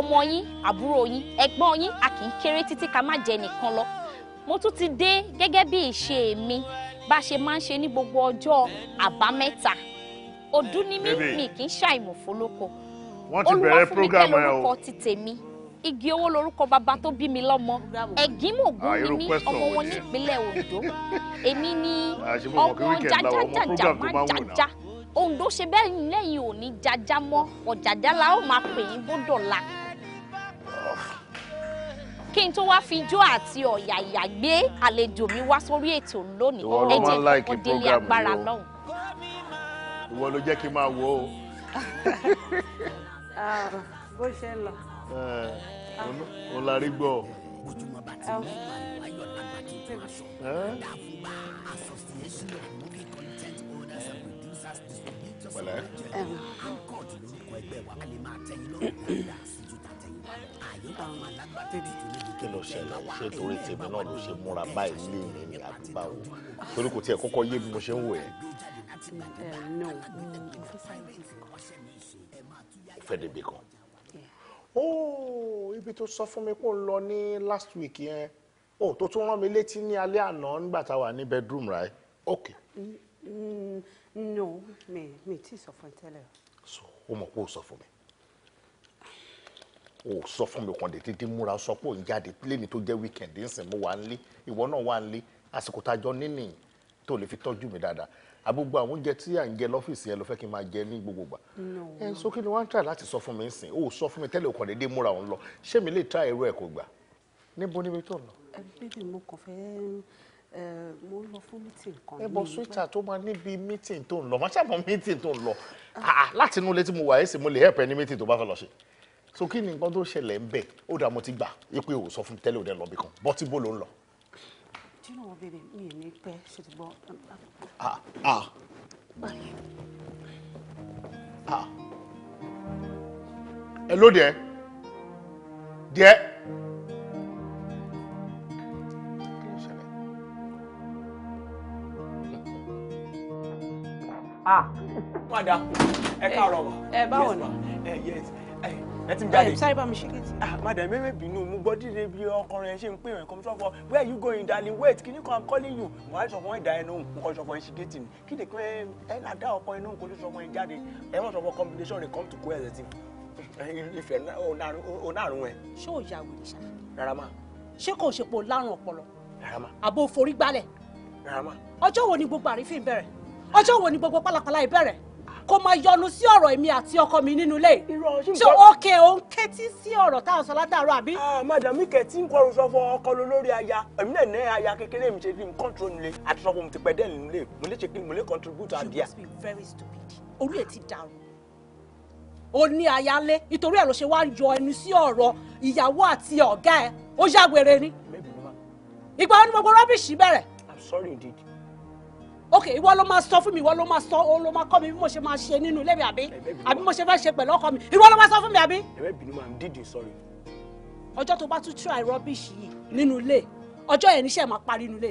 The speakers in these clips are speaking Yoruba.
ọmọ yín àbúrò yín ẹ̀gbọ́n yín a kì í kéré títí ká má jẹ nìkan lọ mo tún ti dé gẹ́gẹ́ bí ìṣe mi bá ṣe máa ń ṣe ní gbogbo ọjọ́ àbámẹ́ta ọdún ní mi mi kì í ṣàìmọ̀fó lóko olúwa fún mi ti tèmi igi owó lorúkọ bàbá tó bí mi lọ́mọ ẹ̀gínmògún ah, ni mí ọmọ wọn nípínlẹ̀ Ondo èmi ni ah, ọmọ jajajaja máa jaja Ondo ṣe bẹ́ẹ̀ lẹ́yìn òní jaja mọ́ ọ̀jaja la ó máa pè yín bó dọ̀la kí n tó wá fi ijó àti ọ̀yàyà gbé àlejò mi wá sórí ètò lónìí ẹ jẹ́ kó délé agbára lọ́hùn. ìwọ ló jẹ́ kí n máa wò ó. Ah, bó ṣe lọ. Eh, òun la rí gbọ́. Eh? pẹ̀lẹ́. Eh. kí ló ṣẹlẹ̀ ṣé torí tèmi náà ló ṣe múra báyìí lé mi ní àdúgbà o torí kò tiẹ̀ kọ́kọ́ yé bí mo ṣe ń wò ẹ́. fẹ́ débi kan. ooo ibi tó sọ fún mi kó lọ ní last week yẹn o tó tún rán mi létí ní alẹ́ àná nígbà tá a wà ní bedroom right okay. Mm, mm, no mi mi ti sọ fún tẹ́lẹ̀. so o mọ̀ pé o sọ fún mi o sọ fún mi kàn dédé múra sọ pé òun jáde pléènì tó jẹ́ weekend ń sìn mo wà ń lé ìwọ náà wà ń lé àsìkò tájọ nínì tó lè fi tọ́jú mi dáadáa àgbogbo àwọn oúnjẹ tí à ń jẹ lọ́fíìsì ẹ ló fẹ́ kí n máa jẹ ní gbogbo gbà ẹ sọ kí ni wọ́n á tà láti sọ fún mi ń sìn o sọ fún mi tẹ́lẹ̀ òkàn dédé múra òun lọ ṣé mi lè try irú ẹ̀ kò gbà níbo níbi tó lọ. ẹ bíbí mo kàn fẹ́ mo ń meeting kan. ẹ bọ swita tó máa níbi meeting tó ń lọ máa ṣàmọ meeting tó ń lọ láti inú ilé tí mo wà ẹ sì mo lè help ẹ ní meeting tó bá fẹ́ lọ ṣe so kí ni nǹkan tó ṣẹlẹ̀ ń bẹ̀ ó dà mo ti gbà pé o sọ fún mi tẹ́lẹ̀ ò dẹ̀ kan bọ́tí bó ló ń lọ. do you mi ò ní pẹ́ ṣe ti gbọ́. ah ah. ah. hello there there. ah. wọ́n á da ẹ káàárọ̀ wa. Eh, ẹ eh, báwo ni. ẹ eh, yes ẹ ti ń jáde. sáré bá mi ah, madam mẹ́mẹ́ bínú mo gbọ́ dídé bí ọkùnrin ẹ ṣe ń pè rẹ̀ kọ́mí sọ́kọ where you going darling wait kí ni kan calling you mo á sọ̀kọ́ ìdá ẹnu mo kọ́ sọ̀kọ́ ṣe gẹ̀ẹ́tì ni kí ni pé ẹ là dá ọkọ inú kó ló sọ̀kọ́ yẹn jáde ẹ mọ̀ sọ̀kọ́ combination rẹ̀ come to go ẹ̀rẹ̀ ti ìfẹ́ onárun ẹ̀. ṣé ò ya wèrè ṣá. rárá ma. ṣé kò ṣe pé o lárùn ọpọlọ. rárá ma. àbò forí gbálẹ̀. rárá ma. ọjọ́ wo ni gbogbo àrífín bẹ̀rẹ̀ ọjọ́ wo ni gbogbo pálapàla ìbẹ̀rẹ̀ kó máa yọnu sí ọ̀rọ̀ èmi àti ọkọ mi nínú ilé ṣé ó kẹ ò ń kẹ́tí sí ọ̀rọ̀ tá à sọ látàárọ̀ àbí. Ah, madam ike tí kọrun sọ fún ọkọ lórí aya èmi náà ní aya kékeré mi ṣe kí n control nílé àti sọ fún mi ti pẹ́ dẹ́nu nílé mo lè ṣe kí mo lè contribute àdíà. you must be very stupid orí ẹ ti dàrú ó ní aya lé nítorí ẹ ló ṣe wá yọ ẹnu sí ọ̀rọ̀ ìyàwó àti ọ̀gá ẹ ó yàgbére ni ìgbà wo ni gbogbo rọ́bìṣì bẹ̀rẹ̀. i'm sorry indeed ok ìwọ ló máa sọ fún mi ìwọ ló máa sọ ó ló máa kọ́ mi bí mo ṣe máa ṣe nínú ilé mi àbí àbí mo ṣe fẹ́ ṣe pẹ̀lú ọkọ mi ìwọ ló máa sọ fún mi àbí. ẹ̀rẹ́ bínú máa ń dídì sọ̀rọ̀. ọjọ́ tó bá tún try rubbish yìí nínú ilé ọjọ́ yẹn níṣẹ́ máa parí nínú ilé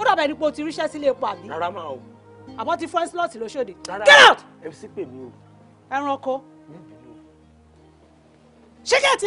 ó dàbẹ̀ ẹni pé o ti ríṣẹ́ sílé epo àbí. rárá máa o. àbọ̀ ti fọ́n slọ́ọ̀tì lóṣòdì. get out. mc pè mí o. ẹran ọkọ. ṣé kí ẹ ti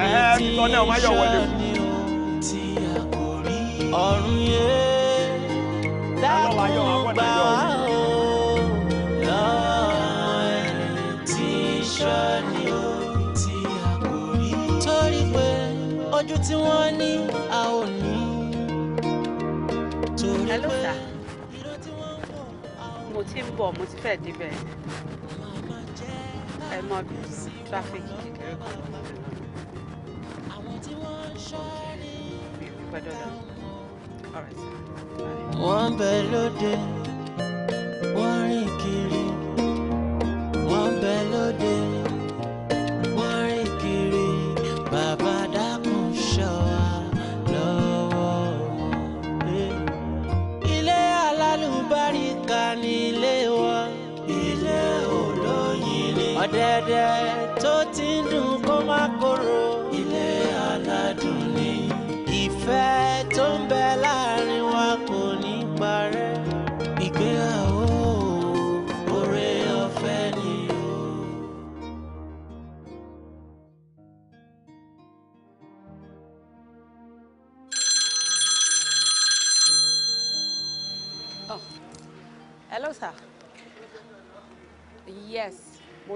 ẹni tí yóò ní ohun tí a kò rí ọ̀run yé dákun gbà wá o lọ́wọ́ mo ti ń bọ̀ mo ti fẹ́ débẹ̀ ẹ mọ tráfíkì kékeré kan wọ́n bẹ lóde wọ́n rìn kiri wọ́n bẹ lóde wọ́n rìn kiri bàbá dákun ṣọ́ wa lọ́wọ́ wọn. ilé alálùbáríkà ni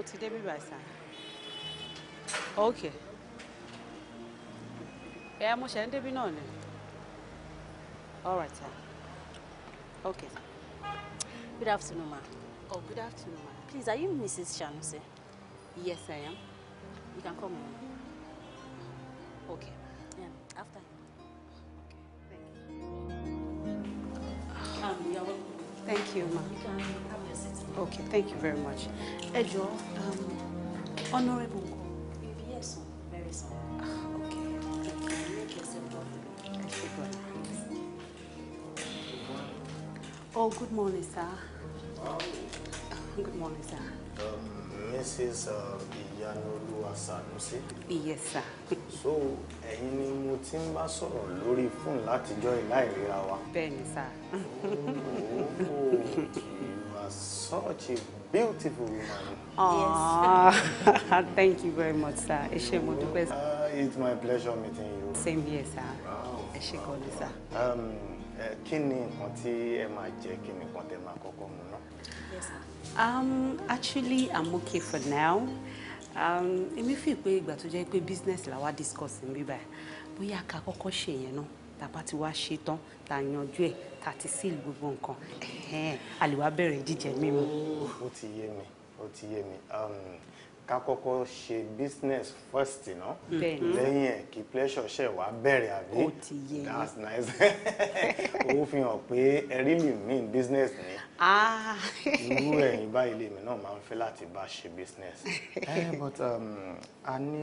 ti dé bíbá sàn. ok ẹ mo ṣe ń débi náà ni all right sir ok good afternoon ma. oh good afternoon ma. please are you Mrs. Shanuse? yes I am. you can come in. ok yeah, after okay thank you. Um, ma. Okay, thank you very much. Ẹ um, Honorable Nko. Yes, sir. Very soon. Ah, okay. Oh, good morning, sir. Um, good morning, sir. Um, Mrs. Uh, Iyanolu Asanusi. Yes, sir. so, ẹ̀yin ni mo ti ń bá sọ̀rọ̀ lórí fóònù látijọ́ ìláìríra wa. Bẹ́ẹ̀ni, sir. Oh, such a beautiful woman. Aww. Yes. Thank you very much, sir. Ẹ ṣé, uh, It's my pleasure meeting you. Same here, sir. Ẹ ṣé sir. Um, kí ni nǹkan tí ẹ máa jẹ kí ni nǹkan tẹ́ mu ná. Yes, sir. Um, actually, I'm okay for now. Um, èmi fi pé ìgbà tó jẹ́ pé business la wá discuss níbí báyìí. Bóyá ká kọ́kọ́ ṣe yẹn náà, tá a bá ti wá ṣe tán, tá a yanjú tá a ti sílù gbogbo nǹkan àlèwà bẹ̀rẹ̀ jíjẹ mímu. ó ti yé mi ó ti yé mi um, ká kọ́kọ́ ṣe business first ná mm-hmm. lẹ́yìn ẹ̀ kí pleasure ṣẹ̀ wá bẹ̀rẹ̀ àbí that's nice owó fi hàn pé ẹ̀rí mi mean business ni ah. irú ẹ̀yìn báyìí lèmi náà máa ń fẹ́ láti bá ṣe business eh, but um, a ní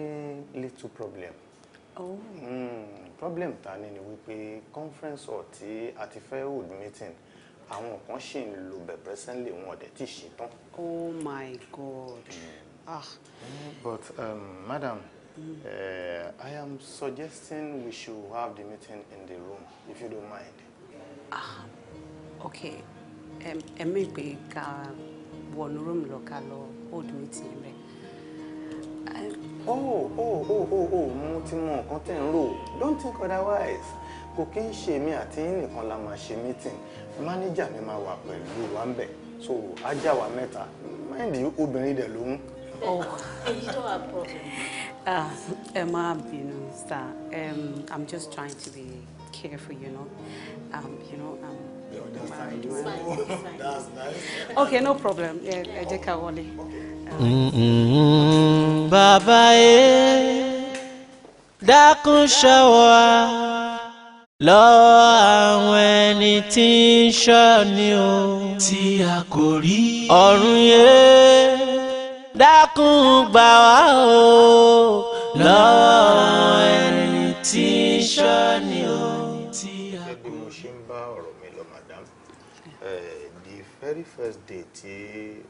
little problem. Oh. Mm, problem ta ni ni wípé conference hall tí a ti fẹ́ hold meeting àwọn kan ṣì ń lo bẹ̀ presently wọn ọ̀dẹ̀ tí ṣe tán. Oh my God. Mm. Ah. But um, madam, mm. uh, I am suggesting we should have the meeting in the room if you don't mind. Ah, okay. Ẹ mi pé ká wọnú room lọ ká lọ hold meeting rẹ̀. Eh, oh oh oh oh oh mo ti mọ nǹkan tẹ̀ ń rò don't think otherwise kò kí ń ṣe mí àti nìkan la máa ṣe meeting manager mi máa wà pẹ̀lú wa ń bẹ̀ so ajá wa mẹ́ta mind you obìnrin dẹ̀ ló ń. Oh. èyí tó wà pọ̀. Ah, ẹ má bínú sir um, i'm just trying to be careful you know um, you know um, yeah, that's, fine. Fine. that's nice. okay no problem ẹ jẹ́ ká wọlé. Okay bàbá yẹ e, dákun ṣọ́ wa lọ́wọ́ àwọn ẹni tí ń ṣọ́ ni o. tí a kò rí. ọ̀run yẹ dákun gbà wá o lọ́wọ́ àwọn ẹni tí ń ṣọ́ ni o. bí mo ṣe ń bá ọ̀rọ̀ mi lọ madam eh, the very first day tí. Tea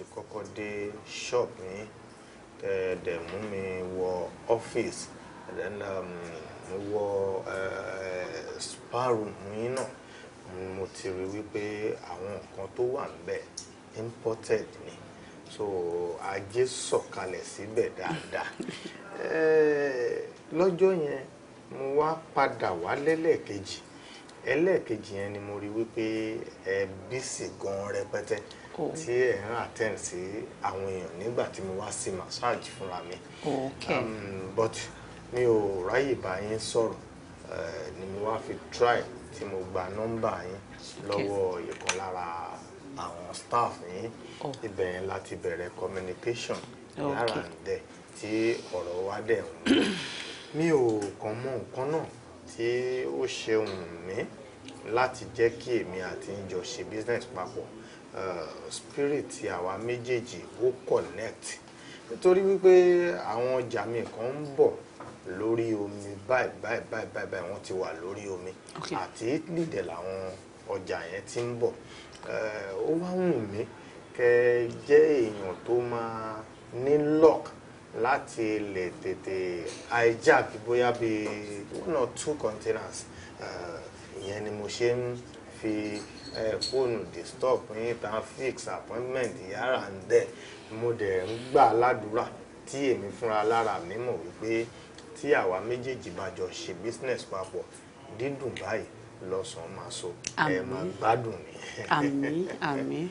ti kọ́kọ́ dé ṣọ́ọ̀bù yín tẹ́ ẹ dẹ̀ mú mi wọ ọ́fíìsì then um, mo wọ spa room yín náà mo ti rí wípé àwọn nǹkan tó wà níbẹ̀ imported ni so ajé sọ̀kalẹ̀ síbẹ̀ dáadáa lọ́jọ́ yẹn mo wá padà wá lẹ́lẹ́ẹ̀kejì ẹlẹ́ẹ̀kejì yẹn ni mo rí wípé ẹ bísí gan rẹpẹtẹ. Oh. tí ẹ̀ ń attend sí àwọn èèyàn nígbà tí mo wá sí massage fúnra mi um, but mi ò ráyè bá yín sọ̀rọ̀ eh, ni mo wá fi try tí mo gba nọ́mbà yín lọ́wọ́ ìkan lára àwọn staff yín oh. ibẹ̀ yẹn láti bẹ̀rẹ̀ communication yàrá ń tí ọ̀rọ̀ wa dẹ̀ ń mi ò kàn mọ nǹkan náà tí ó ṣe wù mí láti jẹ́ kí èmi àti ń ṣe business papọ̀ Eh, spirit àwa méjèèjì ó connect nítorí wípé àwọn ọjà mi kan ń bọ̀ lórí omi báyìí báyìí báyìí báyìí wọ́n ti wà lórí omi àti Italy dẹ̀ làwọn ọjà yẹn ti ń bọ̀ eh, ó wá wù mí kẹ́ jẹ́ èèyàn tó máa ní luck láti lè tètè hijack bóyá bíi one or two containers eh, ìyẹn ni mo ṣe ń fi fóònù disturb yín tá a fix appointment yàrá ń dẹ̀ mo dẹ̀ ń gbà ládùúrà tí èmi fúnra lára mi mọ̀ wípé tí àwa méjèèjì bá jọ ṣe business papọ̀ dídùn báyìí lọ́sàn-án máa so ẹ máa gbádùn mi. àmín àmín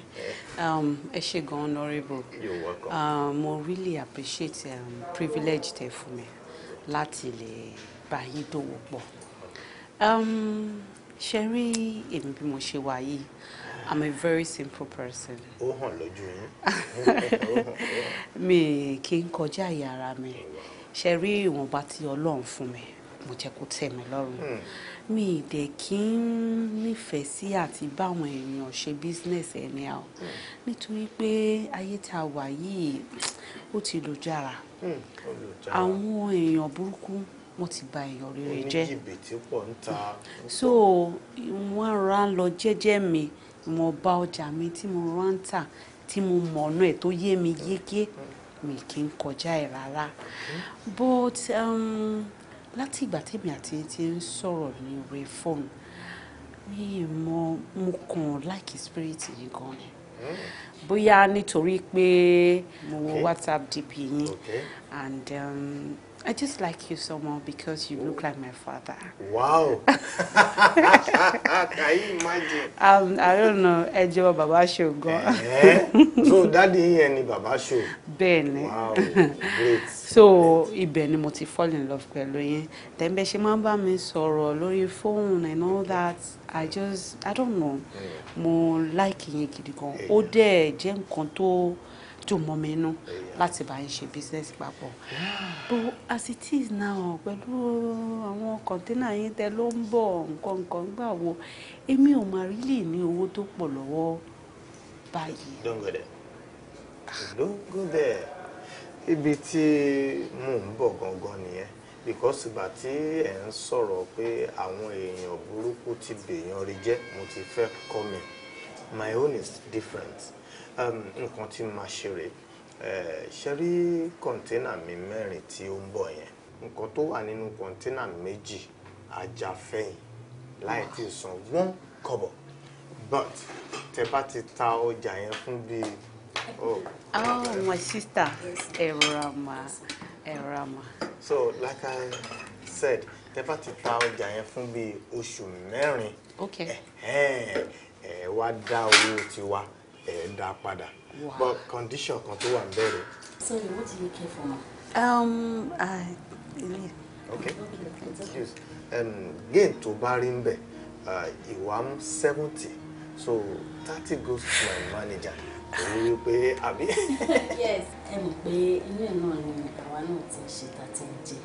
um, ẹ ṣé gan honourable You're welcome. Uh, mo really appreciate um, privilege tẹ fún mi láti lè bá yín dòwò pọ̀. Um, ṣe rí èmi bí mo ṣe wà yìí i'm a very simple person. ó hàn lójú yín. mi kì í kọjá àyè ara mi oh, ṣe rí ìwọ̀nba tí ọlọ́run fún mi mo jẹ́ kó tẹ́ mi lọ́rùn hmm. mi dẹ̀ kí n nífẹ̀ẹ́ sí àti báwọn èèyàn ṣe business anyhow hmm. nítorí pé ayé tá a wà yìí ó ti lùjára hmm, àwọn èèyàn burúkú. Mm wọ́n ti ba èèyàn rere jẹ́ oníjìbìtì pọ̀ ń ta. so wọ́n ra ń lọ jẹ́jẹ́ mi wọ́n bá ọjà mi tí mo rà ń tà tí mo mọ̀ ọ̀nà ẹ̀ tó yé mi yéké mi kì í kọjá ẹ̀ rárá but um, láti ìgbà tèmi àti ti ń sọ̀rọ̀ ní orí fóònù mi mọ̀ mo kàn láìkí spirit yìí gan ni bóyá nítorí pé mo wọ whatsapp dp yín and. Um, I just like you so much because you look like my father. Wow. Can you imagine? Um, I don't know. Ẹ jẹ́ Baba Show gan. So daddy here ni Baba Show. Bẹ́ẹ̀ni. Wow, great. So ibẹ̀ ni mo fall in love pẹ̀lú yín. Then be she, máa ń bá mi sọ̀rọ̀ lórí phone and all that. I just I don't know. Mm. Mo like yín gidi gan. Ó dẹ̀ jẹ́ nǹkan tó. Yeah dùn mọ́ mi inú láti bá ń ṣe business papọ̀ but as it is now pẹ̀lú àwọn kọ̀ńténà yín tẹ ló ń bọ̀ nǹkan nǹkan gbà wo èmi ò máa rí lè ní owó tó pọ̀ lọ́wọ́ báyìí. don't go there don't go there ibi tí mò ń bọ̀ gangan nìyẹn because ìgbà tí ẹ̀ ń sọ̀rọ̀ pé àwọn èèyàn burúkú ti bèèyàn rí jẹ́ mo ti fẹ́ kọ́ mi my own is different nǹkan tí mo máa ṣe rèé ṣe rí mi mẹ́rin tí ó ń bọ̀ yẹn nǹkan tó wà nínú kọ̀ǹténà méjì ajafẹ́yìn láì tí ì san one kọ́bọ̀ but tẹ bá ti ta ọjà yẹn fún bíi. oh my sister ẹ̀rọ àmà ẹ̀rọ àmà. so like i said tẹ bá ti ta ọjà yẹn fún bíi oṣù mẹ́rin ẹ wá dá owó tiwa ẹ̀ ń dá padà but condition kan tó wà ń bẹ̀rẹ̀. sorry what do you care for ma. Um, I, yeah. okay excuse um, gain tó bá rí ń bẹ̀ uh, ìwà m seventy so thirty goes to my manager èyí ni pé àbí. yes ẹ mọ̀ pé inú ẹ̀ náà ni àwa náà ti ṣe ta ti ń jẹ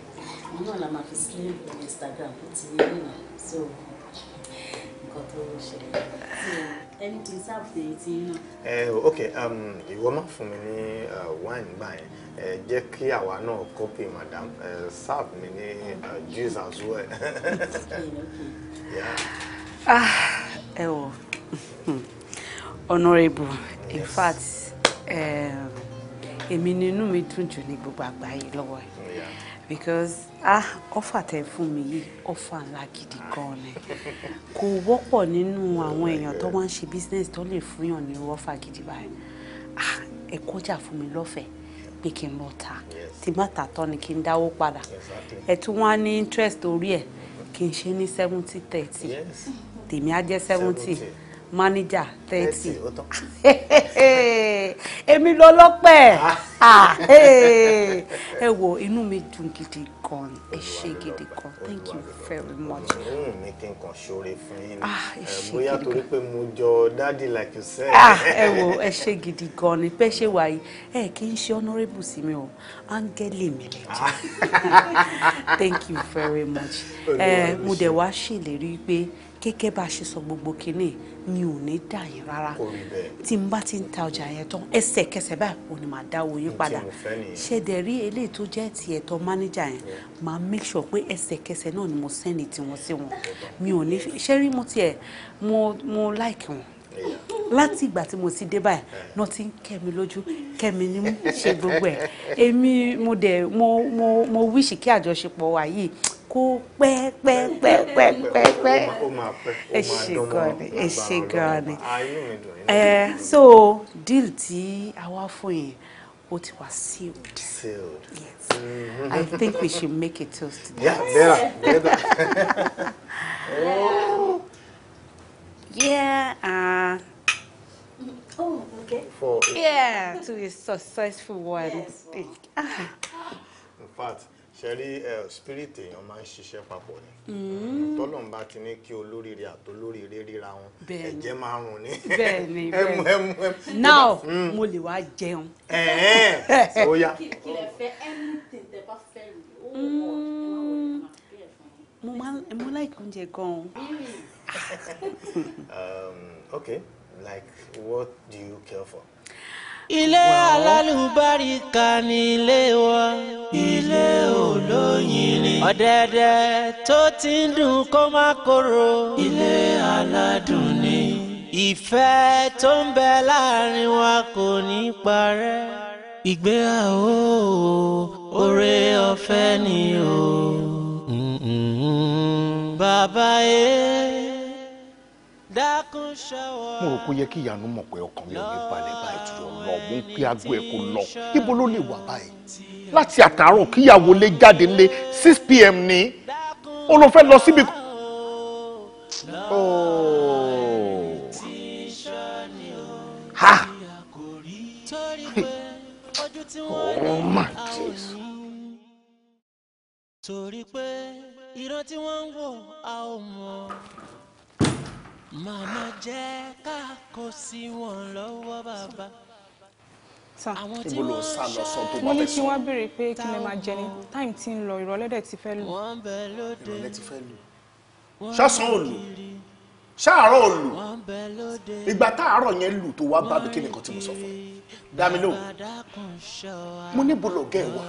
òun náà la máa fi sílẹ̀ ní Instagram tó ti yé nìyẹn so nǹkan tó ṣẹlẹ̀ ẹni kì í sáàfù ètí náà. ẹ ok um, ìwọ má fún mi ní uh, wine gbà yẹn ẹ jẹ́ kí àwa náà copy madam ẹ serve mi ní uh, juice as well. Ah, ẹ wọ honourable in yes. fact eh, èmi nínú mi dùn jù ní gbogbo àgbáyé lọ́wọ́ yìí because ah ọfà tẹ fún mi yìí ọfà ńlá gidi gan ni kò wọ́pọ̀ nínú àwọn èèyàn tó máa ń ṣe business tó lè fún yàn ní ọfà gidi báyìí ah ẹ kọjá fún mi lọ́fẹ̀ẹ́ pé kí n lọ ta tí má ta tán ni kí n dáwó padà ẹ tún wá ní interest orí ẹ kí n ṣe ní seventy thirty tèmi á jẹ́ seventy manager thirty èmi lọ lọ́pẹ́ ah. Ah, ẹ wo inú mi dùn gidi gan ẹ ṣe gidi gan thank you very much. mi kí n kàn ṣoore fún yín ni ah, bóyá torí pé mo jọ dáàdi like you said. ẹ wo ẹ ṣe gidi gan ni pé ṣé wàá yìí ẹ kì í ṣe honourable sí mi o áńgẹ́lì mi lè jẹ́ thank you very much. mo dẹ̀ wá ṣèlérí pé gẹ́gẹ́ bá a ṣe sọ gbogbo kinní mi ò ní dà yín rárá tí n bá ti ń ta ọjà yẹn tán ẹsẹ̀kẹsẹ̀ báyìí ò ní máa dáwọ́ yín padà ṣẹ̀dẹ̀ rí eléyìí tó jẹ́ ti ẹ̀tọ́ mánéjà yẹn máa make sure pé ẹsẹ̀kẹsẹ̀ náà ni mo sẹ́ni tiwọn sí wọn mi ò ní ṣe rí mo tiẹ̀ mo like wọn láti ìgbà tí mo ti dé báyìí náà ti ń kẹ́mi lójú kẹ́mi ní ṣe gbogbo ẹ̀ èmi mo dẹ̀ mo mo mo wíṣì kí àjọṣepọ̀ wa yìí kó pẹ́ pẹ́ pẹ́ pẹ́ pẹ́ pẹ́ ẹ ṣe gan ni ẹ ṣe gan ni ẹ so deal tí a wá fún yín ó ti wá sealed. sealed. yes mm-hmm. I think we should make a toast to that. yeah better better. oh. yeah. Uh, Oh, okay. For yeah, to a successful one. Yes, In fact, ṣẹ́rí spirit èèyàn máa ń ṣiṣẹ́ papọ̀ ni mm. tọ́lọ́n bá ti ní kí olóríire àtolóríire ríra wọn ẹ̀jẹ̀ máa rùn ní ẹmu ẹmu ẹmu. now mm. mo lè wá jẹun. ó mo máa mo like oúnjẹ gan-an. Um, okay like what do you care for? ilé alálùbáríkà ni ilé wa ilé olóyin ni. ọ̀dẹ̀dẹ̀ tó ti ń dùn kó má korò. ilé aládùn ni. ìfẹ́ tó ń bẹ láàrin wa kò ní parẹ́. ìgbéyàwó oore ọ̀fẹ́ ni o. bàbá yẹn mo rò pé yẹ kí ìyanu mọ̀ pé ọkàn mi ò ní balẹ̀ báyìí tó yọ lọ mo pé aago ẹ̀ kó lọ ibo ló lè wà báyìí láti àtàárọ̀ kíyàwó lé jáde lé six pm ni ó lọ fẹ́ lọ síbi. oh my Jesus. torí pé ìran tí wọ́n ń wò a ò mọ̀ màmá jẹ́ ká kó sí wọn lọ́wọ́ bàbá. àwọn tí wọ́n ṣe wọ́n ní kí wọ́n béèrè pé kí lè máa jẹ ní tí ń lọ ìrọ̀lẹ́ dẹ̀ ti fẹ́ lù. wọ́n bẹ lóde ìrọ̀lẹ́ ti fẹ́ lù. ṣọ́sán ò lù ṣáàárọ̀ ò lù ìgbà táàárọ̀ yẹn lù tó wá bá mi kí nìkan tí mo sọ fún ẹ dá lóhùn mo ní bọlọ̀gẹ́ ẹ wá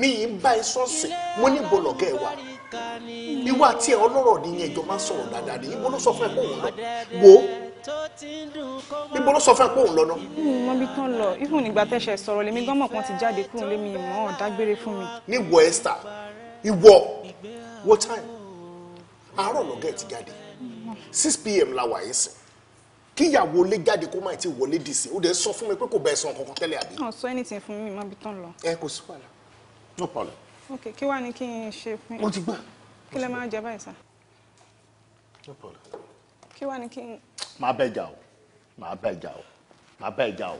mi yìí bá ẹ sọ́ọ̀sì mo ní bọlọ̀gẹ́ ẹ wá ìwà tí ẹ ọlọ́rọ̀ ní yẹn ìjọba sọ̀rọ̀ dáadáa ni ibo ló sọ fún ẹ pé òun lọ wo ibo ló sọ fún ẹ pé òun lọ náà. mo bí tán lọ ihò nígbà tẹ́sẹ̀ sọ̀rọ̀ lèmi gánmọ̀ kan ti jáde kúrò lémi ìmọ̀ ọ̀ dágbére fún mi. ní ìwọ Esther ìwọ what time àárọ̀ lọ́gá ẹ̀ ti jáde six pm la wà yín sìn kíyàwó lé jáde kó má ti wọlé dì sí ó dẹ̀ sọ fún mi pé kò bẹ́ẹ̀ sọ nǹkan kan tẹ́lẹ̀ àbí. ọ̀ sọ anything fún mi má bí tán lọ. ẹ kò sí wàhálà no problem ok kí wàá ní kí n ṣe fún yín. wọ́n ti gbà. kí lẹ máa jẹ báyìí sá. kí wàá ní kí n. máa bẹ jà o máa bẹ jà o máa bẹ jà o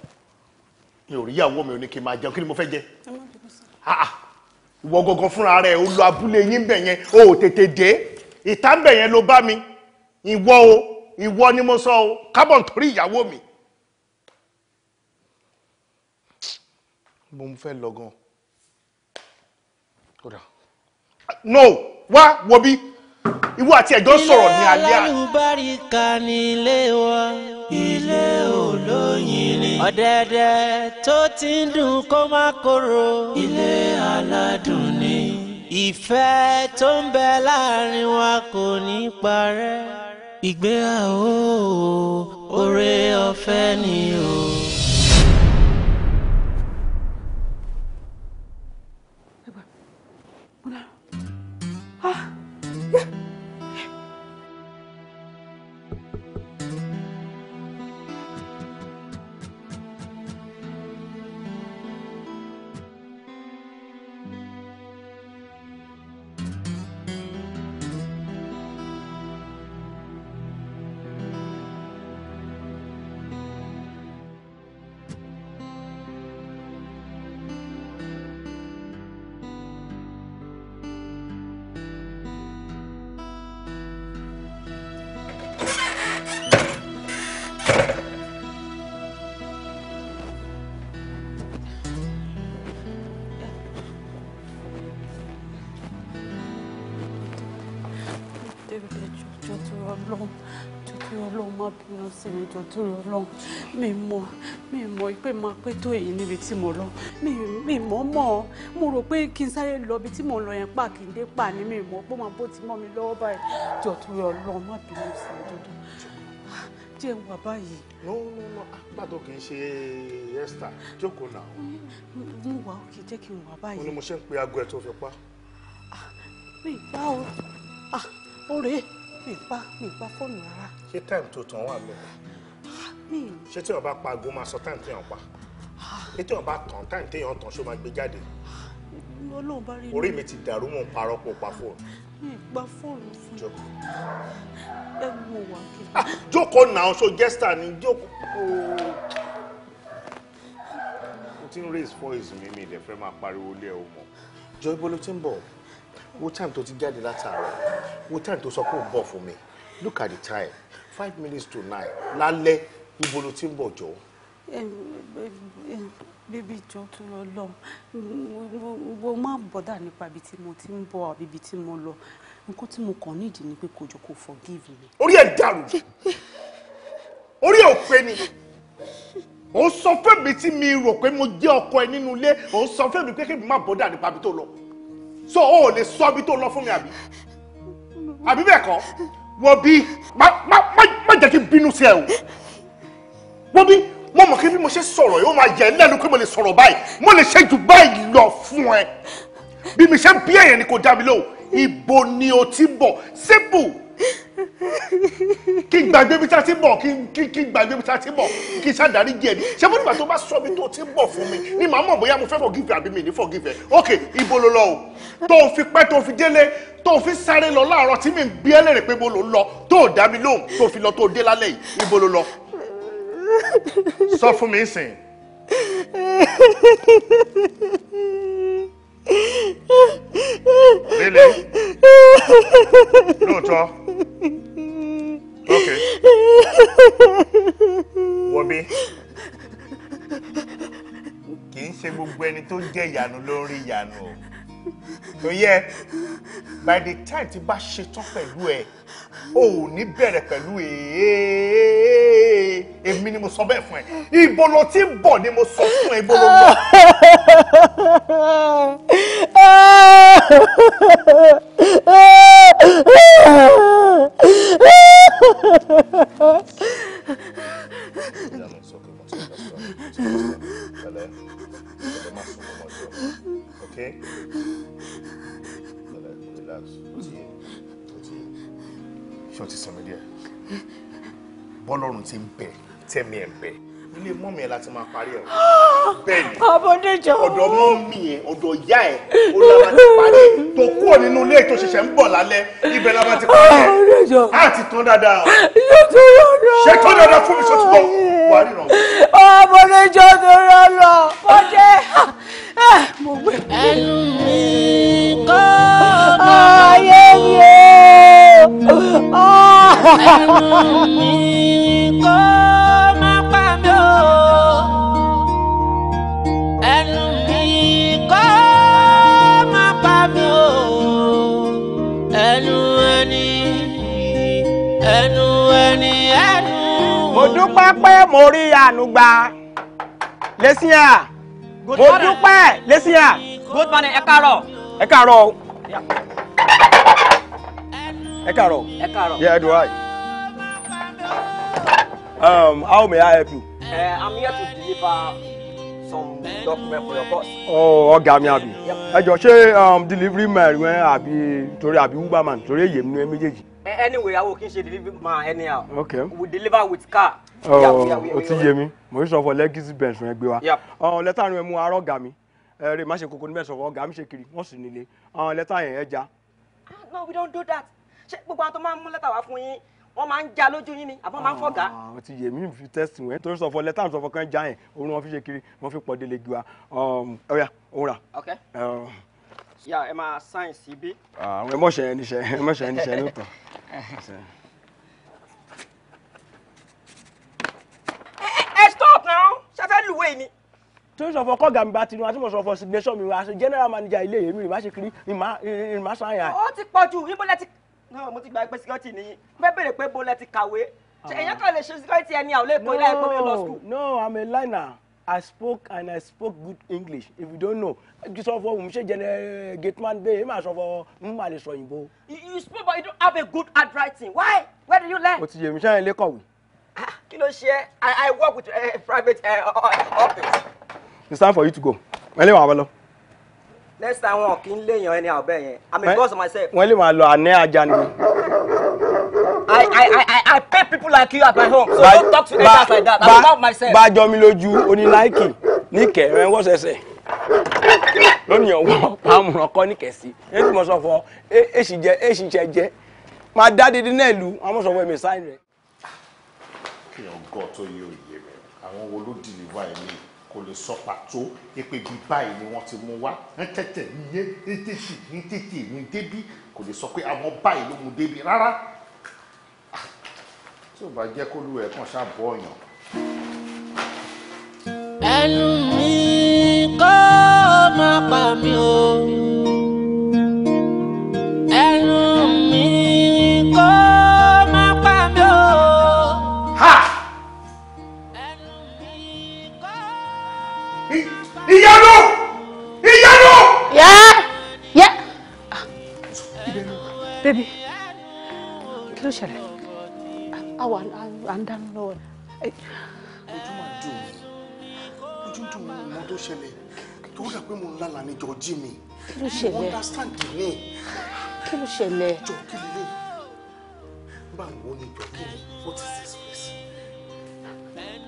mi ò rí ìyàwó mi ò ní kí n máa jẹun kí ni mo fẹ́ jẹ. ìwọ gangan fúnra rẹ o lọ abúlé yín bẹ̀ yẹn o ò tètè dé ìta bẹ̀ yẹn ló bá mi ìwọ o ìwọ ni mo sọ o kábọ̀ nítorí ìyàwó mi. mo fẹ́ lọ gan-an no wá wo bí ìwọ àti ẹjọ́ sọ̀rọ̀ ní alẹ́ àná. ilé olóyin ni. ọ̀dẹ̀dẹ̀ tó ti ń dùn kó má korò. ilé aládùn ni. ìfẹ́ tó ń bẹ láàrin wa kò ní parẹ́. ìgbéyàwó oore ọ̀fẹ́ ni o. Yeah. débẹ̀ jọjọ tó rọ lọ́hùn jọjọ rọ lọ́hùn má bínú sí mi jọjọ rọ lọ́hùn mi mọ mi mọ pé máa pé tó èyí níbi tí mo lọ mi mọ mọ mo rò pé kí n sáré lọ ibi tí mo lọ yẹn pa kì í dé pa ni mi mọ pé máa bó ti mọ́ mi lọ́wọ́ báyìí jọjọ rọ lọ́hùn má bínú sí mi jọjọ jẹ́ ń wà báyìí. no no no àgbàdo kì í ṣe esther jókòó náà. mo wà ó kì í jẹ́ kí n wà báyìí. mo ní mo ṣe ń pe aago ẹ̀ tó fi pa. mi ì bá o ọ̀rẹ́ mi pa mi pa fóònù rárá. ṣé táìmù tó tàn wà lọ. ṣé tí wọn bá pa aago máa sọ táìmù téèyàn pa ṣé tí wọn bá tàn táìmù téèyàn tàn ṣó máa gbé jáde. ọlọ́run bá rí i. orí mi ti dàrú mò ń parọ́ pa fóònù. ìgbà fóònù fún mi. ẹ wo wà kí. Ah, jókòó nà ọ́n so gẹ́sítà ni jókòó. mo ti ń raise voice mi mi ìdẹ̀fẹ́ máa pariwo lé ẹ o mọ̀ jọ ibo ló ti ń bọ̀ wo time tó ti jáde látàárọ̀ wo time tó sọ pé ò ń bọ̀ fún mi look at the time five minutes to nine lálẹ́ ibo ló ti ń bọ̀ jọ. bíbí jọ tó lọ lọ wo máa bọ̀dà nípa ibi tí mo ti ń bọ̀ àbí ibi tí mo lọ nǹkan tí mo kàn nídìí ni pé kò jọ kò forgive mi. orí ẹ̀ dàrú orí ẹ̀ ò pé ni òun sọ fún mi tí mi rò pé mo jẹ́ ọkọ ẹ nínú ilé òun sọ fún mi pé kí n má bọ̀dà nípa ibi tó lọ so o ò lè sọ ibi tó lọ fún mi àbí àbí bẹ́ẹ̀ kọ́ wọ bí má má má jẹ́ kí n bínú sí ẹ o wọ bí mo mọ̀ kí bí mo ṣe sọ̀rọ̀ yìí ó máa yẹ lẹ́nu pé mo lè sọ̀rọ̀ báyìí mo lè ṣe jù báyìí lọ fún ẹ bí mi ṣe ń bí ẹ̀yẹ̀ ni kò dá mi lóhùn ibo ni o ti bọ̀ simple kí n gbàgbé bí sá ti bọ̀ kí n gbàgbé bí sá ti bọ̀ kí n sádàrí díẹ̀ ni ṣé fúnìgbà tó bá sọ mi tó ti bọ̀ fún mi ni màá mọ̀ bóyá mo fẹ́ forgive àbí mi ní forgive ok ibo ló lọ o tó o fi pẹ́ tó o fi délé tó o fi sáré lọ láàárọ̀ tí mi ń bí ẹlẹ́rìí pé mo lò ń lọ tó o dá mi lóhùn tó o fi lọ tó o dé lálẹ́ yìí ibo ló lọ sọ fún mi sìn. Really? Lóòótọ́. Okay. Wọ̀bí. Kì í ṣe gbogbo ẹni tó jẹ́ ìyanu ló ń rí ìyanu o tó yẹ by the time tí bá ṣetán pẹ̀lú ẹ o ò ní bẹ̀rẹ̀ pẹ̀lú èèyàn èmi ni mo sọ bẹ́ẹ̀ fún ẹ ibo lo ti ń bọ̀ ni mo sọ fún ẹ ibo lo bọ̀. Hello. okay? Relax, relax. Ó ti yé, ó ti yé. Ṣé o ti sinmi díẹ̀? Bọ́lọ́run ilé mọ́mì ẹ̀ láti máa parí ẹ̀ o bẹ́ẹ̀ ni ọ̀dọ̀ mọ́mì ẹ̀ ọ̀dọ̀ ìyá ẹ̀ ó ti parí tó kúrò nínú ilé tó ṣẹ̀ṣẹ̀ ń bọ̀ lálẹ́ ibẹ̀ la máa ti parí ẹ̀ á tán dáadáa ṣe tán dáadáa fún mi ṣètò bọ̀ wà á ríran. ọmọ tó rọ lọ kọjá mo gbé. ẹnu mi kọ́ ayé yé ẹnu mi kọ́. mo dúpẹ́ pé mo rí àánú gbà lẹ́sìn à mo dúpẹ́ lẹ́sìn à. good morning ẹ káàárọ̀. ẹ káàárọ̀ ẹ káàárọ̀. ẹ káàárọ̀. yeah do i. Um, how may I help you? Uh, I'm here to deliver some documents for your boss. ọ oh, ọgá mi àbí. ẹ jọ ṣé um, delivery man wẹ́n àbí torí àbí uberman torí èyí mi méjèèjì anyway awo kì í deliver delivery anyhow. okay we deliver with car. Oh, o ti yé mi mo ń sọ fún legacy bench yẹn gbé wa lẹ́tà yẹn mú arọ́ ọ̀gá mi ẹ̀rẹ̀ má ṣe kókó níbẹ̀ sọ̀rọ̀ ọ̀gá mi ṣe kiri wọ́n sì nílé lẹ́tà yẹn ẹ̀ ah, no we don't do that ṣé gbogbo àwọn tó máa ń mú lẹ́tà wá fún yín wọ́n máa ń já lójú yín ni àbọ̀ máa ń fọ̀gá. Ah, o ti yé mi fi test wẹ̀ torí sọ fún lẹ́tà sọ fún kan já yẹn òun wọn fi ṣe kiri wọn fi pọ̀ délé gbé wa ọ̀ya um, òun okay um, ya ẹ máa sáyẹ̀nsì bí. Ah, àwọn ẹ mọ̀ṣẹ́ ẹni ṣẹ́ ẹ mọ̀ṣẹ́ ẹni ṣẹ́ ló tán ẹ stop now ṣe fẹ́ lùwẹ̀ ni torí sọfọ kọ gàmìgbà tinubu àti mọ̀sọ̀fọ̀ signation mi wá sí general manager ilé yèmí ìbá ṣe kiri ìmá sáyà. ó ti pọ̀ jù ibo lẹ ti mo ti gba ẹgbẹ́ security nìyí mo fẹ́ bèrè pé ibo lẹ ti kàwé ah. èèyàn kan lè ṣe security ẹni àwọn olóògbé ilé ẹgbẹ́ mi lọ school. no i'm a liner. I spoke and I spoke good English. If you don't know, sọ fọ òun ṣe jẹnẹ eh, gateman bẹ́ẹ̀ ẹ máa sọ fọ n máa sọ òyìnbó. You spoke but you don't have a good handwriting. Why? Where did you learn? O ti yẹ mi ṣáà ilé kọ̀wé. Ah, kí ló ṣe? I I work with a eh, private uh, office. It's time for you to go. Wọ́n lé wàá wọ́n lọ. Next time wọn kì í léèyàn ẹni àbẹ̀ yẹn. I'm a boss myself. Wọ́n lè máa lọ àná ajá ni. I, I, I, I pay people like you at my home. So ba, don't talk to elders like that. I'm about myself. Bá jọ mi lójú oní Nike ní kẹrin wọ́n ṣẹ̀ṣẹ̀. Lónìí ọ̀wọ́ àmùràn kọ́ ní kẹ̀sí. Èyí tí mo sọ fún ọ, èsì jẹ èsì jẹ jẹ. Màá dá dídí náà lu, àwọn sọ fún mi sáìn rẹ̀. Kí ọgọ́ tó yẹ òye rẹ̀, àwọn wo ló dìlìvà ẹ̀ lé kò lè sọ pàtó pé ibi báyìí ni wọ́n ti mú wá ń tẹ̀tẹ̀ ní yé ń tètè ní tètè ní débí kò lè sọ pé àwọn báyìí ló mú débí rárá tí ò bá jẹ́ kó lu ẹ̀kan ṣàbọ̀ ọ̀yàn. ẹnu mi kọ́ máa pa mí mi o. ha. ẹnu mi kọ́ máa pa mí o. ìyanu ìyanu. yẹ yẹ. bébí kí ló ṣẹlẹ̀ àwa à ń dáná lọ́wọ́ ẹ̀. ojú máa dùn mí ojú dùn mí mo tó ṣẹlẹ̀ tó rà pé mo ń lálàá ní jọjí mi kí ló ṣẹlẹ̀ mo understand mi. kí ló ṣẹlẹ̀. jọ kí lè bá ń wo ni jọ kí ni what is this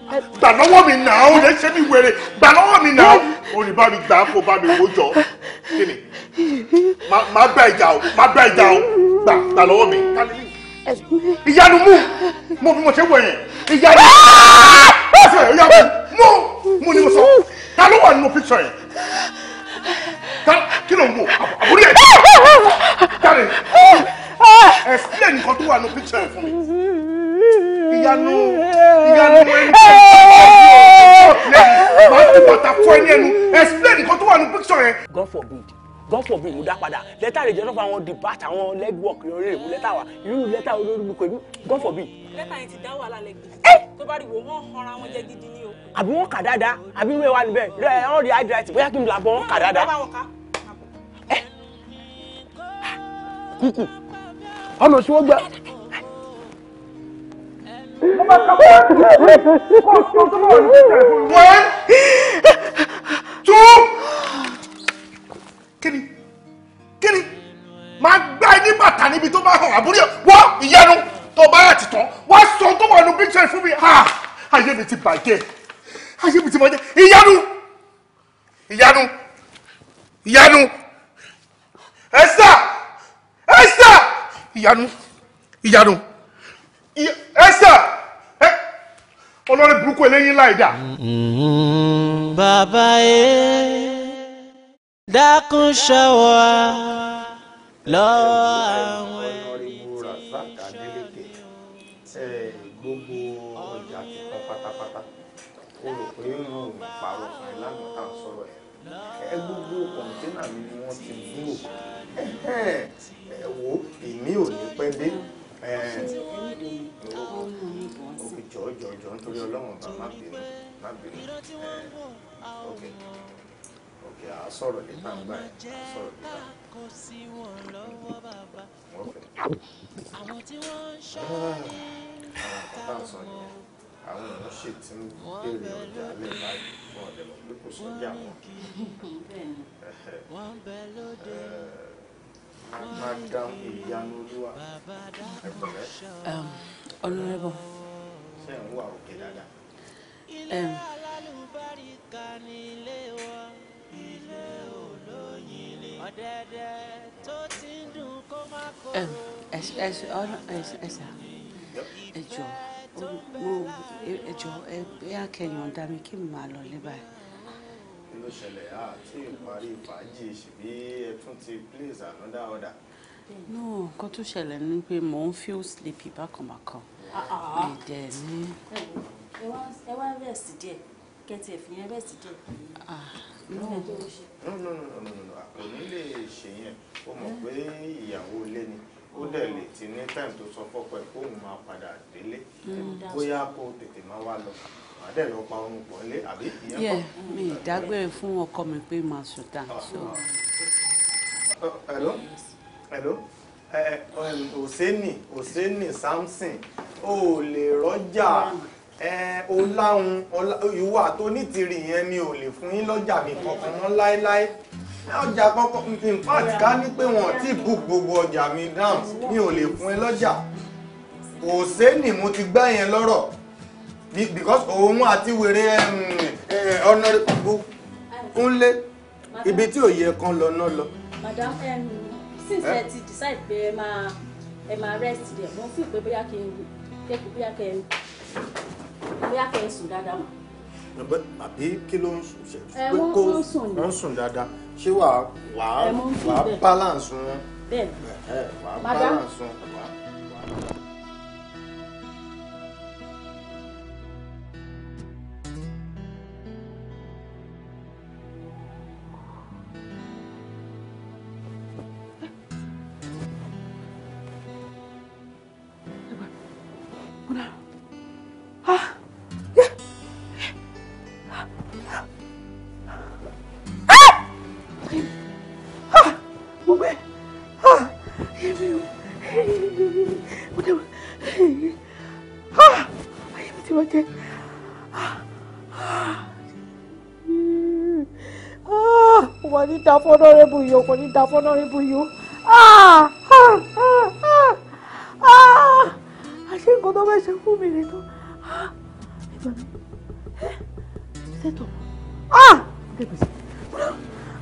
place. gbà lọ́wọ́ mi nà ó lè ṣe mí wèrè gbà lọ́wọ́ mi nà ó orin bá mi gbà kó bá mi wò jọ kí ni má gbà ìjà o má gbà ìjà o gbà gbà lọ́wọ́ mi kálí mi ìyanu mú mo bí mo ṣe wọ yẹn ìyanu ọsọ ẹ ìyanu mú mú ni mo sọ ta ló wà nínú píṣọ yẹn kí ló ń wò àbúrò yẹn kárẹ ẹsílẹ nǹkan tó wà nínú píṣọ yẹn fún mi ìyanu ìyanu ẹni tó ń bọ̀ lẹ́yìn màá tó bàtà fún ẹni ẹnu ẹsílẹ nǹkan tó wà nínú píṣọ yẹn. God forbid. God forbid mo dá padà lẹ́tà rẹ̀ jẹ́nọ́ fún àwọn debat àwọn legwork lórí èmu lẹ́tà wa irú lẹ́tà olórí mi pẹ̀lú God forbid. lẹ́tà yẹn ti dá wàhálà lẹ́gbẹ̀ẹ́ tó bá rí wo wọ́n hanra wọn jẹ́ gidi ni o. àbí wọ́n kà dáadáa àbí wọ́n wà níbẹ̀ rẹ̀ wọ́n rí hydrate bóyá kí n là bọ́ wọ́n kà dáadáa. kúkú ọ̀nà tí wọ́n gbà one two kíni kíni máa gbá ẹ ní bàtà níbi tó bá hàn àbúrí ẹ wọ ìyẹnu tó bá yà ti tán wá sọ tó wà nù bíṣẹ fún mi ha ayé mi ti bàjẹ́ ayé mi ti bàjẹ́ ìyanu ìyanu ìyanu ẹsà ẹsà ìyanu ìyanu ẹsà ẹ olórí burúkú eléyìí láì dà. Mm-hmm. bàbá yẹn dákun ṣọwọ́ lọ́wọ́ àwọn òkè à sọ̀rọ̀ nípa ńgbà yẹn à sọ̀rọ̀ nípa. kò sí wọn lọ́wọ́ bàbá àwọn tí wọ́n ń ṣọ́ ní táwọn mọ̀ àwọn èèyàn ṣì ti ń béèrè ọjà lè madam ìyanu olúwa ẹgbẹ̀rẹ́. ọlọ́rẹ́bọ̀. ṣé ẹ̀ ń wà òkè dáadáa. ilé alálùbáríkà ni ilé ẹjọ mo ẹjọ ẹ bẹ́ẹ̀ kẹyàn dá mi kí n máa lọ lé báyìí. kí ló ṣẹlẹ̀ á tí ìparí fàájì ṣèbí ẹ tún ti place another order. no nǹkan tó ṣẹlẹ̀ ni pé mò ń feel sleepy bákan bákan. ẹ ah, ah. dẹ̀ ní. ẹ wá rest díẹ̀ kẹtì ẹ̀ fìyẹn rẹ̀ sí díẹ̀. no no no no no ó mm. dẹ̀ lè ti ní time tó sọ fọ́pọ̀ ẹ̀ máa padà délé mm, bóyá kó tètè máa wá lọ àdẹ̀ lọ pa ohun pọ̀ lé àbí ìyẹn kọ́. mi ìdágbére fún ọkọ mi pé màá sùn ta. Ah, ah. oh, hello hello òsènì eh, eh, oh, òsènì samson o lè rọ́jà ọláhun ìwà tó nítìrì yẹn mi ò lè fún yín lọ́jà mi kankan mọ́ láéláé ọjà kankan in fact ká ní pé wọn ti book gbogbo ọjà mi down mi ò lè fún ẹ lọ́jà kò séènì mo ti gbá yẹn lọ́rọ̀ because òun àti wèrè ọ̀nà kúnlé ibi tí òye kan lọ náà lọ. madam since ẹ ti decide pé ẹ máa ẹ máa rest there mo fi pé bóyá kí n take bóyá kí n bóyá kẹ́ ẹ sùn dáadáa mà. àbí kí ló ń sùn ṣe pé kó wọ́n sùn dáadáa ṣé wàá wàá balance wọn. bẹ́ẹ̀ madam. fọ́nọ́rẹ́bù yìí o kò ní da fọ́nọ́rẹ́bù yìí o àṣé nǹkan tó fẹ́ ṣe fún mi nìkan ìgbà mi ẹ ṣètò dèbèsè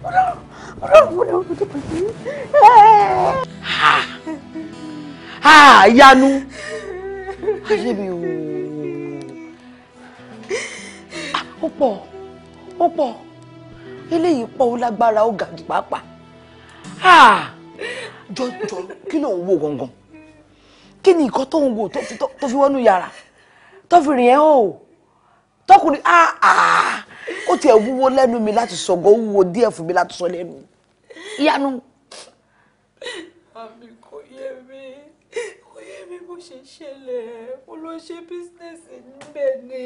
ọ̀dọ̀ ọ̀dọ̀ ọ̀dọ̀ ọ̀dọ̀ dèbèsè. yanu ayé mi o ó pọ̀ ó pọ̀ eléyìí pọ̀ ó lágbára ó gàgì pàápàá jọjọ kí ló ń wo gangan kí ni nǹkan tó ń wo tó fi wọnú yàrá tó fi rìn ẹ́ o tọkùnrin ó tiẹ̀ wúwo lẹ́nu mi láti sọ gan ó wúwo díẹ̀ fún mi láti sọ lẹ́nu ìyanu. àmì kò yé mi bó ṣe ṣẹlẹ̀ ó lọ ṣe bísínẹ́sì níbẹ̀ ni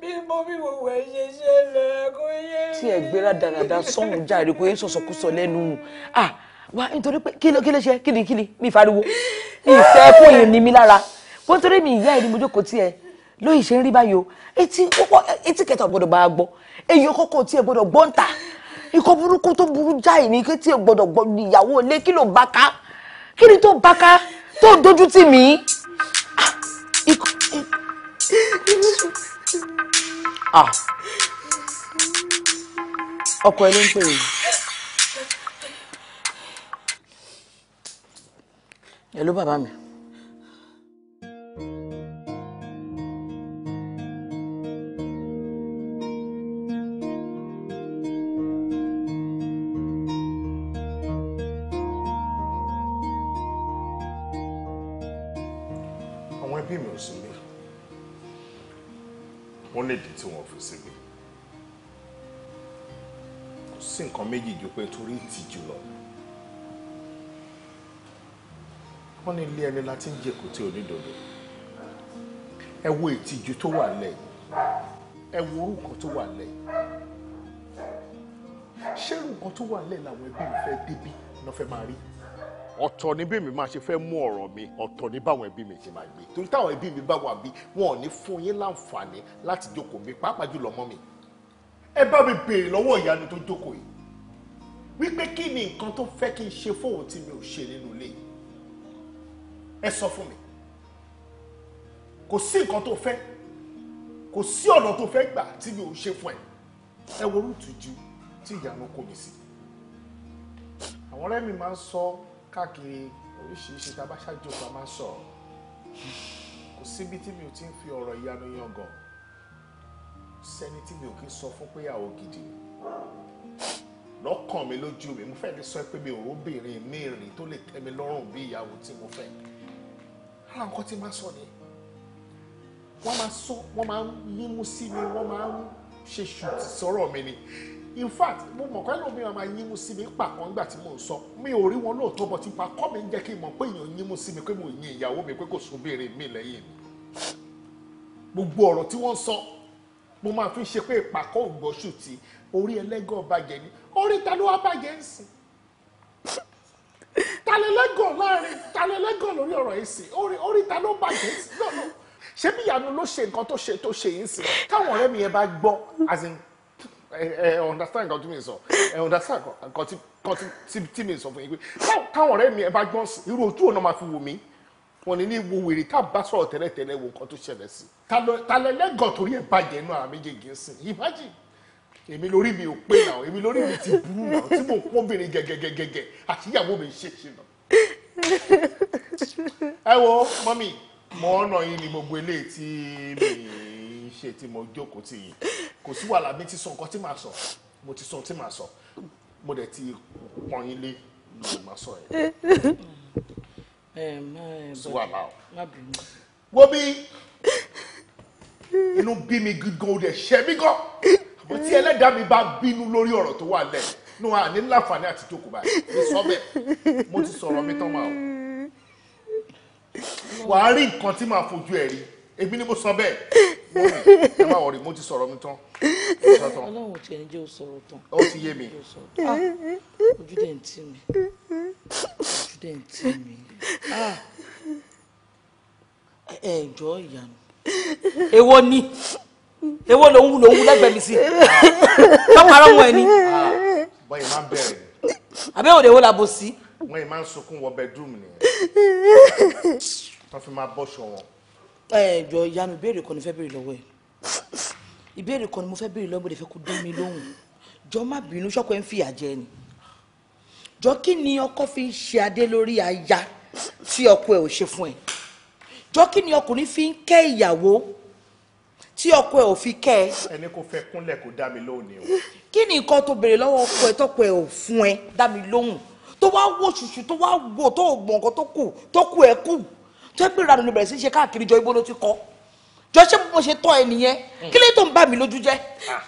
bí mo bí mo ṣe ṣẹlẹ̀ kó yé mi. tí ẹ gbéra dáradára sọ́hún jáde kó yé sọ̀sọ̀kúsọ lẹ́nu ah wa nítorí pé kí ló kí ló ṣe kí ni kí ni mi ìfariwo ìfẹ́ kò yìí ní mi lára bó torí mi ìyá ẹ̀ ni mo jókòó tiẹ̀ lóyìn ṣe ń rí báyìí o etí kẹta gbọ́dọ̀ bá a gbọ́ èyí kọ́kọ́ tí ẹ gbọ́dọ̀ gbọ́ ń ta ikọ̀ burúkú tó burú jáì ní kí tí gbọ́dọ̀ gbọ́ ìyàwó ilé kí ló bá ká kí ni tó bá ká tó dojú tì mí. Ah. Ah. ọkọ ẹ ló ń pè é. hello bàbá mi. àwọn méjì jù pé torí ìtìjú lọ wọ́n ní ilé ẹni láti ń jẹ́kù tí onídòdò ẹ wo ìtìjú tó wà lẹ̀ ẹ wo orúkọ tó wà lẹ̀ ṣé nǹkan tó wà lẹ̀ làwọn ẹbí mi fẹ́ débi náà fẹ́ máa rí ọ̀tọ̀ ni bí mi máa ṣe fẹ́ mú ọ̀rọ̀ mi ọ̀tọ̀ ni báwọn ẹbí mi ti máa gbé torí táwọn ẹbí mi bá wà bí wọn ò ní fún yín láǹfààní láti jókòó mi pàápàá jùlọ mọ́ mi ẹ bá mi béèrè lọ́wọ́ ìyanu tó jókòó yìí wípé kí ni nǹkan tó fẹ́ kí n ṣe fóun tí mi ò ṣe nínú ilé yìí ẹ sọ fún mi kò sí nǹkan tó fẹ́ kò sí ọ̀nà tó fẹ́ gbà tí mi ò ṣe fún ẹ ẹ wo orútùjú tí ìyànà kò mí sí àwọn ọ̀rẹ́ mi máa ń sọ káàkiri oríṣiríṣi tá a bá ṣàjọpọ̀ a máa ń sọ̀rọ̀ kò síbi tí mi ò ti ń fi ọ̀rọ̀ ìyanu yangàn sẹ́ni tí mi ò kí ń sọ fún pé àwọn gidi lọ́kàn mi lójú mi mo fẹ́ lè sọ pé mi ò róbìnrin mẹ́rin tó lè tẹ́ mi lọ́rùn bí ìyàwó tí mo fẹ́ ara nǹkan tí máa sọ ni wọ́n máa sọ wọ́n máa ń yínmú sí mi wọ́n máa ń ṣe ṣùtì sọ̀rọ̀ mi ni in fact mo mọ̀ pé lómi wọn máa yínmú sí mi pàkan nígbà tí mò ń sọ mi ò rí wọn lóòótọ́ bọ̀ tí pàkọ́ mi ń jẹ́ kí n mọ̀ pé èèyàn yínmú sí mi pé mo yin ìyàwó mi pé kò sóbìnrin mi lẹ́yìn mi gbogbo ọ̀rọ̀ tí wọ́n sọ mo máa fi ṣe pé ìpàkọ́ ògbọ́sùtì orí ẹlẹ́gàn bàjẹ́ ni orí ta ló wá bàjẹ́ ń sìn talẹ́lẹ́gàn láàrin talẹ́lẹ́gàn lórí ọ̀rọ̀ yìí sìn orí ta ló bàjẹ́ ń sìn lọ́nà ṣé bí ìyanu ló ṣe nǹkan tó ṣe tó ṣe yìí sìn káwọn ọ̀rẹ́ mi yẹn bá gbọ́ as in ẹ ẹ understand nǹkan tí mi sọ ẹ understand nǹkan tí mi sọ fún yín pé káwọn ọ̀rẹ́ mi yẹn bá gbọ́ irú ojú ọ̀nà máa fi wò mí wọn ní ní wo wèrè tá a bá sọ̀rọ̀ tẹ́lẹ̀tẹ́lẹ̀ wo nǹkan tó ṣẹlẹ̀ sí talẹ́lẹ́gàn torí ẹ̀ bàjẹ́ inú àwọn méjèèjì ń sìn imagine èmi lórí mi ò pé náà èmi lórí mi ti burú náà tí mo pọ́n obìnrin gẹ̀gẹ̀gẹ̀gẹ̀ àti ìyàwó mi ṣe ṣe náà. ẹ wo mọ́mì mo ọ̀nà yín ni mo gbé lé tí mi ṣe tí mo jókòó tì yín kò sí wàhálà mi ti sọ nǹkan tí màá sọ mo ti sọ ohun tí màá sọ mo dẹ̀ ti pọ́n yín lé ló máa sọ yẹn. sí wàhálà o wo bí inú bí mi gígan ó dẹ̀ ṣẹ́ mi gan tí ẹlẹ́dàá mi bá bínú lórí ọ̀rọ̀ tó wà lẹ̀ nù à ní láǹfààní àti jókòó báyìí mo sọ bẹ́ẹ̀ mo ti sọ̀rọ̀ mi tán máa o wàá rí nǹkan tí màá fojú ẹ̀ rí èmi ni mo sọ bẹ́ẹ̀ ẹ má wọrí mo ti sọ̀rọ̀ mi tán ọlọ́run tí ẹni jẹ́ ò sọ̀rọ̀ tán ó ti yé mi ah. Ah, ojú ń tì mí ojú ń tì mí ah. ẹ ẹ jọ ìyanu èwo ni èwo ló ń wú ló ń wú lẹ́gbẹ̀ẹ́ mi sí tọ́parọ́ mọ́ ẹni. bọ́ọ̀ yìí máa ń bẹ̀rẹ̀ ni. àbẹ́wò lè wo làbò sí. wọ́n yìí máa ń sunkún wọ bedroom nìyẹn. wọ́n fi máa bọ́ṣọ wọn. ẹ jọ ìyanu ìbéèrè kan ni fẹ́ béèrè lọ́wọ́ ẹ ìbéèrè kan ni mo fẹ́ béèrè lọ́wọ́ ẹ fẹ́ kó dé mi lóhùn jọ má bínú ṣọ́kọ ẹ ń fìyà jẹ ni jọ kí ni ọkọ fi ń ṣe adé lórí aya tí ọkọ ẹ ò ṣe fún ẹ jọ kí ni ọkùnrin fi ń kẹ́ ìyàwó tí ọkọ ẹ ò fi kẹ́ ẹ. ẹni kò fẹ́ kúnlẹ̀ kó dá mi lóhùn ni o. kí ni nǹkan tó béèrè lọ́wọ́ ọkọ ẹ tọkọ ẹ ò fún ẹ dá mi lóhùn tó wá wò ṣùṣù tó wá wò tó gbọ̀n nǹkan tó kù tó kù ẹ kù tó ẹ gbéra lónìí bẹ̀rẹ̀ sí ṣe káàkiri jọ ibo ló ti kọ́ jọ ṣé mo ṣe tọ́ ẹ nìyẹn mm. kí ló tó ń bà mí lójú jẹ́. Ah.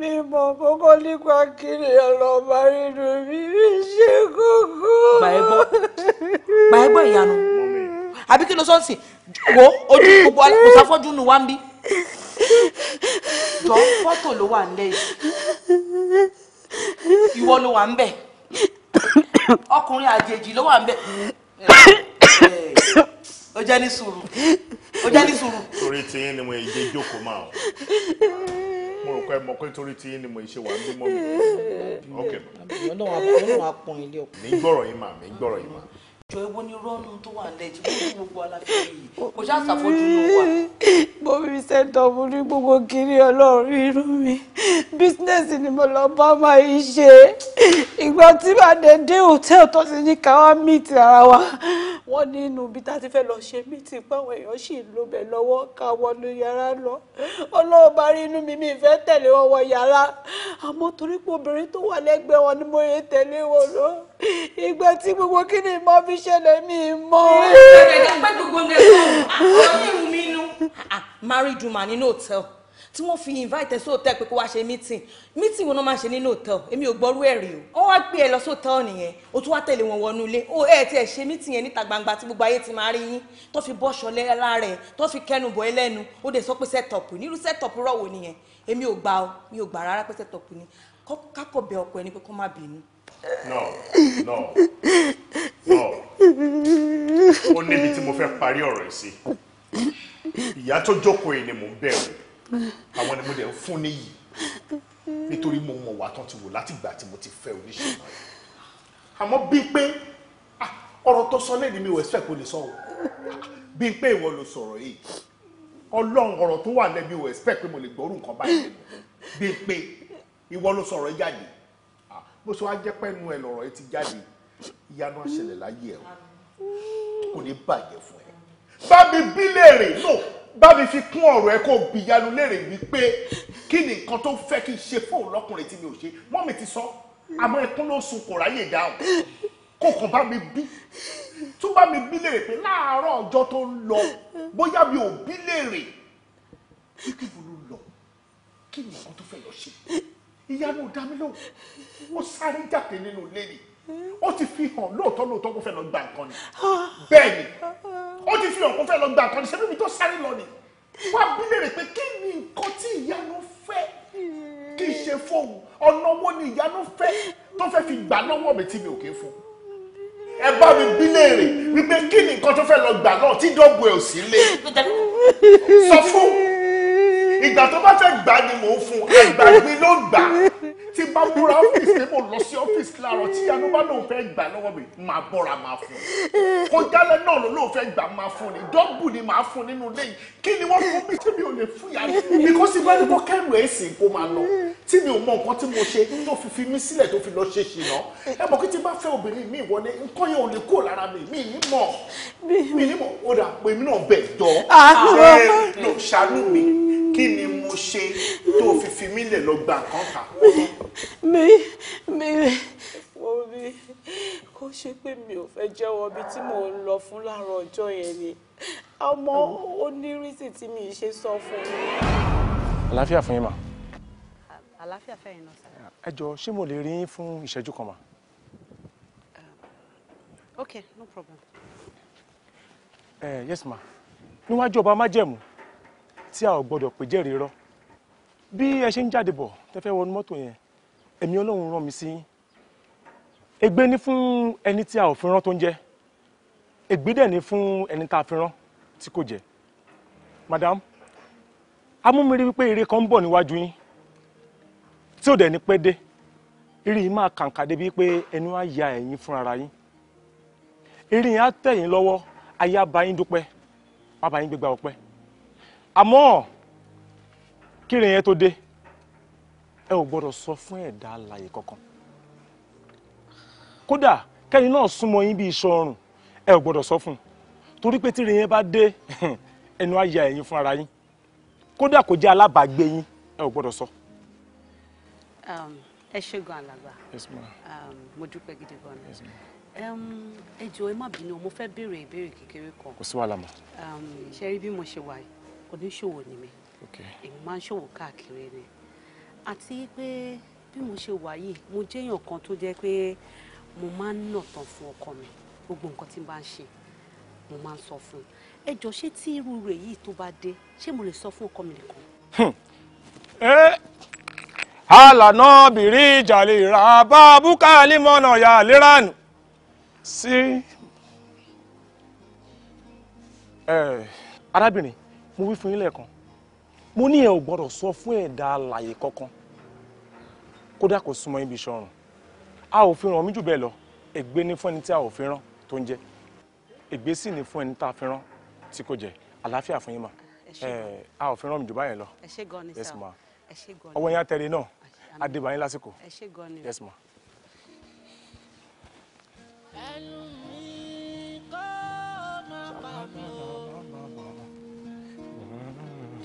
mi mọ̀ kókó nípa kiri ọ̀rọ̀ màrínú mi mi ṣe kókó. gbà ẹ gbọ́ gbà ẹ àbí kí ló sọ sí wo ojú gbogbo kò sáfọ́jú nu wá ń bí jọ fọ́tò ló wà nílẹ̀ yìí ìwọ ló wà ń bẹ̀ ọkùnrin àjèjì ló wà ń bẹ̀ ó jẹ́ ní sùúrù ó jẹ́ ní sùúrù. torí tí yín ni mo ìdè jókòó máa o mo rò pé mo pé torí tí yín ni mo ìṣe wà ń bímọ mi. ọlọ́run apọ̀ ilé ọkùnrin. mi gbọ́rọ̀ yín mà mi gbọ́rọ̀ yín mà jọ ewo ni rọ́ọ̀nù tó wà lẹ́jì lórí gbogbo aláfẹ́ yìí kò ṣáà ṣàfojú ló wà. mo rí sẹ́ńtọ̀ mo rí gbogbo kiri ọlọ́run irú mi bísínẹ́sì ni mo lọ bá máa ń ṣe ìgbà tí màá dé dé hòtẹ́ẹ̀lì tó ti ní káwá mìtì ara wa wọ́n ní inú ibi tá a ti fẹ́ lọ ṣe mìtì páwọn èèyàn sì ń lobẹ̀ lọ́wọ́ ká wọnú yàrá lọ ọlọ́run bá rí inú mi mi ìfẹ́ tẹ̀lé wọn wọ yàrá àmọ́ torí pé obìnrin tó wà lẹ́gbẹ̀ẹ́ wọn ni mo yẹ tẹ̀lé wọn lọ ìgbà tí gbogbo kí ni mo fi ṣẹlẹ̀ mi mọ́. ìrẹ̀lẹ̀ pẹ́ gbogbo ní ẹ̀kọ́ àwọn yìí mi inú. married woman nínú hotel tí wọ́n fi invite ẹ sí hotel pé kó wá ṣe meeting meeting wọn náà máa ṣe nínú hotel èmi ò gbọ́rú ẹ̀ rí o. wọ́n wá gbé ẹ lọ sí hotel nìyẹn o tún wá tẹ̀lé wọn wọnú ilé o ẹ̀ tiẹ̀ ṣe meeting yẹn níta gbangba tí gbogbo ayé ti máa rí yín tó fi bọ́ṣọ lára ẹ̀ tó fi kẹnu bọ̀ ẹ́ lẹ́nu ó dẹ̀ sọ pé setup nírú setup rọ̀ wò nìyẹn èmi ò gbà o mi ò gbà rárá pé setup ni kákọ̀ bẹ ọkọ ẹni pé kó má bínú no no no ó níbi tí mo fẹ́ parí ọ̀rọ̀ sí ìyá tó jókòó yìí ni mò ń bẹ̀rù àwọn ni mo dẹ̀ ń fún níyì nítorí mo mọ̀ wá tán ti wò látìgbà tí mo ti fẹ́ oníṣẹ́ náà àmọ́ bí pé ah, ọ̀rọ̀ tó sọ lẹ́yìn mi ò expect kó lè sọ o bí pé ìwọ ló sọ̀rọ̀ yìí ọlọ́run ọ̀rọ̀ tó wà lẹ́bi ò expect pé mo lè gbọ́rù nǹkan báyìí bí pé ìwọ ló sọ̀rọ̀ jáde bó ṣe wá jẹ́ pẹ́nu ẹ lọ́rọ̀ ẹ ti jáde ìyanu á ṣẹlẹ̀ láyé ẹ kò ní bàjẹ́ fún ẹ. bá mi bí léèrè no bá mi fi kún ọ̀rọ̀ ẹ kó bí ìyanu léèrè wípé kí ni nǹkan tó fẹ́ kí n ṣe fóun lọ́kùnrin tí mi ò ṣe mọ́ mi ti sọ àmọ́ ẹkún ló sun kò ráyè dáhùn kò kàn bá mi bí tún bá mi bí léèrè pé láàárọ̀ ọjọ́ tó ń lọ bóyá mi ò bí léèrè kí kí mo lọ kí ni nǹkan tó fẹ́ lọ ṣe ìyanu ò dá mi lóhùn ó sáré jáde nínú ilé ni ó ti fi hàn lóòótọ́ lóòótọ́ kó fẹ́ lọ gba nǹkan ni bẹ́ẹ̀ ni ó ti fi hàn kó fẹ́ lọ gba nǹkan ni ṣé bíbi tó sáré lọ ni wá bílèrè pé kí ni nǹkan tí ìyanu fẹ́ kí n ṣe fóun ọ̀nà wo ni ìyanu fẹ́ tó fẹ́ fi gbà lọ́wọ́ mi tí mi ò kí fún ẹ bá mi bílèrè wípé kí ni nǹkan tó fẹ́ lọ gbà náà tí dọ́gbù ẹ̀ ò sí lé sọ fún ìgbà tó bá fẹ́ gbà ni mò ń fún àgbàgbé ló ń gbà tí bá múra ọ́fíìsì tí mo lọ sí ọ́fíìsì láàárọ̀ tí yanu bá lóun fẹ́ gbà lọ́wọ́ mi máa bọ́ra máa fún un kó jálẹ̀ náà ló lóun fẹ́ gbà máa fún ni dọ́bù ni máa fún nínú ilé yìí kí ni wọ́n fún mi tí mi ò lè fún yàrá mi kó sì gbọ́dọ̀ bọ́ kẹ́rù ẹ̀ sì kó máa lọ tí mi ò mọ nǹkan tí mo ṣe tó fi fi mí sílẹ̀ tó fi lọ ṣe ṣìnà ẹ mọ̀ kí tí bá fẹ́ obìnrin mi wọlé nǹkan yẹn ò lè kó lára mi mi ní mọ̀ mi ní mọ̀ ó dà pé mi náà bẹ̀ jọ ṣàánú mi kí ni mo ṣe tó fi fi mí lẹ̀ lọ gbà kan kà. mi mi mo rí kó ṣe pé mi ò fẹ́ jẹ́wọ́ ibi tí mò ń lọ fún láàárọ̀ ọjọ́ yẹn ni àmọ́ ó ní rísì tí mi ṣe sọ fún mi. àlàáfíà fún yín mà. àlàáfíà fẹ́ yín náà sá. ẹ jọ ṣé mo lè rí yín fún ìṣẹ́jú kan mà. Um, okay no problem. Uh, yes ma níwájú ọba májẹ̀mú tí a ò gbọ́dọ̀ pè jẹ́rìí irọ́ bí ẹ ṣe ń jáde bọ̀ tẹ́ fẹ́ wọnú mọ́tò yẹn ẹ̀mí ọlọ́run rán mi sí yín ègbé ni fún ẹni tí a ò fi rán tó ń jẹ ègbé dẹ̀ ni fún ẹni tá a fi rán tí kò jẹ madam amúmiri wípé ire kan ń bọ̀ níwájú yín tí ò dẹ̀ ní pẹ́ dé eré yìí máa kàǹkà débi pé ẹnu á ya ẹ̀yin fúnra yín eré yìí á tẹ̀ lọ́wọ́ ayé á dúpẹ́ á gbégbá ọpẹ́ àmọ́ kírin yẹn tó dé ẹ ò gbọ́dọ̀ sọ fún ẹ̀dá alààyè kankan kódà kẹ́ni náà súnmọ́ yín bí iṣan ọrùn ẹ ò gbọ́dọ̀ sọ fún un torí pé tírin yẹn bá dé ẹnu àyà ẹ̀yin fún ara yín kódà kò jẹ́ alábàágbé yín ẹ ò gbọ́dọ̀ sọ. Um, ẹ ṣe gan alàgbà um, mo dúpẹ́ gidi gan ni um, ẹ jọ̀ọ́ ẹ má bínú mo fẹ́ béèrè ìbéèrè kékeré kan. kò sí wàhálà mọ́. ṣe rí bí mo ṣe wà yìí oníṣòwò ni mi èmi máa ń ṣòwò káàkiri ni àti pé bí mo ṣe wà yìí mo jẹ́yàn kan tó jẹ́ pé mo máa ń nà tán fún ọkọ mi gbogbo nǹkan tí n bá ń ṣe mo máa ń sọ fún un ẹ jọ ṣé tí irú rẹ̀ yìí tó bá dé ṣé mo lè sọ fún ọkọ mi nìkan. alànà bìrì ìjàlè ra bá búkálí mọ́nà yà lérà sí. arábìnrin mo wí fún yín lẹ́ẹ̀kan mo ní ẹ ò gbọ́dọ̀ sọ fún ẹ̀dá alàyè kankan kódà kò súnmọ́ ibi iṣẹ́ a ò fi ràn mí jù bẹ́ẹ̀ lọ ègbé ni fún ẹni tí a ò fi rán tó ń jẹ ègbé sì ni fún ẹni tá a fi rán tí kò jẹ àlàáfíà fún yín mà a ò fi ràn mí jù báyẹn lọ yes ma ọwọ́ yẹn àtẹ̀rẹ̀ náà adébáyé lásìkò yes ma. ẹnu mi kọ́ ọ́ máa pa mí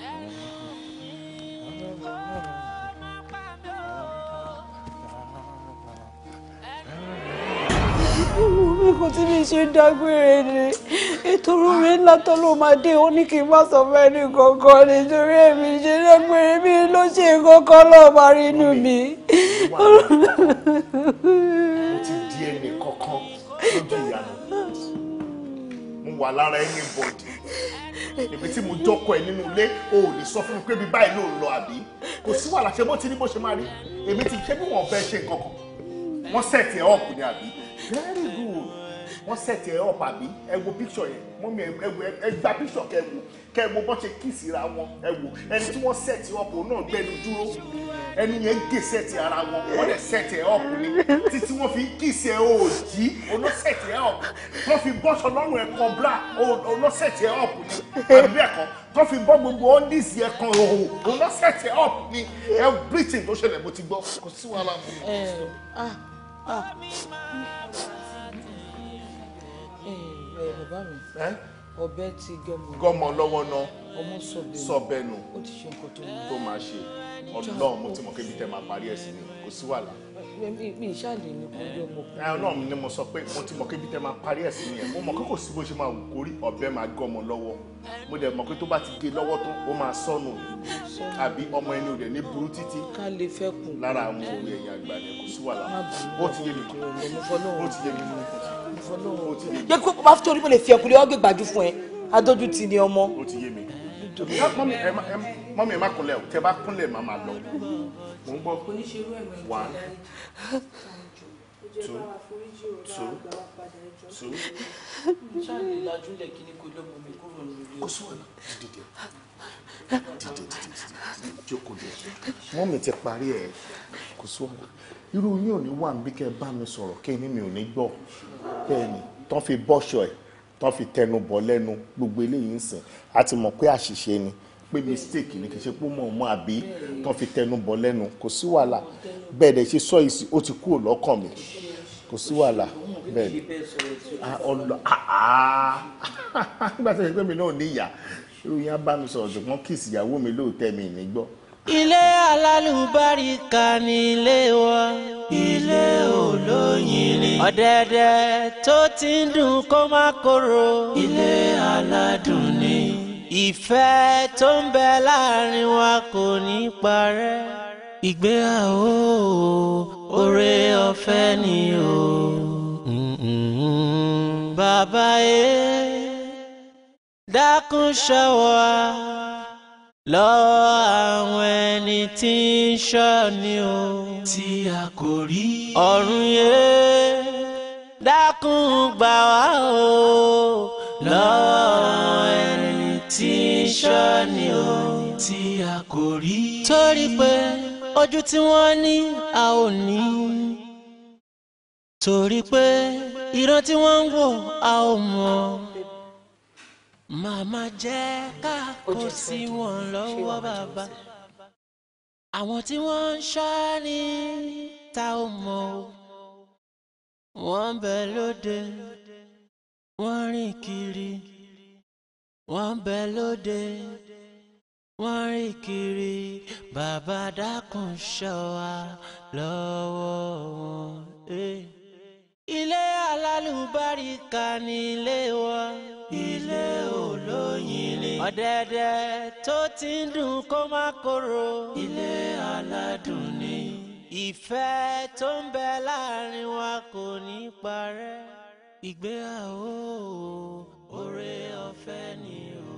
kò tí mi ṣe dágbére ni ètò rúre ńlá tọ́lọ́mọdé ó ní kí n má sọ fẹ́ ní kankan nítorí èmi ṣe dágbére mi ló ṣe kankan lọ́ọ́ máa rí inú mi. mo ti di ẹnì kankan lójú ìyànà mo wà lára ẹni bọ̀dì èmi tí mo jọkọ ẹ nínú ilé o ò lè sọ fún mi pé bí báyìí ló ń lọ àbí kò sí wàhálà ṣe bó ti ní bó ṣe máa rí èmi ti ṣé bí wọn fẹ́ ṣe nǹkan kan wọn sẹẹtì ẹ ọkùnrin àbí very good wọ́n sẹ̀tì ẹ̀ ọ̀pá bí ẹ wo píṣọ̀ yẹn mọ́mí ẹ wo ẹ gba píṣọ̀ kẹ wo kẹ wo bọ́n ṣe kíìsì ra wọn ẹ wo ẹni tí wọ́n sẹ̀tì ọ̀pọ̀ náà gbẹnu dúró ẹni yẹn gé sẹ̀tì ara wọn wọ́n dẹ̀ sẹ̀tì ẹ̀ ọ̀pọ̀ ni títí wọ́n fi kíìsì ẹ̀ òòjì olóṣẹ̀tì ẹ̀ ọ̀pọ̀ wọ́n fi bọ́ṣọ lọ́rùn ẹ̀ kan bra olóṣẹ̀tì ẹ̀ ọ̀pọ̀ ni àbí ẹ̀kọ́ tó fi bọ́ gbogbo ọ́ndíìsì ẹ̀ kan òhò olóṣẹ̀tì ẹ̀ ọ̀pọ̀ ni everything tó ṣẹlẹ̀ mo ti gbọ́ kò sí wàhálà mọ́. Ah, ah bàbá mi ọbẹ̀ ti gọmọ gọmọ lọ́wọ́ náà ọmọ sọbẹnu ó ti ṣe nǹkan tó tó máa ṣe ọlọ́run mo ti mọ̀ kébi tẹ máa parí ẹ̀ sí ni kò sí wàhálà. mi ìṣàlè ni kò yọ ọmọ. ẹ ọlọ́run ni mo sọ pé mo ti mọ̀ kébi tẹ máa parí ẹ̀ ni ẹ mo mọ̀ kókò sí bó ṣe máa wù kórí ọbẹ̀ máa gọmọ lọ́wọ́ mo dẹ̀ mọ̀ pé tó bá ti gé lọ́wọ́ tó ó máa sọnù àbí ọmọ ẹni ò dẹ̀ ní burú títí. ká lè fẹ́ kù. lára àwọn òwe ẹ̀yà àgbà ni kò sí wàhálà ó ti yé mi ó ti yé mi yẹ kó bá torí mo lè fi ẹkùnrin ọgbẹ gbàdú fún ẹ adójú ti ni ọmọ. ó ti yé mi mọ́mí ẹ má kúnlẹ̀ o tẹ bá kúnlẹ̀ má má lọ mò ń gbọ́ one two two two. ṣáàlì lajúlẹ̀ kí ni kò lọ́mọ mi kúrò mọ́mí ti parí ẹ̀ kò sí irú yín ò ní wà níbi kẹ́ ẹ bá mi sọ̀rọ̀ kí ni mi ò ní gbọ́ bẹ́ẹ̀ ni tán fi bọ́ṣọ ẹ̀ tán fi tẹnu bọ̀ lẹ́nu gbogbo eléyìí ń sìn a mọ̀ pé àṣìṣe ni pé mistake ni kì í ṣe pé mọ̀ mọ́ àbí tán fi tẹnu bọ̀ lẹ́nu kò sí wàhálà bẹ́ẹ̀ dẹ̀ ṣe sọ yìí sí ó ti kúrò lọ́kàn mi kò sí wàhálà bẹ́ẹ̀ ni ọlọ nígbà tó ṣe pé mi náà níyà irú yín á bá mi sọ̀rọ̀ ṣùgbọ́n kìsì ìyàwó mi lóòótẹ́ mi ì ilé alálùbáríkà ni ilé wa ilé olóyin ni. ọ̀dẹ̀dẹ̀ tó ti ń dùn kó má korò. ilé aládùn ni. ìfẹ́ tó ń bẹ láàrin wa kò ní parẹ́. ìgbéyàwó oore ọ̀fẹ́ ni o. bàbá yẹn e, dákun ṣọ́ lọ́wọ́ àwọn ẹni tí ń ṣọ́ni o. tí a kò rí. ọ̀run yé dákun gbà wá o. lọ́wọ́ àwọn ẹni tí ń ṣọ́ni o. tí a kò rí. torí pé ojú tí wọ́n ní a ò ní. torí pé ìran tí wọ́n ń wò a ò mọ̀ màmá jẹ́ ká kó sí wọn lọ́wọ́ bàbá àwọn tí wọ́n ń ṣọ́ ni ta ò mọ̀ o wọ́n ń bẹ lóde wọ́n rìn kiri wọ́n bẹ lóde wọ́n rìn kiri bàbá dákun ṣọ́ wa lọ́wọ́ wọn. Hey. Eh ilé alálùbáríkà ni ilé wa ilé olóyin ni. ọ̀dẹ̀dẹ̀ tó ti ń dùn kó má korò. ilé aládùn ni. ìfẹ́ tó ń bẹ láàrin wa kò ní parẹ́. ìgbéyàwó oore ọ̀fẹ́ ni o.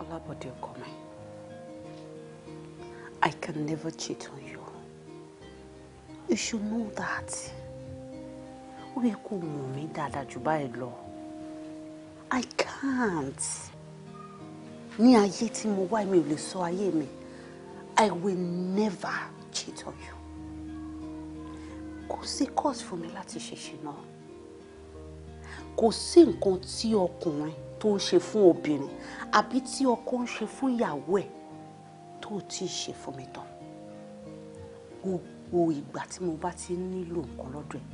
Olabode Okome, I can never cheat on you. You should know that. Ó yẹ kó mọ̀ mí dáadáa jù báyìí lọ. I can't. Ní ayé tí mo wá mi ò lè sọ ayé mi. I will never cheat on you. Kò sí cause fún mi láti ṣe ṣìnà. Kò sí nǹkan tí ọkùnrin tó ń ṣe fún obìnrin àbí tí ọkọ ń ṣe fún ìyàwó ẹ̀ tó ti ṣe fún mi tán gbogbo ìgbà tí mo bá ti nílò nǹkan lọ́dọ̀ ẹ̀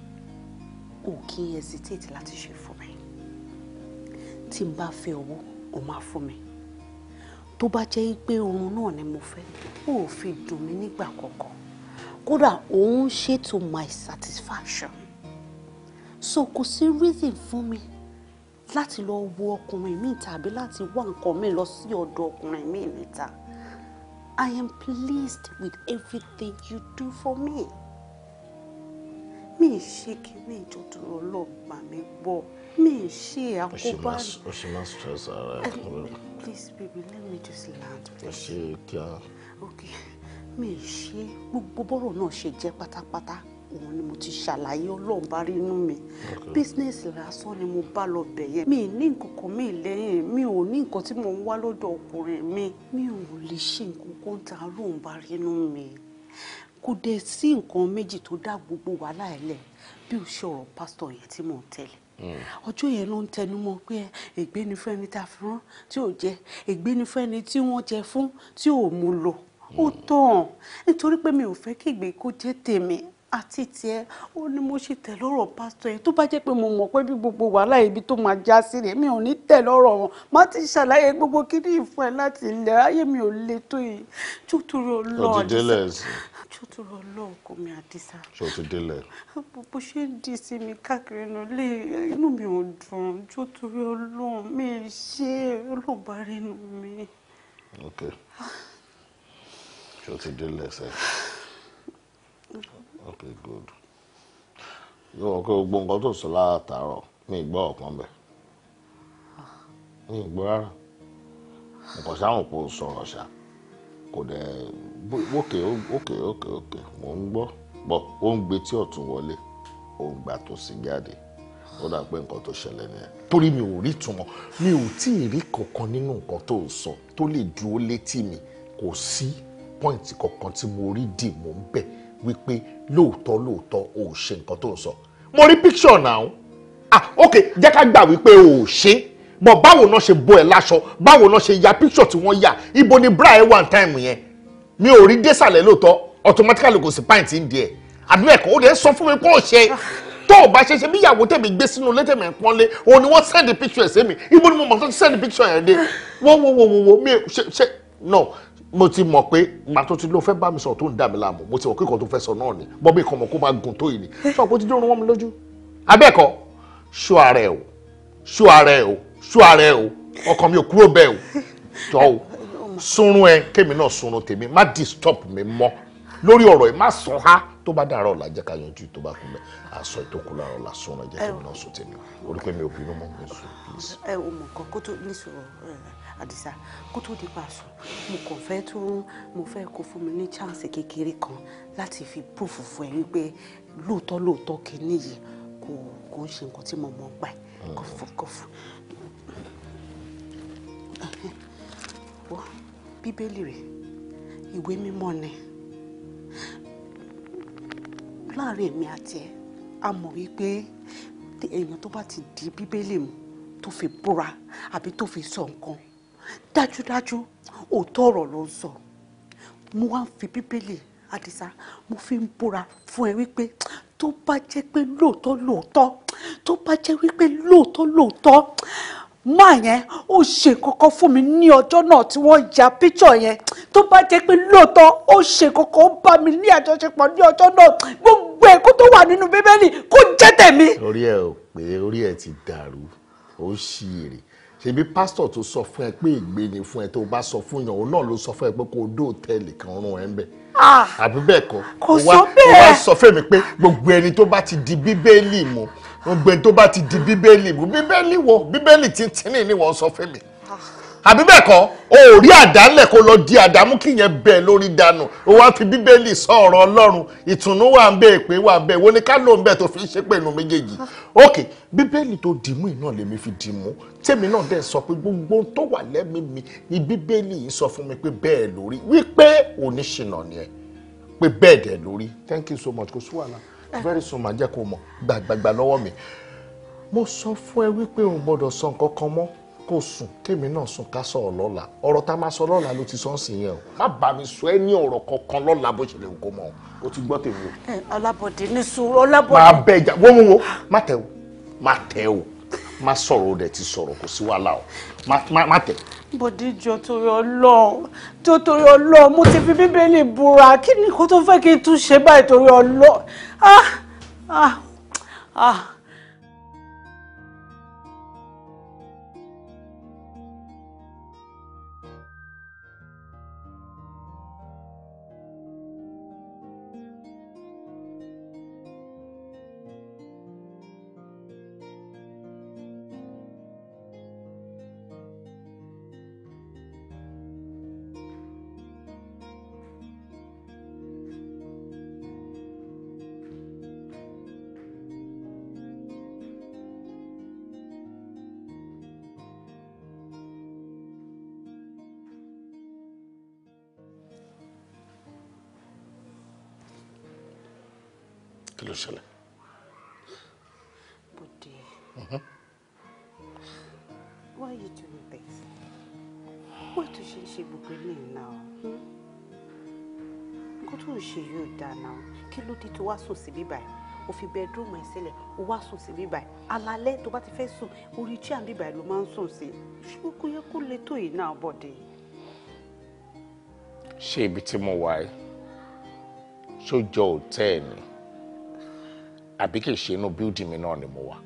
ò kí n hesitate láti ṣe fún mi tí n bá fẹ́ owó ò máa fún mi tó bá jẹ́ pé oorun náà ni mo fẹ́ ò fi dùn mí nígbà kọ̀ọ̀kan kódà òun ṣètò my satisfaction so kò sí reason fún mi láti lọ wo ọkùnrin mi tàbí láti wá nǹkan mi lọ sí ọ̀dọ̀ ọkùnrin mi níta I am pleased with everything you do for me mi ṣe kíní ìjọdún ọlọ́ọ̀gbà mi gbọ́ mi ṣe àkóbá. o ṣe máa stress ara ẹ. please baby let me just land. o ṣe kí a. ok mi ṣe gbogbo bọ́rọ̀ náà ṣe jẹ́ pátápátá òun ni mo ti ṣàlàyé ọlọ́run bá rí inú mi bísínẹ́sì lásán ni mo bá lọ bẹ̀ mi ní nǹkan mi lẹ́yìn mi ò ní nǹkan tí mo ń wá lọ́dọ̀ ọkùnrin mi mi ò lè ṣe nǹkan tá a lóun bá rí inú mi kò dé sí nǹkan méjì tó dá gbogbo wàhálà ẹ̀ lẹ̀ bí o ṣe ọ̀rọ̀ pásítọ̀ yẹn tí mò ń tẹ̀lé hmm. ọjọ́ yẹn ló ń tẹnu mọ́ pé ègbé tá a fi rán tí ò jẹ ègbé tí wọ́n jẹ fún tí ò mú lò ó hmm. tàn nítorí pé mi ò fẹ́ kí kó jẹ́ tèmi àti tiẹ̀ ó ní mo ṣe tẹ̀ lọ́rọ̀ pásítọ̀ yẹn tó bá jẹ́ pé mo mọ̀ pé bí gbogbo wàhálà ibi tó máa já sí rẹ̀ mi ò ní tẹ̀ lọ́rọ̀ wọn má ti ṣàlàyé gbogbo kíní ìfún ẹ láti ilẹ̀ ayé mi ò le tó yìí tó torí àdìsá tó torí ọlọ́ọ̀ mi àdìsá. bó ṣe ń di sí mi káàkiri inú ilé inú mi ò dùn tó torí mi ṣe ọlọ́ọ̀bárẹ́nu mi. ok ṣé o ti délẹ̀ sẹ́yìn okay good yóò wọ́n pé gbogbo nǹkan tó sọ látàárọ̀ mi gbọ́ ọ̀kan bẹ̀ mi gbọ́ rárá nǹkan sáwọn kò sọ̀rọ̀ ṣá kò dẹ̀ ókè ókè ókè ókè mò ń gbọ́ bọ̀ ó ń gbé tí ọ̀tún wọlé ó ń gbà tó sì jáde ó dà pé nǹkan tó ṣẹlẹ̀ nìyẹn torí mi ò rí túmọ̀ mi ò tí ì rí kankan nínú nǹkan tó sọ tó lè dúró létí mi kò sí pọ́ìntì kankan tí mo rí dì mò ń bẹ̀ wípé lóòótọ́ lóòótọ́ o ò ṣe nǹkan tó ń sọ mo rí picture náà ah ok jẹ́ ká gbà wípé o ò ṣe mọ̀ báwo náà ṣe bọ́ ẹ láṣọ báwo náà ṣe ya picture tí wọ́n yà ibo ni bra ẹ wà ní táìmù yẹn mi ò rí désàlẹ̀ lóòótọ́ automatically kò sí pint ń di ẹ̀ àbí ẹ̀kọ́ ó lè sọ fún mi pé ó ṣe tó o bá ṣe ṣe bí ìyàwó tèmi gbé sínú ilé tèmi pọ́nlé òun ni wọ́n send the picture ẹ̀ sí mi ibo ni mo mọ̀ tó send the picture yẹn dé wo wo wo wo mi ṣe ṣe no mo ti mọ̀ pé màá tó ti lọ fẹ́ bá mi sọ̀rọ̀ tó ń dà mí láàmú mo ti mọ̀ pé ìkan tó fẹ́ sọ náà ni bọ́bí ìkan mọ̀ kó máa gùn tó yìí ni sọ pé ó ti dúró wọn mi lójú. abẹ́ẹ̀kọ́ ṣó ara ẹ̀ o ṣó ara ẹ̀ o ṣó ara ẹ̀ o ọkàn mi ò kúrò bẹ́ẹ̀ o jọ o sunrun ẹ kémi náà sunrun tèmi má disturb mi mọ́ lórí ọ̀rọ̀ ẹ̀ má sàn á tó bá dàrọ̀ ọ̀la jẹ́ ká yanjú tó bá kú mẹ́ aṣọ ìtòkù láàrọ̀ la sunrun ẹ jẹ́ kémi náà sùn tèmi orí pé mi ò bínú mọ́ mi sùn please. ẹ o mọ̀ àdìsá kó tó di pàṣọ mo kàn fẹ́ tó mo fẹ́ kó fún mi ní chance kékeré kan láti fi proof fún ẹ wípé lóòótọ́ lóòótọ́ kìíní yìí kò kò ń ṣe nǹkan tí mo mọ̀ pa ẹ̀ kọ̀fùkọ̀fù. bíbélì rẹ̀ ìwé mímọ́ ni láàrin èmi àti ẹ a mọ̀ wípé èèyàn tó bá ti di bíbélì mu tó fi búra àbí tó fi sọ nǹkan dájúdájú òótọ́ ọ̀rọ̀ ló ń sọ mo wá ń fi bíbélì àdìsá mo fi ń búra fún ẹ wípé tó bá jẹ́ pé lóòótọ́ lóòótọ́ tó bá jẹ́ wípé lóòótọ́ lóòótọ́ máa yẹn ó ṣe kọ́kọ́ fún mi ní ọjọ́ náà tí wọ́n ya píchọ̀ yẹn tó bá jẹ́ pé lóòótọ́ ó ṣe kọ́kọ́ ó bá mi ní àjọṣepọ̀ ní ọjọ́ náà gbogbo ẹ̀kọ́ tó wà nínú bíbélì kó jẹ́ tẹ̀mí. orí ẹ ò pé orí ẹ ti dàrú ó ṣì rè ṣèbí pásítọ̀ tó sọ fún ẹ pé ìgbé ni fún ẹ tó bá sọ fún yàn òun náà ló sọ fún ẹ pé kó o dó òtẹ́ẹ̀lì kan rún ẹ ń bẹ̀ ah! àbí bẹ́ẹ̀ kọ́ kò sọ bẹ́ẹ̀ wá sọ fún mi pé gbogbo ẹni tó bá ti di bíbélì mu gbogbo ẹni tó bá ti di bíbélì mu bíbélì wo bíbélì títí ni wọ́n sọ fún mi àbí bẹ́ẹ̀ kọ́ o ò rí àdálẹ̀ kó lọ di àdámú kí yẹn bẹ̀ lórí dànù o wá fi bíbélì sọ ọ̀rọ̀ ọlọ́run ìtùnú wà ń bẹ èpè wà bẹ́ẹ̀ wo ni ká ló ń bẹ̀ tó fi ń ṣe pẹ̀lú méjèèjì ok bíbélì tó dìímú iná lèmi fi dìímú tèmi náà dẹ̀ sọ pé gbogbo tó wà lẹ́mí mi ni bíbélì yìí sọ fún mi pé bẹ́ẹ̀ lórí wípé oníṣìnà ni ẹ pé bẹ́ẹ̀ dẹ̀ lórí thank you so much kò sí wàhálà very soon màá jẹ́ kó mọ̀ gbàgbàgbà lọ́wọ́ mi mo sọ fún ẹ wípé o gbọ́dọ̀ sọ nǹkan kan mọ́ kó sùn kémi náà sùn ká sọ̀rọ̀ lọ́la ọ̀rọ̀ tá a máa sọ lọ́la ló ti sọ́n sí yẹn o má bá mi sọ ẹ́ ní ọ̀rọ̀ kankan lọ́la bó ṣe lè kó mọ́ o ti gbọ́ tèmi o. ọlábọ̀dé ní sùúrù ọlábọ̀dé. máa bẹ ìjà wọ́n wọ́n má tẹ o má tẹ o má sọ̀rọ̀ o dẹ̀ ti sọ̀rọ̀ kò sí wàhálà o má tẹ. bọ̀dé jọ torí ọlọ́ọ̀ jọ torí ọlọ́ọ̀ mo ti fi bíbélì búra kí ni kó tó fẹ́ kí n tún ṣe báyìí torí ọlọ́ọ̀ ah ah ah. sùn sí bíbà o fi bẹẹdúrúmù ẹ sílẹ̀ o wá sùn sí bíbà yìí alalẹ́ tó bá ti fẹ́ sùn orí tí à ń bíbà yìí ló máa ń sùn sí ṣùgbọ́n kò yẹ kó lè tó yìí náà bọ̀dé. ṣé ibi tí mo wà ẹ sójọ òtẹ́ẹ̀lì àbí kì í ṣe inú bíúdì mi náà ni mo wà.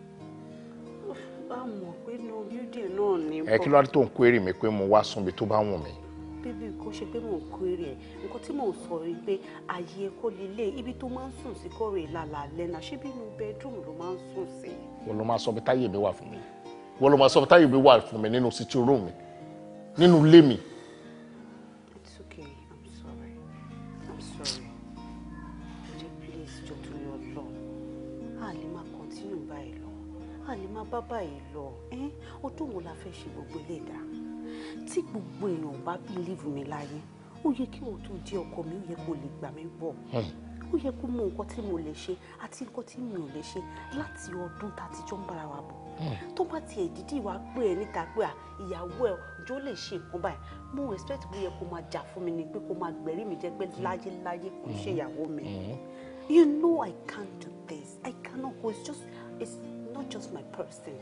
a mọ̀ pé inú bíúdì náà ni. ẹ kí ló dé tó ń kó èrè mi pé mo wá sùn bí tó bá wù mí bíbí kó ṣe pé mò ń kó eré ẹ̀ nǹkan tí mò ń sọ rí pé ààyè kò lè lé ibi tó máa ń sùn sí kọ́rọ̀ ìlàlà lẹ́nà ṣé bí inú bedroom ló máa ń sùn sí. wọn ló máa sọ bí táyé mi wà fún mi wọn ló máa sọ bí táyé mi wà fún mi nínú sitting room mi nínú ilé mi. it's okay i'm sorry i'm sorry please jọ tó yọ lọ a lè continue báyìí lọ a lè máa bá báyìí lọ ọdún wo la fẹ́ ṣe gbogbo ilé ìdá tí gbogbo èèyàn bá bílíìfù mi láyé ó yẹ kí òun tó di ọkọ mi ó yẹ kó lè gbà mí bọ̀ hmm. ó yẹ kó mọ nǹkan tí mo lè ṣe àti nǹkan tí mi ò lè ṣe láti ọdún tá jọ ń bára wa bọ̀ hmm. tó bá tiẹ̀ dídì wá pé ẹ níta pé ìyàwó ẹ jọ lè ṣe nǹkan báyìí mo respect bó yẹ kó máa jà fún mi ni pé kó máa gbẹ̀rí mi jẹ́ pé hmm. láyé láyé kò ṣe ìyàwó mi you know I can't do this I cannot go it's just it's not just my person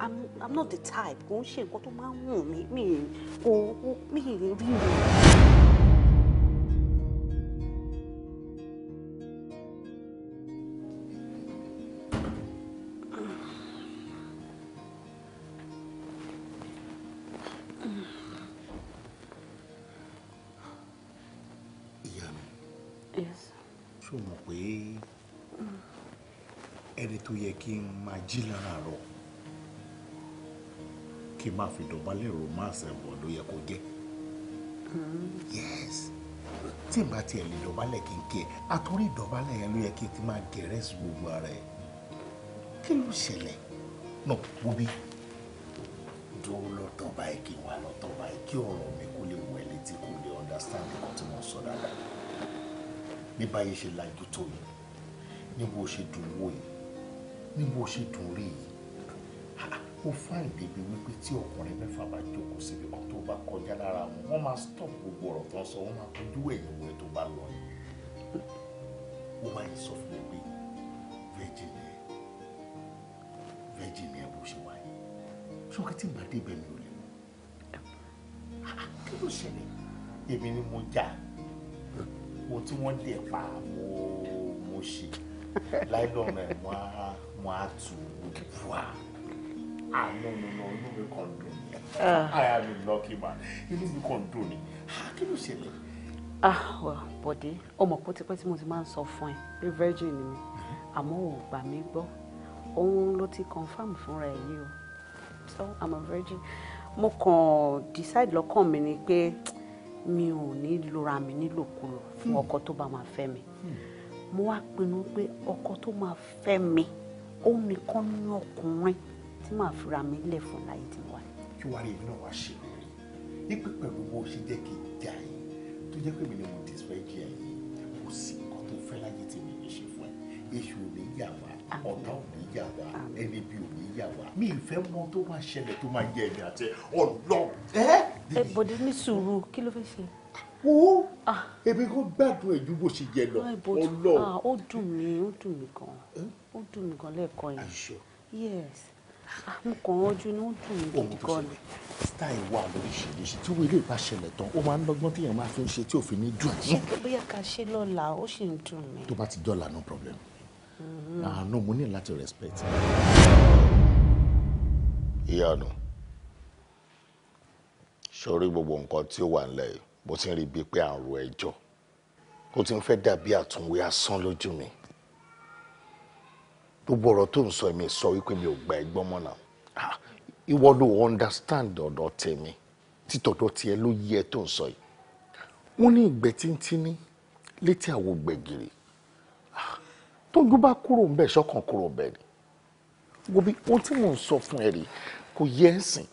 i'm i'm not the type kò ń ṣe nǹkan tó máa ń wù mí mi kò mi rí rí rí. tó yẹ kí n máa jí lára rọ kí n má fi dọ̀bálẹ̀ romance ẹ̀wọ̀n ló yẹ kó jẹ́ yes tí n bá tiẹ̀ lè dọ̀bálẹ̀ kí n kí ẹ àtọ́rí ìdọ̀bálẹ̀ yẹn ló yẹ kí n ti máa gẹ̀rẹ́ sí gbogbo ara ẹ kí ló ṣẹlẹ̀ náà wo bí dúró lọ́tọ̀ báyìí kí n wà lọ́tọ̀ báyìí kí ọ̀rọ̀ mi kó lè wẹ̀ létí kó lè understand nǹkan tí mo sọ dáadáa bí báyìí ṣe lajú tó yìí ní bó ṣe dùn wò yìí ní bó ṣe dùn rí yìí ó fáìn débi wípé tí ọkùnrin mẹ́fà bá jókòó síbi kan tó bá kọjá lára wọn wọ́n máa stop gbogbo ọ̀rọ̀ tó ń sọ wọ́n máa kojú ẹ̀yìn wẹ̀ tó bá lọ yìí ó máa ń sọ fún mi pé virgin ẹ virgin bó ṣe wà ṣókè tí màá débẹ̀ mi ò lè mú kí ló ṣẹlẹ̀ èmi ni mo já mo tí wọ́n dẹ̀ pa mo mo ṣe láìlọ́ọ̀nù ẹ̀ mo á mo á tù ú wá. Ah no no no, nù inú mi kàn dùn ní ara mi lọ́kì mà inú mi kàn dùn ní ah, kí ló ṣẹlẹ̀. ah well bọ̀dé ọmọ kó tipẹ́ tí mo ti máa ń sọ fún ẹ pé virgin ni mi àmọ́ ò gbà mí gbọ́ òun ló ti confam fúnra ẹ̀ yìí o so i'm a virgin mo kàn decide lọ́kàn mi ni pé mi ò ní lora mi nílòkulò fún ọkọ tó bá máa fẹ́ mi mo wá pinnu pé ọkọ tó máa fẹ́ mi òun nìkan ní ọkùnrin tí màá fura mi lẹ̀ fún láyé tí mo wà. kí wàá rí èmi náà wá ṣe lérí wípé pẹ̀lú bó ṣe jẹ́ kí n jà yín tó jẹ́ pé mi ni mo ti fẹ́ jẹ́ yín kò sí nǹkan tó fẹ́ láyé tí mi lè ṣe fún ẹ èṣù ò ní yà wá ọ̀tá ò ní yà wá ẹni bí ò ní yà wá mi ìfẹ́ mọ tó máa ṣẹlẹ̀ tó máa yẹ ẹ̀mí àti ọlọ́run. ẹ bọ̀dé ní sùúrù kí ló fẹ́ ṣe wo ah. èmi kò gbádùn ẹjú bó ṣe yẹ lọ ọlọ. Ah, ó dùn mí ó dùn mí gan ó dùn mí gan lẹ́ẹ̀kan yìí yes mo kàn wọ́n ojú ní ó dùn mí gidi gan ni. style wà lóríṣiríṣi tí owó ilé ìbá ṣẹlẹ̀ tán ó máa ń lọ́gbọ́n téèyàn máa fi ń ṣe tí òfin ní dùn. bóyá ká ṣe lọ́la ó sì ń dùn mí. tó bá ti dọ́là no problem àánú mm-hmm. ah, mo ní láti respect. ìyá ọ̀nà sọrí gbogbo nǹkan tí ó wà nílẹ̀ yìí mo ti ń rí bíi pé à ń ti ń fẹ́ dàbí àtúnwé asán lójú mi gbogbo ọ̀rọ̀ tó ń sọ èmi sọ wípé mi ò gba ẹ̀gbọ́n mọ́ náà ah, ìwọ ló understand ọ̀dọ̀ tèmi títọ̀dọ̀ tiẹ̀ ló yẹ tó ń sọ yìí wọ́n ní ìgbẹ́ tíntínní létí àwo gbẹ̀gìrì ah, tójú bá kúrò ń bẹ̀ sọ́kàn kúrò ń bẹ̀ ni gobi ohun tí mò ń sọ fún ẹ rèé kò yẹ ẹ sìn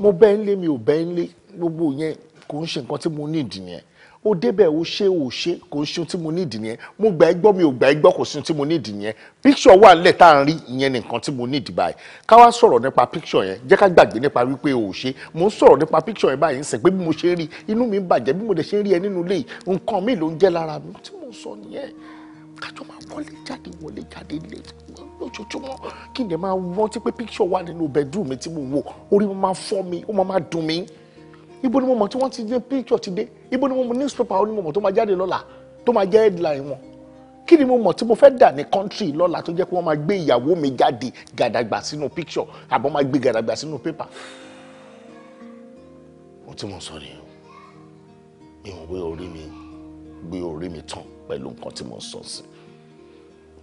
mo bẹ́ẹ̀ ń lé mi ò bẹ́ẹ̀ ń lé gbogbo yẹn kò ń ṣe nǹkan tí mo ní ìdí yẹn ó débẹ̀ ó ṣe ó ṣe kò ń ṣe tí mo ní ìdí yẹn mo gbà ẹ́ gbọ́ mi ò gbà ẹ́ gbọ́ kò sí tí mo ní ìdí yẹn picture wà nílẹ̀ tá à ń rí ìyẹn nìkan tí mo ní ìdí báyìí ká wá sọ̀rọ̀ nípa picture yẹn jẹ́ ká gbàgbé nípa wípé ò ṣe mo ń sọ̀rọ̀ nípa picture yẹn báyìí ń sìn pé bí mo ṣe rí inú mi ń bàjẹ́ bí mo dẹ̀ ṣe rí ẹ nínú ilé nǹkan mi ló ń jẹ́ lára mi tí mo sọ nìyẹn kájọ máa wọlé jáde wọlé jáde lé lójoojúmọ́ kí n dẹ̀ máa rántí pé picture wà nínú bedroom mi tí mo wò orí mo máa fọ́ mi ó máa máa dùn mí ibo ni mo mọ̀ tí wọ́n ti ní picture ti dé ibo ni mo mọ̀ newspaper ni mo mọ̀ tó máa jáde lọ́la tó máa jẹ́ headline wọn kí ni mo mọ̀ tí mo fẹ́ dà ní country lọ́la tó jẹ́ pé wọ́n máa gbé ìyàwó mi jáde gàdàgbà sínú picture àbọ̀ máa gbé gàdàgbà sínú paper. wọ́n ti mọ̀ sọ ni mi ò gbé orí mi gbé orí mi tán pẹ̀lú nǹkan tí mo sọ sí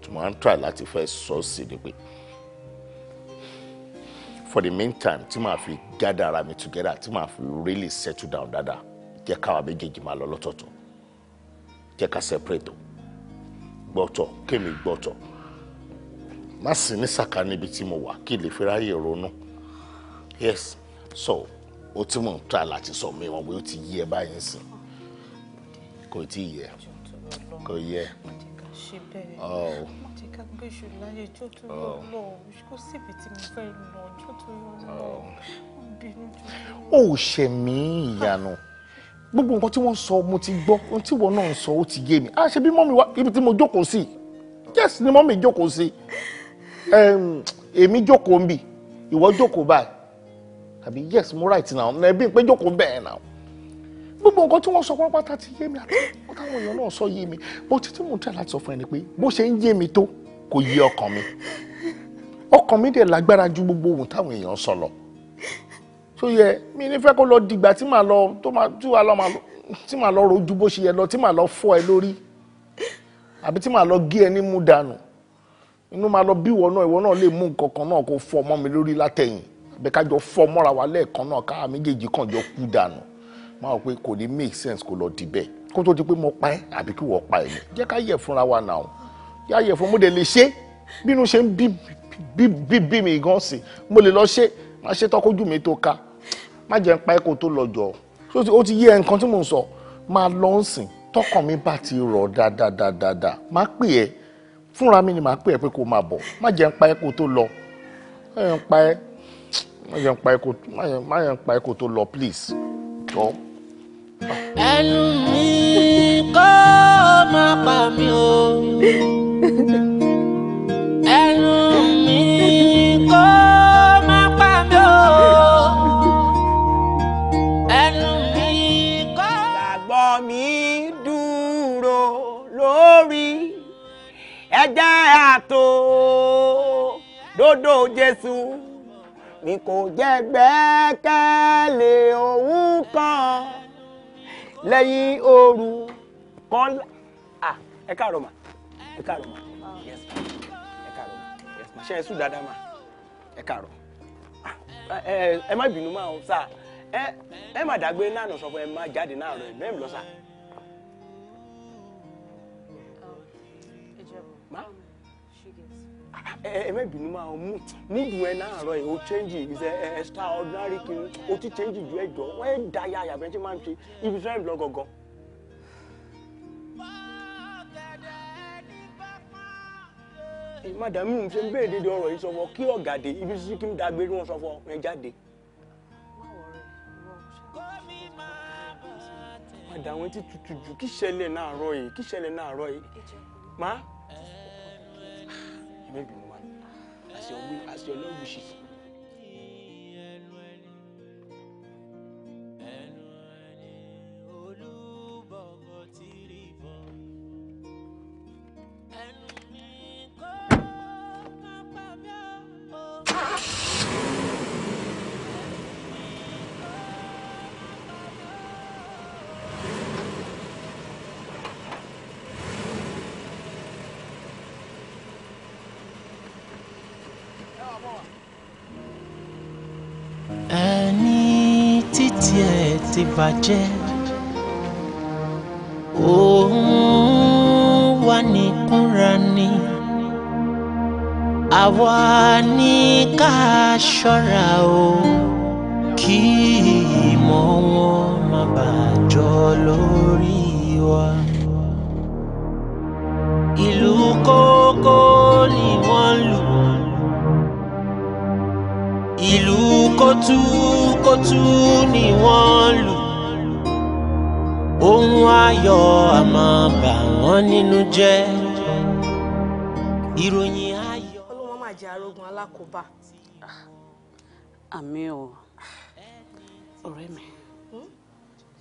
tí mo máa ń try láti fẹ́ sọ sí ni pé for the meantime tí màá fi gather ara mi together tí màá fi really settle down dáadáa jẹ́ káwa méjèèjì máa lọ lọ́tọ̀ọ̀tọ̀ jẹ́ ká separate o gbọ́tọ̀ kémi gbọ́tọ̀ má sì ní sàkà níbi tí mo wà kí lè fi ráyè ronú yes so ó tí mò ń tà láti sọ mi wọn pé ó ti yí ẹ báyìí sìn kò tí ì yẹ kò yẹ. ṣe iṣu láyé ìjọ tó yọ oh. lọ kó síbi tí mo fẹ́ lọ ìjọ tó yọ lọ oh. ń bínú jù. ó ṣe mí ìyanu gbogbo nǹkan tí wọ́n sọ mo ti gbọ́ ohun tí wọ́n náà ń sọ ó ti yé mi àṣẹ bí mọ́mí wá ibi tí mo jókòó sí yes ni mọ́mí jókòó sí èmi jókòó ń bì ìwọ jókòó báyìí tàbí yes mo right now ẹbí pé jókòó bẹ́ẹ̀ náà gbogbo nǹkan tí wọ́n sọ pápá tá ti yé mi àti wọ́n táwọn èèyàn náà sọ yé mi bó títí mò ń tẹ̀ láti sọ fún ẹni pé bó ṣe ń yé mi tó kò yí ọkàn mi ọkàn mi dẹ̀ lágbára ju gbogbo ohun táwọn èèyàn sọ lọ tó yẹ mi nífẹ̀ kó lọ dìgbà tí màá lọ tó máa tí wàá lọ máa lọ tí màá lọ rojú bó ṣe yẹ lọ tí màá lọ fọ́ ẹ lórí àbí tí màá lọ gé ẹ ní mú dànù inú máa lọ bí ìwọ náà ìwọ náà lè mú nǹkan kan náà kó fọ́ ọmọ mi lórí látẹ̀yìn àbí ká jọ fọ́ mọ́ra wa lẹ́ẹ̀kan náà ká méjèèjì kan jọ kú dànù máa wọ pé kò ní make sense kó lọ dìbẹ̀ kó tó di pé mo pa ẹ́ àbí kí wọ́n pa ẹ́ jẹ́ ká yẹ̀ fúnra wa náà yáyẹ fún mo dẹ̀ lè ṣe bínú ṣe ń bí bí mi gan sí mo lè lọ ṣe má ṣe tọkójú mi tó ka má jẹ́ ń pa ẹ́kọ́ tó lọ jọ ó ti yé ẹ nǹkan tí mò ń sọ máa lọ ń sìn tọkàn mi bá ti rọ̀ dáadáa má pè ẹ́ fúnra mi ni màá pè ẹ́ pé kó máa bọ̀ má jẹ́ ń pa ẹ́kọ́ tó lọ má jẹ́ ń pa ẹ́ má jẹ́ ń pa ẹ́kọ́ má jẹ́ ń pa ẹ́kọ́ tó lọ please jọ. ẹnu mi kọ́ máa pa mi o ẹnu mi kó má pa mí o ẹnu mi àtò dodo Jésù mi kò jẹ́ gbẹ́kẹ̀lé òun kan lẹ́yìn ooru kọ́lá ẹ káàárọ̀ mà ẹ káàárọ̀ mà ṣe é sùn dáadáa mà ẹ káàárọ̀ ah, ẹ má bínú máa ń sá ẹ má dàgbé náà nà sọ fún ẹ má jáde náà rẹ mẹ́rin lọ́sà. Ah, ẹ má bínú máa ń mú nídùú ẹ náà rọ o change is e, e, ordinary kiri o ti change ju ẹjọ wọn ẹ dá yàyà bẹ́ẹ̀ tí máa ń ṣe ibi tí wọn lọ gangan. madam mi ṣe ń béèrè dédé ọ̀rọ̀ yìí sọ̀fọ̀ kí ọ̀gàdé ibi sísí kí n dàgbé ní wọn sọ̀fọ̀ ẹ jáde. padà àwọn etí tutù jù kí ṣẹlẹ̀ náà rọ yìí kí ṣẹlẹ̀ náà rọ yìí má. ẹ̀mí bìnú wa àṣẹ ọgbẹ́ àṣẹ ọlọ́gbù ṣì. ẹnu bàjẹ́ òun wà ní kúnra ni àwa ní ká ṣọ́ra o kí ìmọ̀ wọn má bàa lórí wa ìlú kókó ni wọ́n lù ìlú kótúkótú ni wọ́n lù ohun ayọ̀ àmọ́ bà wọ́n nínú jẹ́ ìròyìn ayọ̀. ọlọ́wọ́n máa jẹ arógun alákòóbá. àmì o ọ̀rẹ́ mi hmm?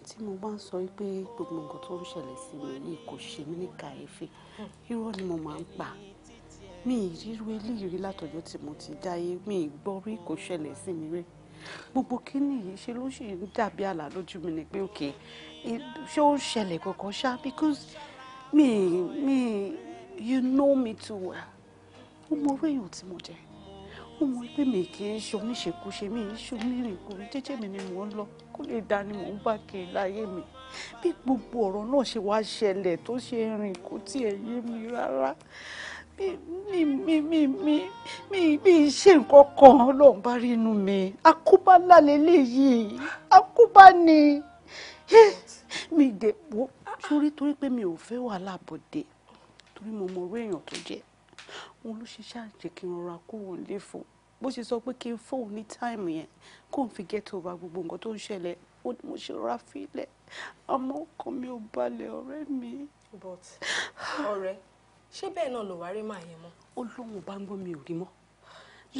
tí mo bá ń sọ pé gbogbo nǹkan tó ń ṣẹlẹ̀ sí mi yìí kò ṣe mí ní kàyéfì irọ́ ni mo máa ń pa mi ì ríru eléyìí rí látọjọ́ tí mo ti dáyé mi ì gbọ́ rí kò ṣẹlẹ̀ sí mi rí gbogbo kíní yìí ṣe ló sì ń dàbí àlá lójú mi ni pé òkè ṣé ó ń ṣẹlẹ̀ kankan ṣá because me me you know me too well ó mọ orí èèyàn tí mo jẹ ó mọ pé mi kì í ṣe oníṣekúṣe mi ń ṣe onírìnkùnrin jẹ́jẹ́ mi ni mò ń lọ kó lè dá mò ń bá kiri láyé mi bí gbogbo ọ̀rọ̀ náà ṣe wá ṣẹlẹ̀ tó ṣe rìn kó tiẹ̀ yé mi rárá mi mi mi mi mi mi ṣe nǹkan kan ọlọ́run bá rí inú mi àkóbá ńlá lélẹ́yìí àkóbá ni mi dé wo sórí torí pé mi ò fẹ́ wàhálà bòde torí mo mọ orí èèyàn tó jẹ́ òun ló ṣe ṣáàjẹ́ kí n rọra kó òun fò bó ṣe sọ pé kí n fóun ní táìmù yẹn kó n fi get over gbogbo nǹkan tó ń ṣẹlẹ̀ mo ṣe rọra fi àmọ́ ọkàn mi ò balẹ̀ ọ̀rẹ́ mi. but ọ̀rẹ́ ṣé bẹ́ẹ̀ náà ló wá rí màá yẹn mọ́. ó lóun bá ń gbọ́ mi ò rí mọ́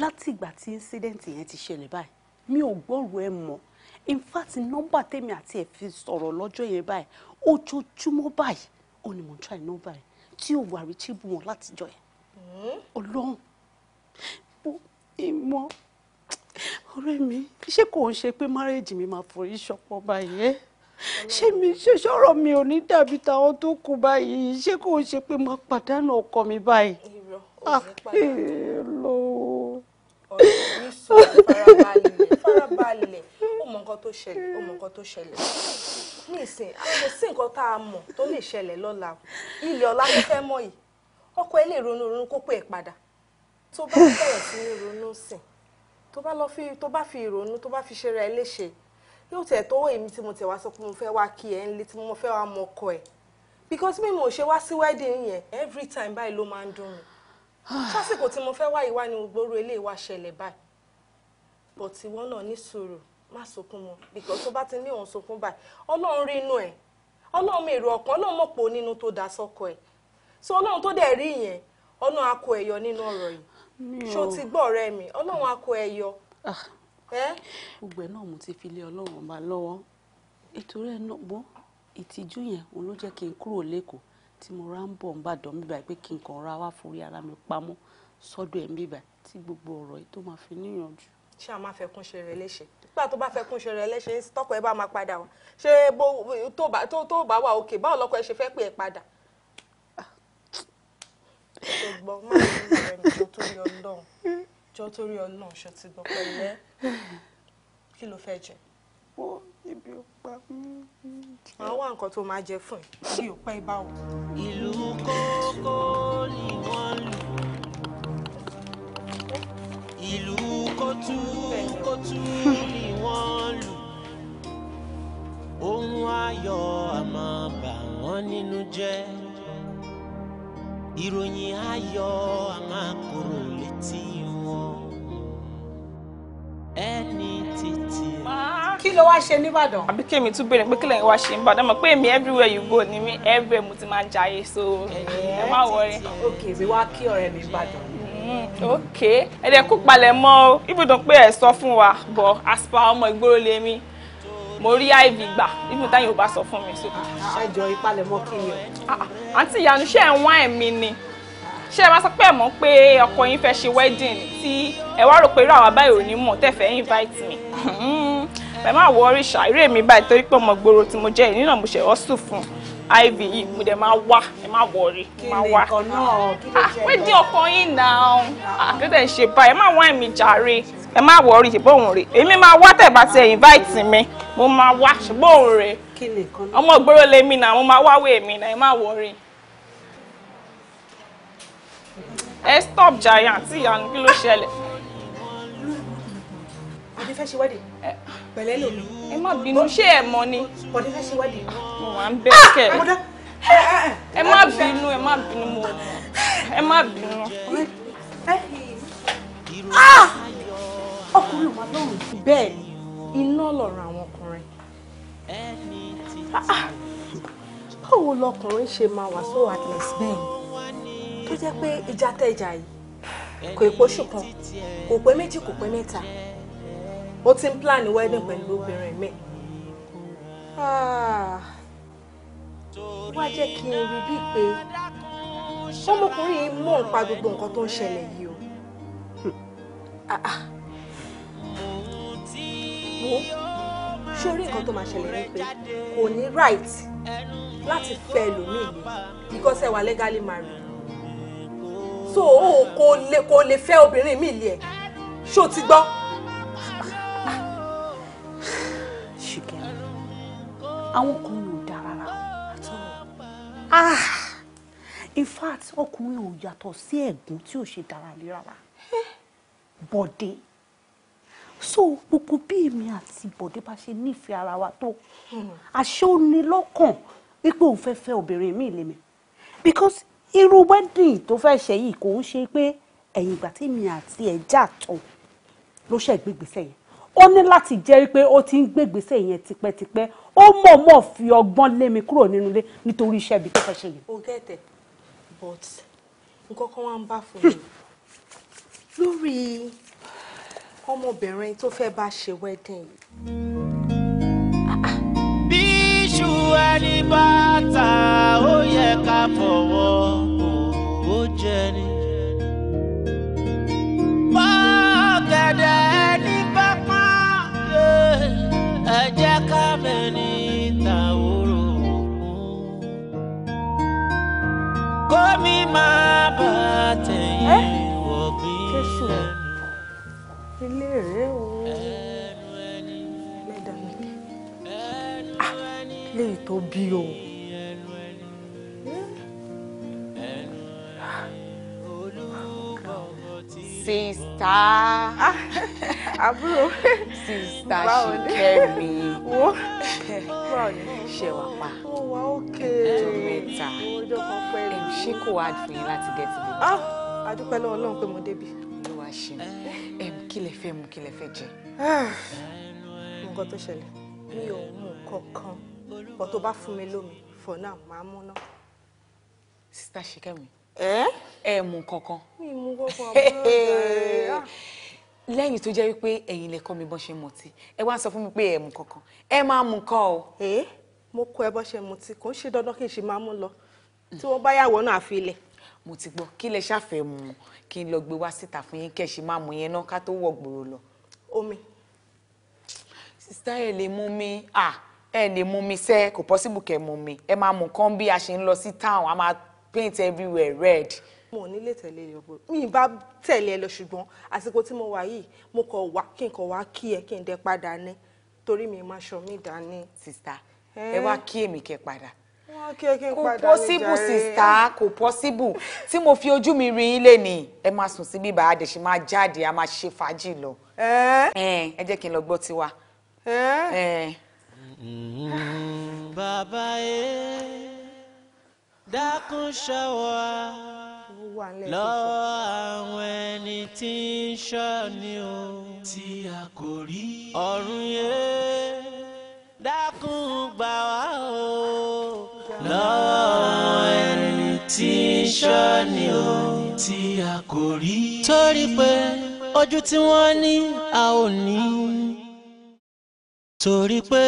láti ìgbà tí incident yẹn ti ṣẹlẹ̀ báyìí mi ò gbọ́rò ẹ̀ mọ́ in fact nọ́mbà tèmi àti ẹ̀ fi sọ̀rọ̀ lọ́jọ́ yẹn báyìí ojoojúmọ́ báyìí ó ní mò ń try nọ́mbà yẹn tí ò wà rí chíbu wọn látijọ́ yẹn ọlọ́run bó ìmọ̀ ọ̀rẹ́ mi ṣé kò ń ṣe pé márẹ́jì mi máa forí ṣọpọ̀ báyìí ṣé mi ṣe sọ̀rọ̀ mi ò ní dàbí tàwọn tó kù báyìí ṣé kò ń ṣe pé máa pàdánù ọkọ mi báyìí. irọ́ ò ní ah, ọ̀rẹ́ ní sùn farabalẹ̀ farabalẹ̀ ó mọ nǹkan tó ṣẹlẹ̀ ó mọ nǹkan tó ṣẹlẹ̀ ní ìsìn kò sí nǹkan tá a mọ̀ tó lè ṣẹlẹ̀ lọ́la ilé ọ̀la ti fẹ́ mọ̀ yìí ọkọ ẹ lè ronú ronú kó pè é padà tó bá bẹ̀rẹ̀ sí ní ronú sìn tó bá lọ fi tó bá fi ìrònú tó bá fi ṣe ra ẹ léṣe yóò tẹ̀ tó èmi tí mo tẹ̀ wá sọ pé mo fẹ́ wá kí ẹ ńlé tí mo fẹ́ wá mọ ọkọ ẹ because mi mo ṣe wá sí wedding yẹn every time báyìí ló máa ń dùn mí sásìkò tí mo fẹ́ wá ìwá ni gbogbo ilé wa ṣẹlẹ̀ báyìí bọ̀ tí wọ́n náà ní sùúrù má sunkún mọ́ bìkọ́ tó bá ti ní òun sunkún báyìí ọlọ́run rí inú ẹ̀ ọlọ́run mi èrò ọkàn ọlọ́run mọ̀ pé ó nínú tó dá sọ́kọ ẹ̀ so ọlọ́run tó dẹ̀ rí yẹn ọlọ́run akọ ẹ̀yọ nínú ọ̀rọ̀ yìí ṣó ti gbọ́ ọ̀rẹ́ mi ọlọ́run akọ ẹ̀yọ. Ah. gbogbo ẹ̀ náà mo ti fi lé ọlọ́run ọba lọ́wọ́ ètò rẹ̀ náà gbọ́ ìtìjú yẹn òun ló jẹ́ kí n kúrò lẹ́kọ̀ọ́ tí mo ra ń bọ̀ ń bàdàn mi báyìí pé kí n kàn ra wá forí ara mi pamọ́ sọ́dọ̀ ẹ̀ ń bíbà tí gbogbo ọ̀rọ̀ yìí tó máa fi níyànjú. ṣé a máa fẹ́ kún ṣe rẹ̀ léṣe nígbà tó bá fẹ́ kún ṣe rẹ̀ léṣe tọkọ ẹ bá máa padà wá ṣé tó bá wà òkè báwo lọkọ ẹ ṣe fẹ́ pè é padà. ṣùgbọ́n máa ń rí ẹnì tó rí ọlọ́run jọ ṣe ti gbọ́ pẹ̀lẹ́ kí ló fẹ́ jẹ wò ibi ò pa mí. àwọn wá nǹkan tó máa jẹ fún ẹ bí ò pẹ́ bá wò. ìlú kókó ni wọ́n lù ìlú kótú kótú ni wọ́n lù ohun ayọ̀ àmọ́ bà wọ́n nínú jẹ́ ìròyìn ayọ̀ àmọ́ kòrò létí wọn. ló wá ṣe nìbàdàn. àbí kèmi tún béèrè pé kílẹ̀ ń wá ṣe nìbàdàn mọ̀ pé èmi everywhere you go ni mi everywhere mo ti máa ń jayé so ẹ má wọrí. ok mi wá kí ọ̀rẹ́ mi nìbàdàn. Hmm, ok ẹ dẹ̀ kó palẹ̀ mọ́ o ibùdó pé ẹ sọ fún wa bọ̀ àsìpá ọmọ ìgboro lèmi mo rí iv gbà ibùdó táyà ò bá sọ fún mi. ẹjọ ìpalẹ̀mọ́ kí ni o. Ah, àǹtí ìyanu ṣé ẹ wá ẹ̀mí ni ṣé ẹ bá sọ pé ẹ mọ̀ pé ọkọ yín fẹ́ ṣe wedding tí ẹ wá rò pé irú àwọn abáyò ní mọ̀ tẹ́ invite me ẹ má wọ oríṣà eré mi báyìí torí pé ọmọ gbòòrò tí mo jẹ́ ìnínà mo ṣe ọ́sùn fún iv yìí mo dẹ̀ máa wá ẹ má wọrí má wá pé ah, ah, dín ọkàn yín náà ah, kí ló dẹ̀ ń ṣe báyìí ẹ má wá ẹ̀mí jàre ẹ má wọrí ṣùgbọ́n òun rè èmi máa wá tẹ̀ bá ti invite mi mo máa wá ṣùgbọ́n òun rè ọmọ gbòòrò lèmi náà mo máa wáwé mi náà ẹ má wọrí. ẹ stop jàre àǹtí ìyanu kí ló ṣẹlẹ̀. adé fẹ́ ṣe wedding pẹ̀lẹ́ lòlú. ẹ má bínú ṣé ẹ mọ ni. bọ̀dé fẹ́ ṣe wẹ́dì. mo wà ń bẹ kẹ. ẹ má bínú ẹ má bínú mo ẹ má bínú. Ah! ọkùnrin wà lọ́rùn. bẹ́ẹ̀ ni iná lọ̀rọ̀ àwọn ọkùnrin. Ah, ah. báwo lọkùnrin ṣe máa wà so at least bẹ́ẹ̀ ni tó jẹ́ pé ìjà tẹ̀jà yìí kò ì pọ́ṣù kan kò pé méjì kò pé mẹ́ta ó ti ń plan wedding pẹ̀lú obìnrin mi ah. wá jẹ́ kí n rí bíi pé ọmọkùnrin yìí mọ̀ nípa gbogbo nǹkan tó ń ṣẹlẹ̀ yìí o ah, ah. wo sórí nǹkan tó máa ṣẹlẹ̀ ni pé kò ní right láti fẹ́ ẹlòmíì lé because ẹ wà legally married so o kò lè fẹ́ obìnrin mi lé ẹ̀ ṣó ti gbọ́. àwọn ọkùnrin ò dára rárá àtọ́ ah in fact ọkùnrin ò yàtọ̀ sí ẹ̀gún tí ò ṣe dára lé rárá bọ̀dé so gbogbo bí èmi àti bọ̀dé bá ṣe nífẹ̀ẹ́ ara wa tó hmm. àṣé ó ní lọ́kàn wípé òun fẹ́ẹ́ fẹ́ obìnrin mi lèmi because irú wedding tó fẹ́ ṣe yìí kò ń ṣe pé ẹ̀yìn ìgbà tí èmi àti ẹ̀ jà tán ló ṣe gbégbèsè yẹn ó ní láti jẹ́ wípé ó ti ń gbégbèsè yẹn tipẹ́tipẹ́ ó mọ̀ọ́mọ̀ fi ọgbọ́n lé mi kúrò nínú ilé nítorí iṣẹ́ ibi tó fẹ́ ṣe yìí. o get it but nǹkan kan wá ń bá fún mi lórí ọmọbìnrin tó fẹ́ bá ṣe wedding yìí. bí iṣu ẹni bá ta ó yẹ ká fọwọ́. ní ta oró òkun kó mi máa bá tẹ̀yìn wọ̀gbìn lẹ́nu. ilé rẹ̀ o ẹlẹ́dàá tó bí o. Sister, sister, sista àbúrò sista Ṣìkẹ́mi wo ṣe wà pa ọjọ́ mẹ́ta ṣé kò wá fún yín láti gẹ̀ẹ́tì mi. àdúpẹ́ ah, lọ́wọ́ ọlọ́run pé mo débi. olúwa ṣe mi kí lè fẹ́ mu kí lè fẹ́ jẹ. Ah, nǹkan tó ṣẹlẹ̀ mi ò mú kankan bọ́ tó bá fún mi lómi for now màá mú náà. sista Ṣìkẹ́mi ẹ eh? ẹ mú kankan. mi mú kankan àbúrò ah. lẹ́yìn tó jẹ́ wípé ẹ̀yin lẹ kọ́ mi bọ́n ṣe mọ̀tí ẹ wá ń sọ fún mi pé ẹ mú kankan ẹ máa mú kan o. ẹ eh? mo kọ ẹ bọ́n ṣe mọ̀tí kò ń ṣe dandan kí n ṣe máa mú lọ tí wọ́n bá yàwọ̀ náà àfi ilẹ̀. mo ti gbọ́ kí lẹ ṣàfẹ́ mu kí n lọ gbé wá síta fún yín kẹ́ ṣe máa mú yẹn náà ká tó wọ̀ gbòòrò lọ. omi. sista ẹ lè mú mi ah ẹ lè mú mi sẹ kò pọ́sibù kẹ́ mú mi ẹ máa mú kan bí a ṣe ń lọ sí táwọn a máa paint everywhere red mo ní lè tẹ̀lé ẹ lọ mi bá tẹ̀lé ẹ lọ ṣùgbọ́n àsìkò tí mo wà yìí mo kọ̀ wá kí n kọ̀ wá kí ẹ kí n dẹ padà ní torí mi máa ṣọ mí dání. sista ẹ eh? wá kí èmi kẹ padà kò possible sista kò possible tí mo fi ojú mi rin ilé ni ẹ máa sùn síbí bàá dẹ̀ ṣe máa jáde a máa ṣe fàájì lọ eh? Eh, ẹ jẹ́ kí n lọ gbọ́ tiwa. Mm-hmm. bàbá yẹn. E dákun ṣọ́ wa lọ́wọ́ àwọn ẹni tí ń ṣọ́ ni o tí a kò rí ọ̀run yé dákun gbà wá o lọ́wọ́ àwọn ẹni tí ń ṣọ́ ni o tí a kò rí. torí pé ojú tí wọ́n ní a ò ní torí pé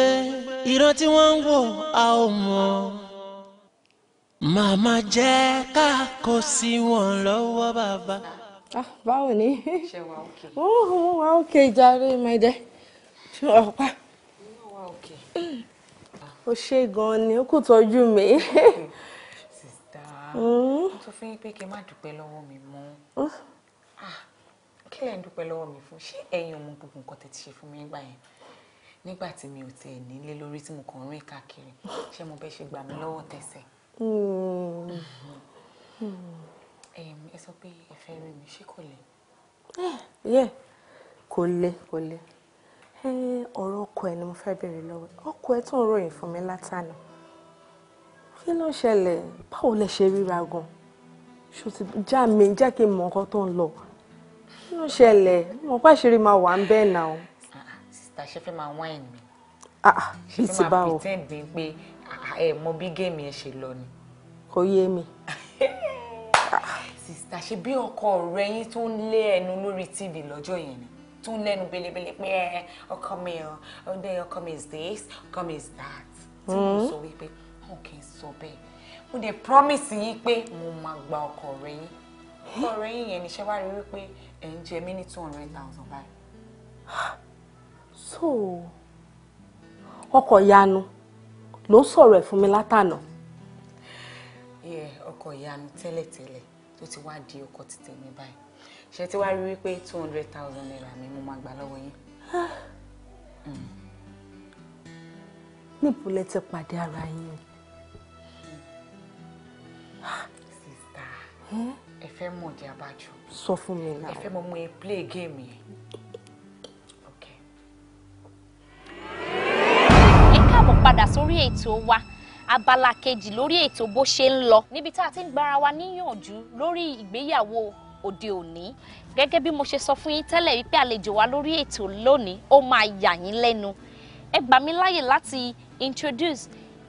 ìran tí wọ́n ń wò a ò mọ̀ màmá jẹ́ ká kó sí wọn lọ́wọ́ bàbá. Ah, báwo ni wọ́n wá òkè jàre mẹ́dẹ́ ọ̀pá ó ṣe gan-an ni ó kò tọ́jú mi. sista tó fi ń pé kí n má dúpẹ́ lọ́wọ́ mi mọ́ ah, kí lẹ́yìn dúpẹ́ lọ́wọ́ mi fún ṣé ẹ̀yin ọmọ gbogbo nǹkan tẹ̀ ti ṣe fún mi nígbà yẹn nígbà tí mi ò tiẹ̀ nílé lórí tí mo kàn ń rìn káàkiri ṣé mo bẹ́ ṣe gbà mí lọ́wọ́ tẹ̀sẹ̀ ẹ sọ pé ìfẹ́ rẹ mi ṣé kò le. Eh, yẹ kò le kò le ọ̀rọ̀ ọkọ ẹ ni mo fẹ́ bèrè lọ́wọ́ ọkọ ẹ tó ń ròyìn fún mi látàná kí ló ń ṣẹlẹ̀ báwo lẹ ṣe ríra gan ṣó ti já mi jẹ́ kí n mọ nǹkan tó ń lọ kí ló ń ṣẹlẹ̀ mo pa àṣírí máa wà ń bẹ́ẹ̀ náà. Ah, ah, sista ṣe fẹ́ máa wá ẹ̀ mi ah, ṣe fẹ́ máa pretend mi pé ẹ mọ bí géèmì ẹ ṣe lọ ni. kò yé mi. sista ṣe bí ọkọ rẹ yín tó ń lé ẹnu lórí tv lọ́jọ́ yẹn ni tó ń lẹ́nu belebele pé ẹ ọkọ mi ọ ọdẹ ọkọ mi is this ọkọ mi is that tí mo hmm. sọ wípé wọn kì í sọ bẹ́ẹ̀ mo dẹ̀ promise yín pé mo máa gba ọkọ rẹ yín ọkọ rẹ yín yẹn níṣẹ́ wá rí wípé ẹ̀ ń jẹ mí ní two hundred thousand báyìí. so ọkọ̀ yanu ló ń sọ̀rọ̀ ẹ̀ fún mi látànà. ẹ ọkọ ìyá mi tẹ́lẹ̀tẹ́lẹ̀ tó ti wá di ọkọ ti tèmi báyìí ṣe ti wá rí wípé two hundred thousand naira mi mo máa gbà lọ́wọ́ yín. Hmm. níbo lẹ ti pàdé ara yín o. sista ẹ fẹ́ mọ̀ di abájú. sọ fún mi náà. ẹ fẹ́ mọ̀ mo play game yẹn. padà sórí ètò wa abala kejì lórí ètò bó ṣe ń lọ níbi tá a ti ń gbára wa níyànjú lórí ìgbéyàwó òde òní gẹ́gẹ́ bí mo ṣe sọ fún yín tẹ́lẹ̀ wípé àlejò wa lórí ètò lónìí ó máa yà yín lẹ́nu ẹ gbà mí láyè láti introduce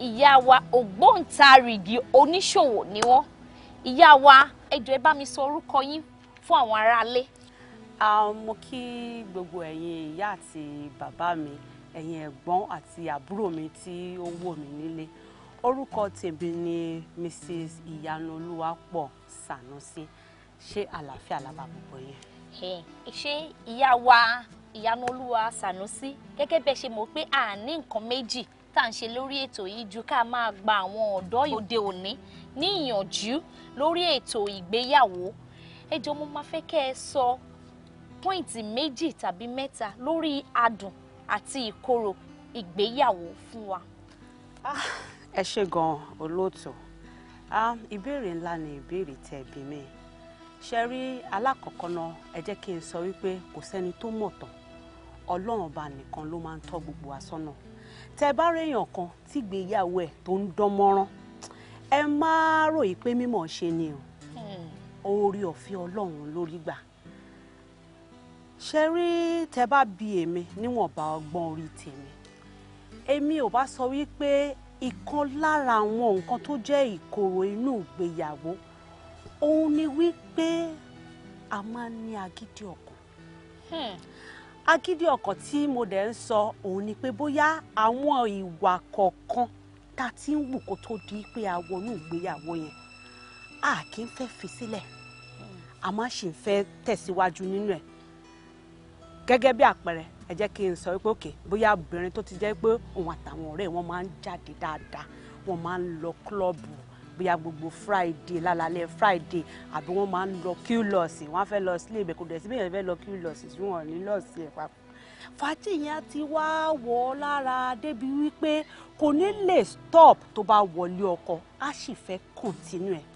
ìyá wa ògbóǹtarìgì oníṣòwò ni wọ́n ìyá wa ẹ jọ̀ọ́ ẹ bá mi sọ orúkọ yín fún àwọn aráalé. Ah, mo kí gbogbo ẹ̀yin ìyá àti bàbá mi ẹ̀yin ẹ̀gbọ́n àti àbúrò mi tí ó wò mí nílé orúkọ tèmi ni Mrs. Ìyanu Olúwapọ̀ ṣé àlàáfíà lábà gbogbo yẹn. ṣé ìyá wa Ìyanu Olúwa gẹ́gẹ́ bẹ́ẹ̀ ṣe mọ̀ pé a ní nǹkan méjì tá à ń ṣe lórí ètò yìí ju ká máa gba àwọn ọ̀dọ́ òde òní ní ìyànjú lórí ètò ìgbéyàwó ẹ jọ̀ọ́ mo máa fẹ́ kẹ́ ẹ sọ pọ́ìntì méjì tàbí mẹ́ta lórí adùn àti ìkorò ìgbéyàwó fún wa. Ah, ẹ ṣe gan-an olóòtú ah, ìbéèrè ńlá ni ìbéèrè tẹ́ bí mi ṣe rí alákọ̀ọ́kọ́ náà ẹ jẹ́ kí n sọ wípé kò sẹ́ni tó mọ̀ tán ọlọ́run ọba nìkan ló máa ń tọ́ gbogbo wa sọ́nà tẹ́ bá réèyàn kan tí ìgbéyàwó ẹ̀ tó ń dán mọ́rán ẹ má ròyìn pé mímọ̀ ṣe ni o hmm. oore ọ̀fẹ́ ọlọ́run lórí gbà ṣe rí tẹ bá bi èmi níwọ̀nba ọgbọ́n orí tèmi èmi ò bá sọ wípé ìkan lára àwọn nǹkan tó jẹ́ ìkorò inú ìgbéyàwó òun ni wípé a máa ń ní agídí ọkàn hmm. agídí ọkàn tí mo dẹ̀ ń sọ òun ni pé bóyá àwọn ìwà kọ̀ọ̀kan tá a ti ń wù kó tó di pé a wọnú ìgbéyàwó yẹn a kì í fẹ́ fi sílẹ̀ hmm. a máa ṣì ń fẹ́ tẹ̀síwájú nínú ẹ̀ gẹ́gẹ́ bí àpẹẹrẹ ẹ jẹ́ kí n sọ pé òkè bóyá obìnrin tó ti jẹ́ pé òun àtàwọn ọ̀rẹ́ wọn máa ń jáde dáadáa wọn máa ń lọ klọ́ọ̀bù bóyá gbogbo friday lálalẹ́ friday àbí wọ́n máa ń lọ kílọ̀sì wọ́n á fẹ́ lọ sílé ìbẹ̀kú dẹ̀ síbí yẹn fẹ́ lọ kílọ̀sì tí wọ́n ní lọ́ọ̀sì ẹ̀ papọ̀. fàájì yẹn ti wá wọ̀ ọ́ lára débi wípé kò ní lè stop tó bá wọlé ọkọ á sì fẹ́ continue ẹ̀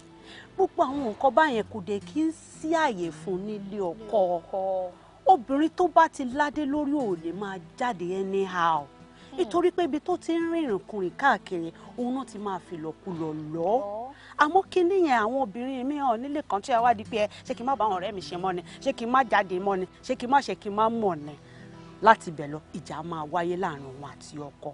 gbogbo àwọn nǹkan báyẹn kò dé kí n sí àyè fún nílé ọkọ obìnrin tó bá ti ládé lórí ò lè máa jáde anyhow hmm. nítorí pé ibi tó ti ń rìnrìn kùnrin káàkiri òun náà ti máa fi lọ́kùlọ̀ lọ àmọ́ kí nìyẹn àwọn obìnrin mi hàn nílé kan tí a wá di pé ẹ ṣé kí n má bá àwọn ọ̀rẹ́ mi ṣe mọ́ ni ṣé kí n má jáde mọ́ ni ṣé kí n má ṣe kí n má mọ̀ ni láti bẹ̀ lọ ìjà máa wáyé láàrin òun àti ọkọ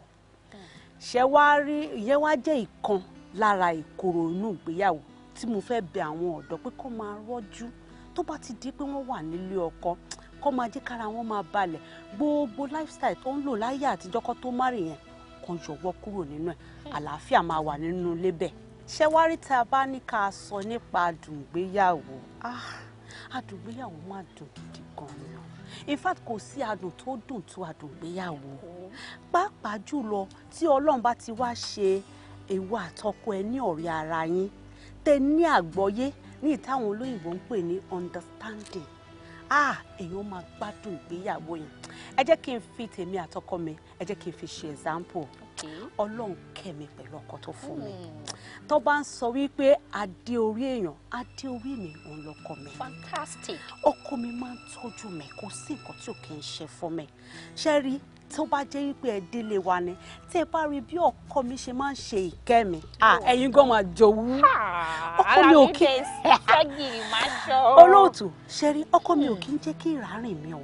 hmm. ṣé wàá rí ìyẹn wá jẹ́ ìkan lára ìkorò inú ìgbéyàwó tí mo fẹ́ bẹ àwọn ọ̀dọ́ pé kó máa rọ́jú tó bá ti di pé wọ́n wà nílé ọkọ kó máa jẹ́ kára wọn máa balẹ̀ gbogbo lifestyle tó ń lò láyé àtijọ́ kó tó márì yẹn kan yọwọ́ kúrò nínú ẹ̀ àlàáfíà máa wà nínú ilé bẹ́ẹ̀. ṣẹ́wárí tá a bá ní ká sọ nípa àdùngbéyàwó àdùngbéyàwó ah, máa dùn gidi gan-an in fact kò sí adùn tó dùn tó adùn gbéyàwó pàápàá jùlọ tí ọlọ́run bá ti wá ṣe ìwà àtọkọ ẹ ní ọ̀rẹ́ ara yín tẹ ní àgbọ́yé ní ìtàwọn olóyìnbó ń pè ní understanding ah èèyàn máa gbádùn ìgbéyàwó yẹn ẹ jẹ́ kí n fi tèmi àtọkọ mi ẹ jẹ́ kí n fi ṣe example ọlọ́run kẹ́ mi pẹ̀lú ọkọ tó fún mi hmm. tó bá ń sọ wípé adé orí èèyàn adé orí mi òun lọkọ mi fantastic ọkọ mi máa ń tọ́jú mi kò sí nǹkan tí ò kí ń ṣe fún mi ṣe rí tó bá jẹ́ wípé ẹ délé wa ni tí ẹ bá rí bí ọkọ mi ṣe máa ń ṣe ìkẹ́ mi oh. ẹ̀yin gan máa jowú ọkọ mi ò kí olóòtú ṣe rí ọkọ mi ò hmm. kí ń jẹ́ kí ìrárìn mi o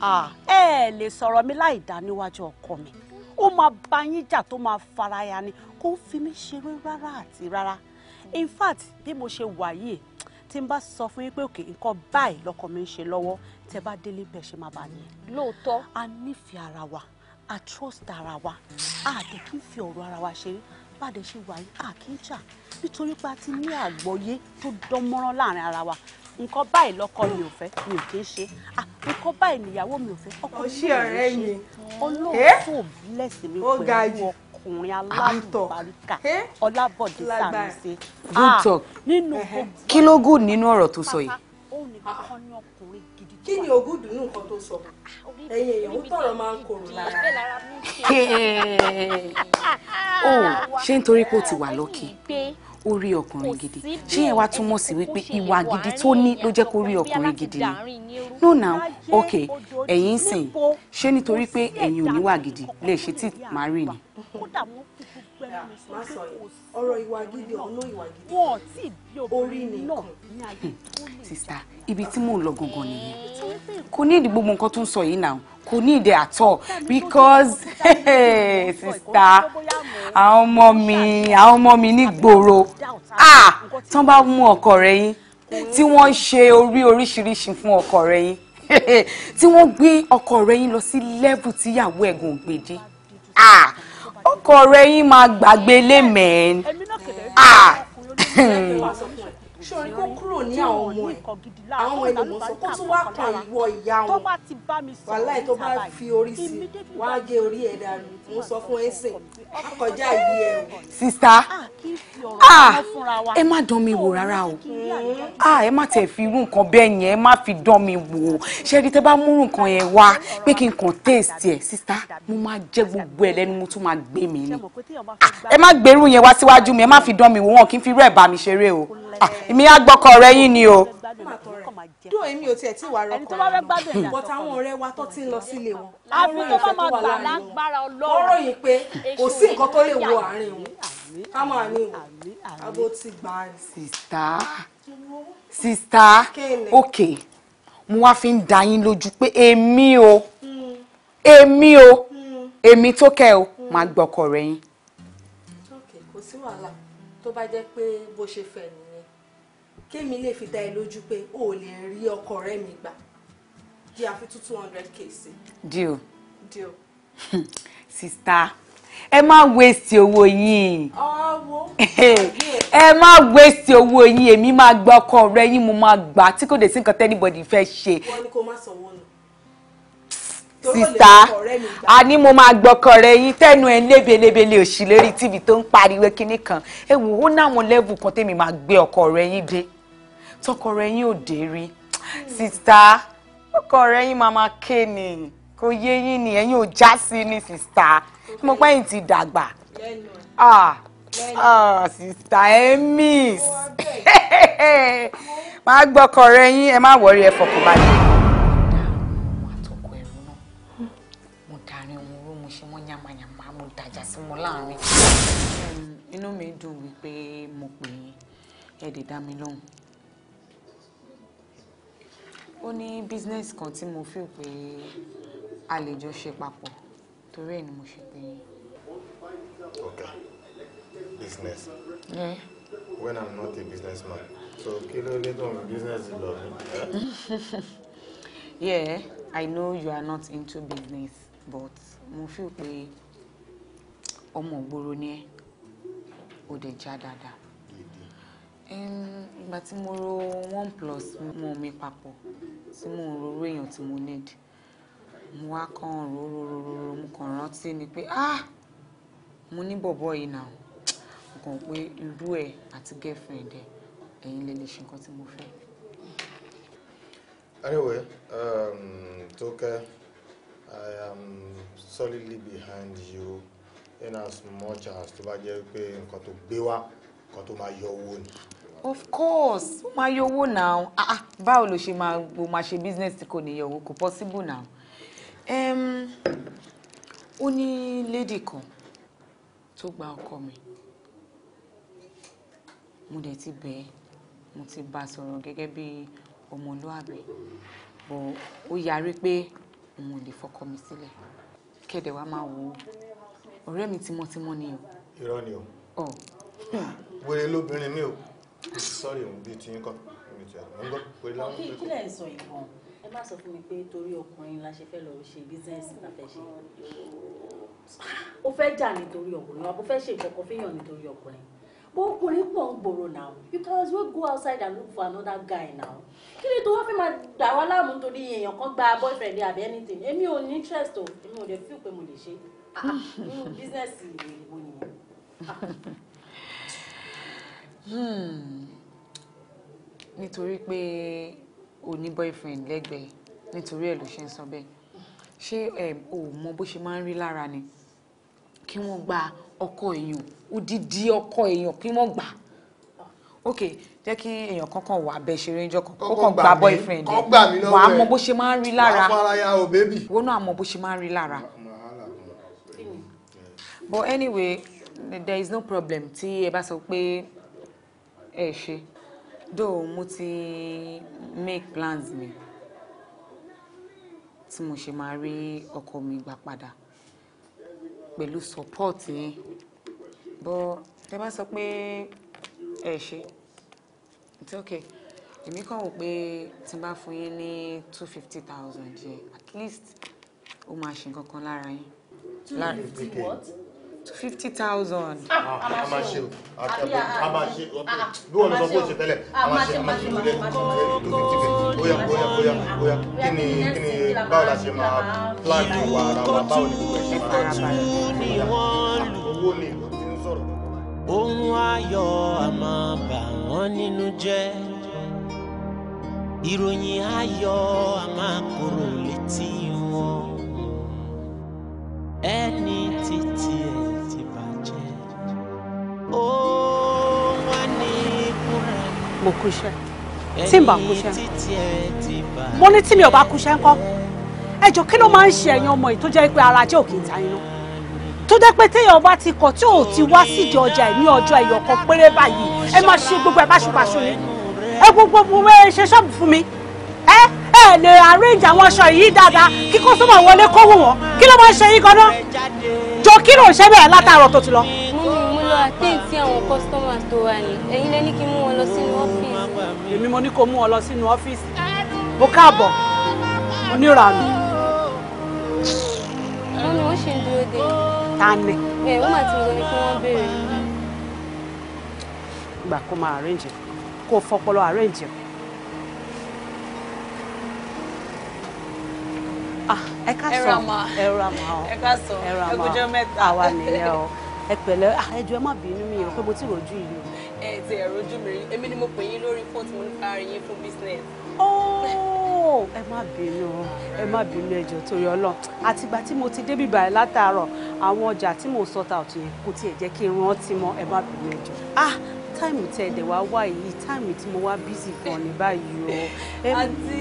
ah. ẹ lè sọ̀rọ̀ mi láì dá níwájú ọkọ mi ó máa bá yín jà tó máa faraya ni kó fi mí ṣeré rárá àti rárá in fact bí mo ṣe wà yìí tí n bá sọ fún yín pé òkè nǹkan báyìí lọkọ mi ń ṣe lọ́wọ́ tẹ bá délé bẹ́ẹ̀ ṣe máa bá nìyẹn. lóòótọ́. a nífẹ̀ẹ́ ara wa a trust ara wa a dẹ̀ kí n fi ọ̀rọ̀ ara wa ṣeré bá ṣe wà yìí a kì í jà nítorí pé a ti ní àgbọ́yé tó dán mọ́rán láàrin ara wa nǹkan báyìí lọ́kọ mi ò fẹ́ mi ò kí ń ṣe nǹkan báyìí níyàwó mi ò fẹ́ ọkọ mi ò ṣe olóòtú bílẹ̀sì mi eh? pẹ̀lú ọkùnrin alálùbáríkà eh? ọlábọ̀dé sàmìsẹ ah, nínú gbogbo kí ló gùn nínú ọ̀rọ̀ tó sọ yìí kí ni ogún dùnú nǹkan tó sọ ẹ̀yin èèyàn ó tọrọ máa ń korò lára. ó oh, ṣé nítorí pé ó ti wà lọ́kì ó ọkùnrin gidi ṣé yẹn wá túmọ̀ sí wípé ìwà gidi tó ní ló jẹ́ kó rí ọkùnrin gidi ni no now ok ẹ̀yin sìn ṣé nítorí pé ẹ̀yin ò níwà gidi lè ṣe tí màá rìn ni ọ̀rọ̀ ìwà gidi ọ̀nà ìwà gidi wọn tí orí nìkan. sista ibi tí mò ń lọ gangan nìyẹn kò ní ìdí gbogbo nǹkan tó ń sọ yìí náà kò ní ìdí àtọ because sista àwọn ọmọ mi àwọn ọmọ mi ní gbòòrò ah tán bá mú ọkọ rẹ yín tí wọ́n ṣe orí oríṣiríṣi fún ọkọ rẹ yín tí wọ́n gbé ọkọ rẹ yín lọ sí level tíyàwó ẹ̀gùn ògbèdè ah ọkọ rẹ yín máa gbàgbé lé mẹ́ẹ̀ẹ́n. ṣọrin kó kúrò ní àwọn ọmọ ẹ̀ àwọn ọmọ ẹni mọ̀ sọ kó tún wá kan ìwọ ìyá wọn wàláì tó bá fi orí sí wàá gé orí ẹ̀ dànù mo sọ fún ẹsẹ̀ kọjá ìbí ẹ̀ o. sista ah, ah, ẹ má dán mi wò rárá o mm-hmm. ah, ẹ má tẹ̀ fi irú nǹkan bẹ́ẹ̀ yẹn ẹ má fi dán mi wò ó ṣẹ́ni tẹ́ bá múrù nǹkan yẹn wá pé kí n kàn taste ẹ̀ sista mo máa jẹ́ gbogbo ẹ̀ lẹ́nu mo tún máa gbé mi ni ẹ má gbèrú yẹn wá síwájú mi ẹ má fi dán mi wò wọn kí n fi rú bá mi ṣeré o. Ah, èmi á gbọ́kọ̀ ọ̀rẹ́ yín ni o. dùn èmi ò tiẹ̀ tí wàá rọkọ̀ rẹ̀ bọ́t àwọn ọ̀rẹ́ wa tó ti ń lọ sílé wọn. àfi tó bá máa gbà lágbára ọlọ́run. wọ́n ròyìn pé kò sí nǹkan tó lè wo àárín wọn ká máa ní abo ti gbà á. sista sista ok mo wá fi ń da yín lójú pé èmi o hmm. èmi o hmm. èmi tó kẹ́ o máa gbọ́kọ̀ rẹ̀ yín. tó bá jẹ́ pé bó ṣe fẹ́ ni kémi lè fi dá ẹ lójú pé o ò lè rí ọkọ rẹ mi gbà di àfi two two hundred k sí. deal. deal. sista ẹ má waste owó yín ẹ má waste owó yín èmi máa gba ọkọ rẹ yín mo máa gbà tí kò dé sí nǹkan tẹ́nibọ̀dì fẹ́ ṣe. wọ́n ní kó má sanwó nù sista a ní mo máa gbọ́kọ̀ rẹ yín tẹ́nu ẹ̀ lébelebele òṣì tv tó ń pariwo kinní kan ẹ wò ó náwọn lẹ́bù kan tẹ́mi máa gbé ọkọ rẹ yín dé tọkọ rẹ yín ò dé rí sista ọkọ rẹ yín máa máa ké ni kò yé yín ni ẹ̀yin ò já sí ni sista mo pẹ́ yín ti dàgbà ah ah sista ẹ miss máa gbọ́kọ rẹ yín ẹ má wọrí ẹ fọkàn balẹ̀. inú mi dùn wípé mo pè yín ẹ dá mi lóhùn ó ní bísínẹ́sì kan tí mo feel pé a lè jọ ṣe papọ̀ torí ẹ̀ ni mo ṣe pé. okay business. Yeah. when i'm not a businessman so kí ló lè dùn business lọ mi. yeah i know you are not into business but mo feel pé ọmọ ògbóró ni ẹ ó dẹ̀ já dáadáa ìgbà tí mo ro one plus mo mi papọ̀ tí mo ń roró èèyàn tí mo need mo wá kàn rorororo mo kàn rántí ni pé ah mo ní bọ̀bọ̀ yìí náà mo kàn pé irú ẹ̀ àti girlfriend ẹ̀ ẹ̀yin lè lè ṣe nǹkan tí mo fẹ́. anyway um, Tókẹ́ i am solidly behind you in as much as to bá jẹ́ pé nǹkan tó gbé wá nǹkan tó máa yọ owó ni of course ó máa yọ owó náà ah, ah báwo ló ṣe máa bó máa ṣe business tí kò níyọ owó kò possible náà ó ní lady kan tó gba ọkọ mi mo dẹ̀ ti bẹ̀ ẹ́ mo ti bá a sọ̀rọ̀ gẹ́gẹ́ bí ọmọlúàbí bọ̀ ó yarí pé òun ò lè fọkọ mi sílẹ̀ kẹ̀dẹ̀ wá máa wò ó ọ̀rẹ́ mi tímọ́tímọ́ ni o. irọ́ ni o. wèrè lóbìnrin mi o sọ́ọ̀rì òun bíi ti ń kọ́ èmi ti àná gbọ́ pé láwọn. kí kí lẹ́yìn sọ ìbọn ẹ má sọ fún mi pé torí ọkùnrin la ṣe fẹ́ lọ ṣe bísíǹsì la fẹ́ ṣe. ó fẹ́ jà nítorí ọkùnrin wa bó fẹ́ ṣe ìkọ̀kọ̀ fẹ́yàn nítorí ọkùnrin bó ọkùnrin pọ̀ ń gbòòrò now you can as well go outside and look for another guy now kí ni tó wọ́n fi máa dà wá láàmú nítorí èèyàn kan gba boyfriend àbí anything èmi ò ní interest o èmi ò dẹ̀ feel pé mo lè ṣe ah, business ìwé ìwé nìyẹn. Hmm. nítorí pé o ní boyfriend lẹ́gbẹ̀ẹ́ nítorí ẹ̀ ló ṣe ń sọ bẹ́ẹ̀ ṣé o mọ bó ṣe máa ń rí lára ni kí wọ́n gba ọkọ èèyàn odidi ọkọ èèyàn kí wọ́n gbà ok jẹ́ kí èèyàn kankan wà bẹ́ẹ̀ ṣe rẹ́njọ́ kan kó kàn gba boyfriend ẹ̀ wàá mọ bó ṣe máa ń rí lára wọ́n náà mọ bó ṣe máa ń rí lára but anyway there is no problem tí ẹ bá sọ pé ẹ ṣe do mo ti make plans mi tí mo ṣe máa rí ọkọ mi gbà padà pẹ̀lú support yẹn but tẹ bá sọ pé ẹ ṣe it's okay èmi kàn wò pé tí n bá fún yín ní two fifty thousand yẹn at least ó máa ṣe nǹkan kan lára yín. two fifty what? fifty thousand. ohun ayọ̀ a bà wọ́n nínú jẹ́ ìròyìn ayọ̀ a kúrò létí wọn. mo kúṣẹ́ tí n bá kúṣẹ́ mo ní tí mi ò bá kúṣẹ́ ńkọ́ ẹjọ́ kí ló máa ń ṣe ẹ̀yin ọmọ yìí tó jẹ́ pé ara jẹ́ òkè ìta iná tó jẹ́ pé téèyàn bá ti kọ̀ tí ò ti wá sídìí ọjà ẹ̀ ní ọjọ́ ẹ̀yọ̀ kan péré báyìí ẹ máa ṣe gbogbo ẹ̀ báṣubàṣu ni ẹ gbogbo ẹ ṣe ṣọ́ọ̀bù fún mi ẹ ẹ lè arrange àwọn aṣọ yìí dáadáa kí kó sọ́mọ̀ wọlé kó wù wọ́n kí ló máa ń ṣe yín gan-an jọ kí ló ń ṣe bẹ́ẹ̀ látàárọ̀ tó ti lọ àtẹ̀ǹtì àwọn customers tó wà ní ẹ̀yin lẹ́ni kí n mú wọn lọ sínú ọ́fíìsì. èmi mo ní kó mú wọn lọ sínú ọ́fíìsì mo káàbọ̀ oníranù. wọ́n ní wọ́n ṣe ń dúró de. ta ni. ẹ wọ́n máa ti lọ ni kí wọ́n béèrè. gbà kó máa arrange kó fọpọlọ arrange. Ah, ẹ ká sọ ẹ ma ọ ká sọ ẹ ra ma ọ àwa nìyẹn o ẹ pẹ̀lẹ́ ah, ẹjọ́ ẹ má bínú mi hàn pé mo ti rojú yìí o. ẹ ti ẹ rojú mi rí èmi ni mo pè yín lórí fóònù mo ní ká rí yín fún business. ooo oh! ẹ má bínú ẹ má bínú ẹjọ́ torí Ọlọ́run àtìgbà tí mo ti débi báyìí látàárọ̀ àwọn ọjà tí mò sọta ọ̀tún yẹn kò tiẹ̀ jẹ́ kí n rántí mọ́ ẹ má bínú ẹjọ́ ah táìmù tẹ ẹdẹ wá wá yìí táìmù tí mo wá bísí gan ní báyìí o. àǹtí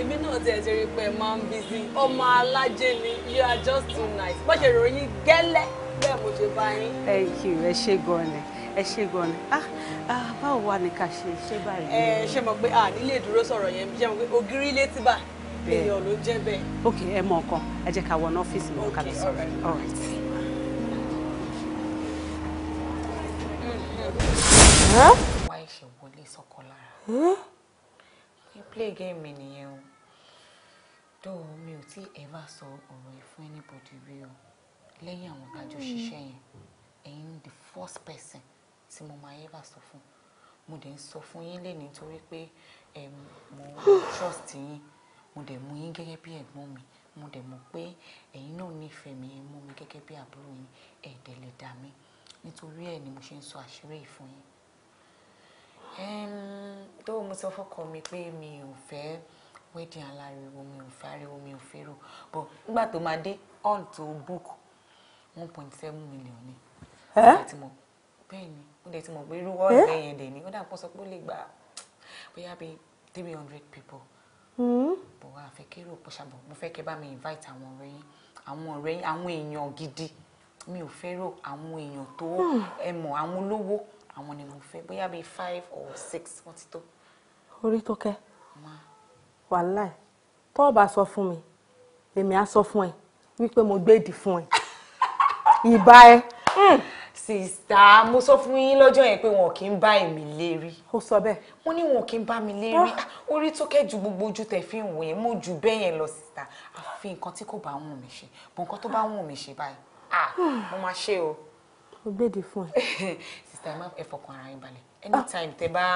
èmi náà ti ẹ̀jẹ̀ rí pé ẹ máa ń bísí ọmọ alájẹ ni you are just too nice bó ṣe ròyìn gẹ́lẹ́ problem mo ṣe bá yín. thank you ẹ ṣé gan ni ẹ ṣé gan ni ah, ah, báwo wà ní ká ṣe ṣé báyìí. ẹ ṣe mọ̀ pé à nílé ìdúró sọ̀rọ̀ yẹn ṣe mọ̀ pé ògiri ilé ti bà èèyàn ló jẹ́ bẹ́ẹ̀. ok ẹ mọ nǹkan ẹ jẹ́ ká wọ ní ọ́fíìsì mi ká lọ sọ̀rọ̀ all right. wá ìṣe wọlé sọkọ lára ẹ play game mi nìyẹn o tó mi ò tí ẹ bá sọ ọ̀rọ̀ ẹ fún anybody rí o lẹ́yìn àwọn ìdájọ́ hmm. ṣiṣẹ́ yẹn ẹ̀yin ni the first person tí mo máa ever sọ fún mo dẹ̀ ń sọ fún yín lẹ́nu nítorí pé mo trust yín mo dẹ̀ mú yín gẹ́gẹ́ bí ẹ̀gbọ́n mi mo dẹ̀ mọ̀ pé ẹ̀yin náà nífẹ̀ẹ́ mi mú mi gẹ́gẹ́ bí àbúrò yín ẹ̀ lè dà mí nítorí ẹ̀ ni mo ṣe ń sọ àṣírí yìí fún yín. tó mo sọ fọ́kọ mi pé mi ò fẹ́ wedding aláriwo mi ò fẹ́ ariwo mi ò fẹ́ rò bọ̀ nígbà tó máa dé on to book one point seven million ni. bẹ́ẹ̀ ni ó dẹ̀ ti mọ̀ pé irú wọ́ọ̀lù bẹ́ẹ̀ yẹn dẹ̀ ni ó dà pọ̀ sọ pé ó lè gba bóyá bíi three hundred people. Hmm? bò wá fẹ́ kérò pọ̀ ṣàbọ̀ mo fẹ́ kẹ́ bá mi invite àwọn ọ̀rẹ́ yín àwọn ọ̀rẹ́ yín àwọn èèyàn gidi mi ò fẹ́rò àwọn èèyàn tó hmm. ẹ mọ̀ àwọn olówó àwọn ni mo fẹ́ bóyá bíi five or six wọ́n ti tó. orí tó kẹ́ wàhálà tó o bá sọ fún mi èmi á sọ fún ẹ wípé mo gbé ìdí fún ẹ ìbá ẹ. sista mo sọ fún yín lọ́jọ́ yẹn pé wọn kì í bá èmi lérí. ó sọ bẹ́ẹ̀. wọ́n ní wọn kì í bá mi lérí ah. Ah, orí tó kẹ́ ju gbogbo ojú tẹ̀ fi wò yẹn mo jù bẹ́ẹ̀ yẹn lọ sista àfi nǹkan tí kò bá wọn mi ṣe bọ̀ nǹkan tó bá wọn mi ṣe báyìí ah, mo máa ṣe o. mo gbèdè fún ẹ. sista ẹ má ẹ fọkàn ara yín balẹ̀ anytime tẹ bá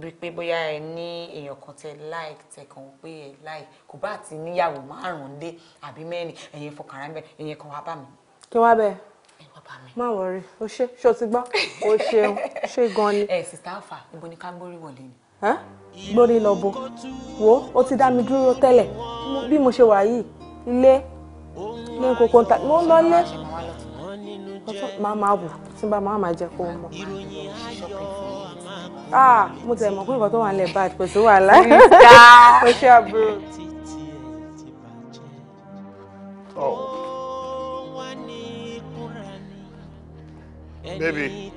rí pé bóyá ẹ ní èèyàn kan tẹ láìk tẹkàn pé ẹ láìk kò bá ti níyàwó márùn-ún dé àbí mẹ́rin ẹ̀yẹn fọkàn ara yín balẹ̀ ẹ̀yẹn kan wá bá mi kí wọ́n bẹ̀ má wọrí o ṣe ṣé o ti gbọ́ o ṣeun ṣe gan ni. ẹ sista afa ibo ni ká gbórí wọlé ni. gbórí lọ bo wo o ti dá mi dúró tẹ́lẹ̀ bí mo ṣe wà yìí ilé ní kókó ta mo lọ lé máa máa wù tí bá máa máa jẹ kó o mọ ah mo tẹ̀ mọ̀ pé nǹkan tó wà nílẹ̀ bad kò sí wàhálà o ṣe àbúrò. Baby.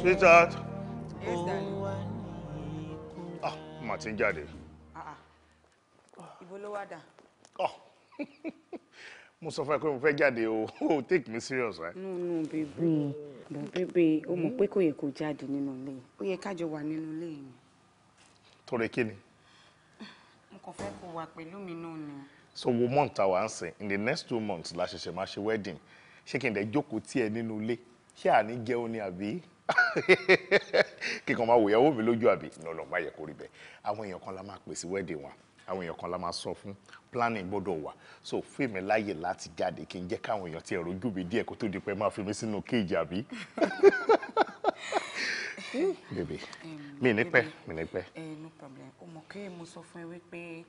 Sweetheart. Yes, darling. Ah, mà ti Ah ah. Oh. Mo sọ fún ẹ pé mo fẹ́ jáde o. Oh, take me serious, right? No, no, baby. No, baby. O mọ̀ pé kò yẹ kó jáde nínú ilé. Ó yẹ ká wà nínú ilé yìí. Torí kí ni? Mo kàn fẹ́ kó wà pẹ̀lú mi náà ni. So, wo month ta answer In the next two months la ṣẹ̀ṣẹ̀ máa ṣe wedding ṣé kí n dẹ̀ jókòó tiẹ̀ nínú ilé ṣé àní jẹun ni àbí kíkan máa wò ìyàwó mi lójú àbí lọ́lọ́ má yẹ kó rí bẹ́ẹ̀ àwọn èèyàn kan la máa pè sí wedding wa àwọn èèyàn kan la máa sọ fún planning gbọ́dọ̀ wà so fún mi láàyè láti jáde kí n jẹ́ káwọn èèyàn tiẹ̀ rojú mi díẹ̀ kó tó di pé máa fi mi sínú kéèjì àbí. bèbè mi ní pẹ́ mi ní pẹ́. Eh, no problem o kí mo sọ fún ẹ wípé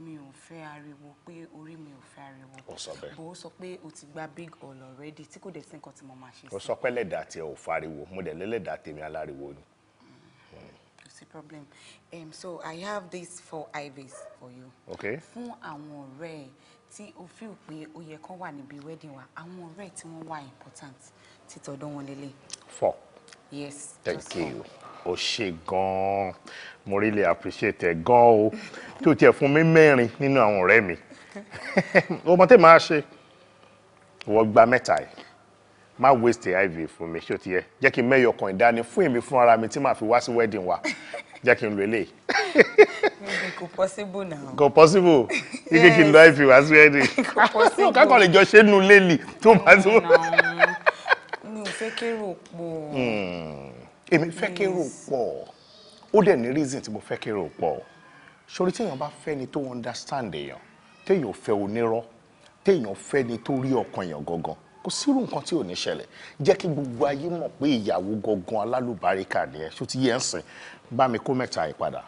mi ò fẹ́ ariwo pé orí mi ò fẹ́ ariwo. ó sọ bẹ́ẹ̀ bó sọ pé o ti gba big all already tí kò dẹ̀ sí nǹkan tí mo máa ṣe sí. ó sọ pé lẹ́dàá tiẹ̀ ò fariwo mo dẹ̀ lẹ́lẹ́dàá tèmi aláriwo ni. Mm, kò sí problem um, so I have these four IVs for you. okay fún àwọn ọ̀rẹ́ tí o feel pé ó yẹ kán wà níbi wedding wa àwọn ọ̀rẹ́ tí wọ́n wà important ti tọ̀dọ̀ wọn lélẹ̀. four. yes. thank you. Four ó ṣe gan-an mo really appreciate ẹ gan-an o tí o tiẹ̀ fún mi mẹ́rin nínú àwọn ọ̀rẹ́ mi ọmọ tẹ́ máa ṣe wọ́n gba mẹ́ta ẹ̀ má waste iv fún mi ṣé o ti yẹ jẹ́ kí n mẹ́yọ̀ kan ìdání fún èmi fún ara mi tí màá fi wá sí wedding wa jẹ́ kí n lo eléyìí. kò possible now. kò possible ike kí n lọ iv wá sí wedding. kò possible kákan lè jọ ṣe nu lélì tó máa tó. mi ò fẹ́ kérò pò èmi fẹ́ kí n rò pọ̀ ó dẹ̀ ní reason tí mo fẹ́ kí n rò pọ̀ sori téèyàn bá fẹ́ ni tó understand èèyàn téèyàn fẹ́ onírọ́ téèyàn fẹ́ ni tó rí ọkàn èèyàn gangan kò sírù nǹkan tí ò ní ṣẹlẹ̀ jẹ́ kí gbogbo ayé mọ̀ pé ìyàwó gangan alálùbáríkà ni ẹ ṣó ti yẹ ń sìn bá mi kó mẹ́ta yìí padà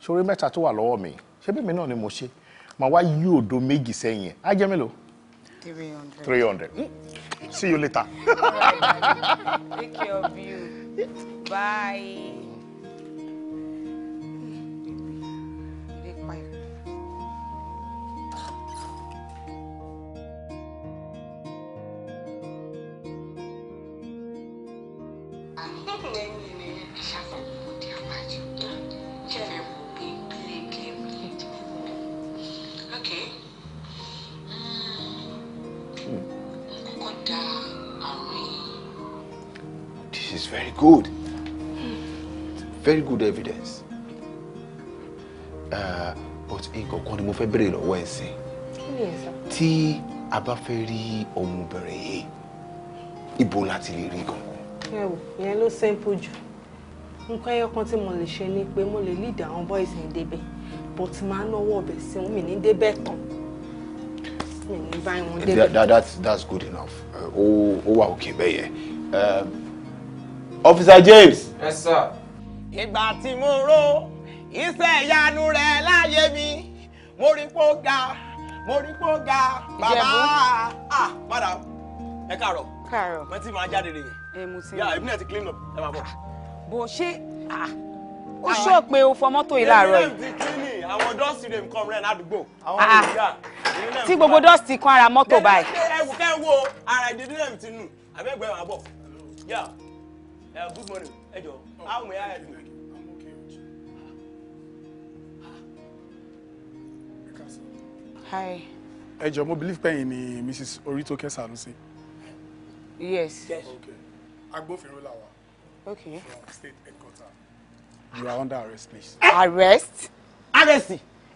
sori mẹ́ta tó wà lọ́wọ́ mi ṣé bẹ́ẹ̀ mi náà ni mo ṣe màá wá yí òdo méjì sẹ́yìn ẹ̀ á jẹ́ mélòó. three hundred. three hundred. see you later. Bye. Hmm. This is very good very good evidence uh, but nǹkan kan ni mo fẹ́ béèrè lọ́wọ́ ẹ̀ sìn tí a bá fẹ́ rí ọmọbìnrin yìí ibo láti lè rí gangan. ẹ wò ìyẹn ló simple jù nǹkan ẹyọ kan tí mo lè ṣe ni pé mo lè lead àwọn boys ní débẹ̀ but máa náwó ọbẹ̀ sí mi ní débẹ̀ tán mi ní bá wọn débẹ̀. that that that's good enough uh, ó wà òkè bẹ́ẹ̀ yẹn. Um, officer James. yes sir ìgbà tí mo rò iṣẹ́ ìyanu rẹ̀ láyé mi mo rí pó ga mo rí pó ga bàbá ah madam ẹ káàárọ̀ káàárọ̀ mo ti máa jáde rèé yà èmi náà ti clean up ẹ máa bọ̀. bó ṣe ó ṣó pé o fọ mọ́tò yìí láàárọ̀ yìí. èmi náà ti clean ni àwọn dọ́ọ̀sì rẹ̀ nǹkan rẹ̀ ládùúgbò àwọn olùdíà tí gbogbo dọ́ọ̀sì kan ara mọ́tò báyìí. kẹ́ ẹ wo ara ìdílé náà ti nù àbẹ́gbẹ́ máa bọ̀ yà good morning ẹ jọ how may I help you. Hi. Ẹ jọ̀ọ́ mo believe pẹ́yìn ni Mrs. Oritoke Sanusi. Yes. Yes. Okay. Agbófinró la wà. Okay. From state headquarters. You are under arrest, please. Arrest? Arrest?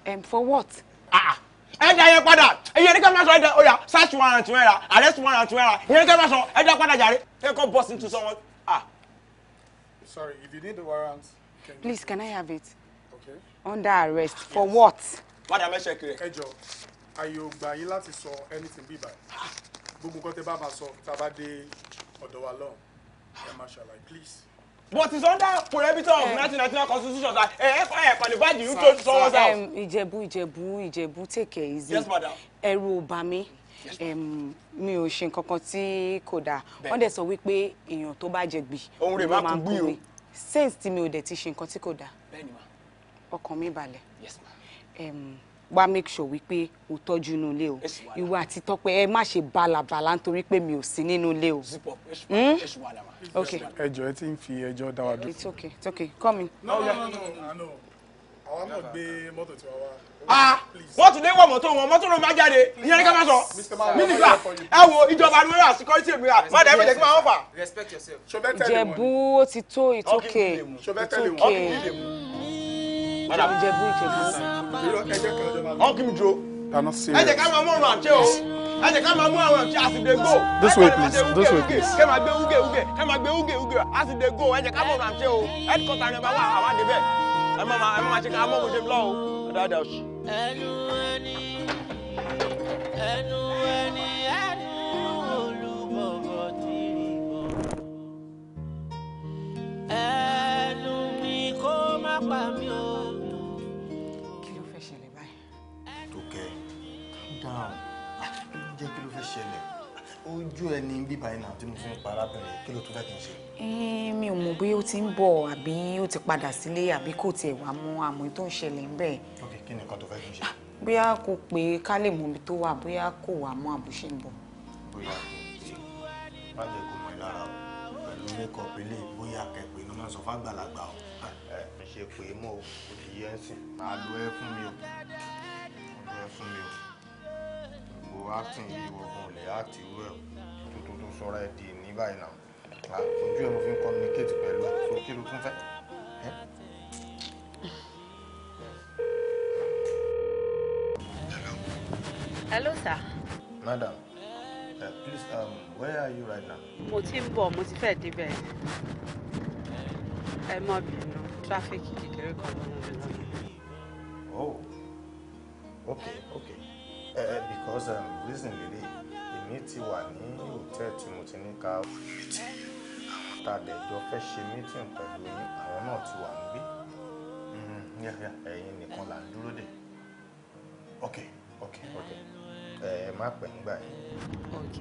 Um, for what? Ah. ah. Ẹ dá yẹn padà. Ìyẹn ní ká máa sọ ẹ dá oya search warrant tún ẹ̀ra arrest warrant tún ẹ̀ra. Ìyẹn ní ká máa sọ ẹ dá padà jàre. Ẹ kọ́ bọ́sì into someone. Ah. Sorry, if you need the warrant. Can please, can I have it? Okay. Under arrest. For what? madam ẹ ṣẹ́kì ẹ jọ àyè gbà yín láti sọ anything bí ibà gbogbo nǹkan tẹ bá máa sọ tá a bá dé ọ̀dọ̀ wa lọ́hùn ẹ máa ṣàlàyé please. but it's under prohibition of nineteen eh. ninety nine constitution that ẹ ẹ ẹ pàlìbájì you tó sọ wọn sá. ìjẹ̀bú ìjẹ̀bú ìjẹ̀bú take it easy ẹ̀rù ò bà mí mi ò ṣe nǹkan kan tí kò dáa wọ́n dẹ̀ sọ wípé èèyàn tó bá jẹ gbì òun rẹ̀ máa kú gbì o sense ti mi ò dẹ̀ ti ṣe nǹkan tí kò dáa ọkàn mi balẹ̀. Yes, ma wá make sure wípé o tọ́jú inú ilé o ìwọ àti Tọ́pẹ́ ẹ má ṣe bálabàla nítorí pé mi ò sí nínú ilé o. ẹjọ́ hmm? ẹ ti ń fi ẹjọ́ dá wa dùn. it's okay it's okay come in. no no no oh, no àwa náà gbé mọ́tò tiwa wá. ah wọ́n tún wọ̀ mọ́tò wọn mọ́tò ló máa jáde ìyẹn ní ká máa sọ mínísítà ẹ wo ìjọba ni wọ́n rà security mi rà má dẹ́ ẹ̀fẹ̀jẹ̀ kí máa wọ́n fà. Ìjẹ̀bú ó ti tó it's okay it's okay padà bọ̀. ìjẹ̀bú ìjẹ̀bú sàn. wọ́n kì í dúró. ẹ jẹ́ ká máa mú ọ̀rọ̀ àti o ẹ jẹ́ ká máa go. this way please this way please. kẹ́ máa gbé uge uge kẹ́ máa gbé uge uge àsìdè go ẹ jẹ́ ká máa ọ̀rọ̀ àti o headquarter ni bàbá àwọn àdébẹ̀ ẹ máa ẹ máa ṣe ká mọ́ òde lọ o dáadáa oṣù. ẹnu ẹni ẹnu ẹnu mi kó má pa mí o. fẹ́ ṣẹlẹ̀ ojú ẹ ní bíbá iná tí mo fi ń pa arábìnrin kí ló tó fẹ́ kí n ṣe. Eh, mi ò mọ̀ bóyá ó ti ń bọ̀ àbí ó ti padà sílé àbí kò tiẹ̀ wá mú àmọ́ tó ń ṣẹlẹ̀ ń bẹ̀. ok kí ni nǹkan tó fẹ́ kí n ṣe. bóyá kò pé ká lè mọ ibi tó wà bóyá kò wá mú àbúṣe ń bọ̀. bóyá kò sí kó mọ̀ lára o pẹ̀lú makeup ilé bóyá kẹ̀pẹ́ ló máa sọ fágbàlagbà o. ẹ ah, eh, ṣe pé mo ò kì í yẹn sìn máa ẹ fún mi o lo ẹ fún mi o gbogbo acting yìí wọ̀gbọ̀n ò lè act irú tó tó tó di ní báyìí náà ojú ẹ̀ mo fi ń communicate pẹ̀lú ẹ̀ tó kí ló tún fẹ́. hello sir. madam uh, please um, where are you right now. mo ti ń bọ̀ mo ti fẹ́ débẹ̀ ẹ má bínú tráfíkì kékeré kan ló ń lọ. oh okay okay. Eh, eh, because um, reason lele èmi ti wà ní hòtẹ́ẹ̀ tí mo ní ká meeting àwọn tá a dẹ̀jọ fẹ́ ṣe meeting pẹ̀lú yín àwọn náà ti wà níbí mm-hmm, ẹ̀yin nìkan là ń dúró dè ok ok ok ẹ eh, ẹ má pẹ́ nígbà yẹn. ok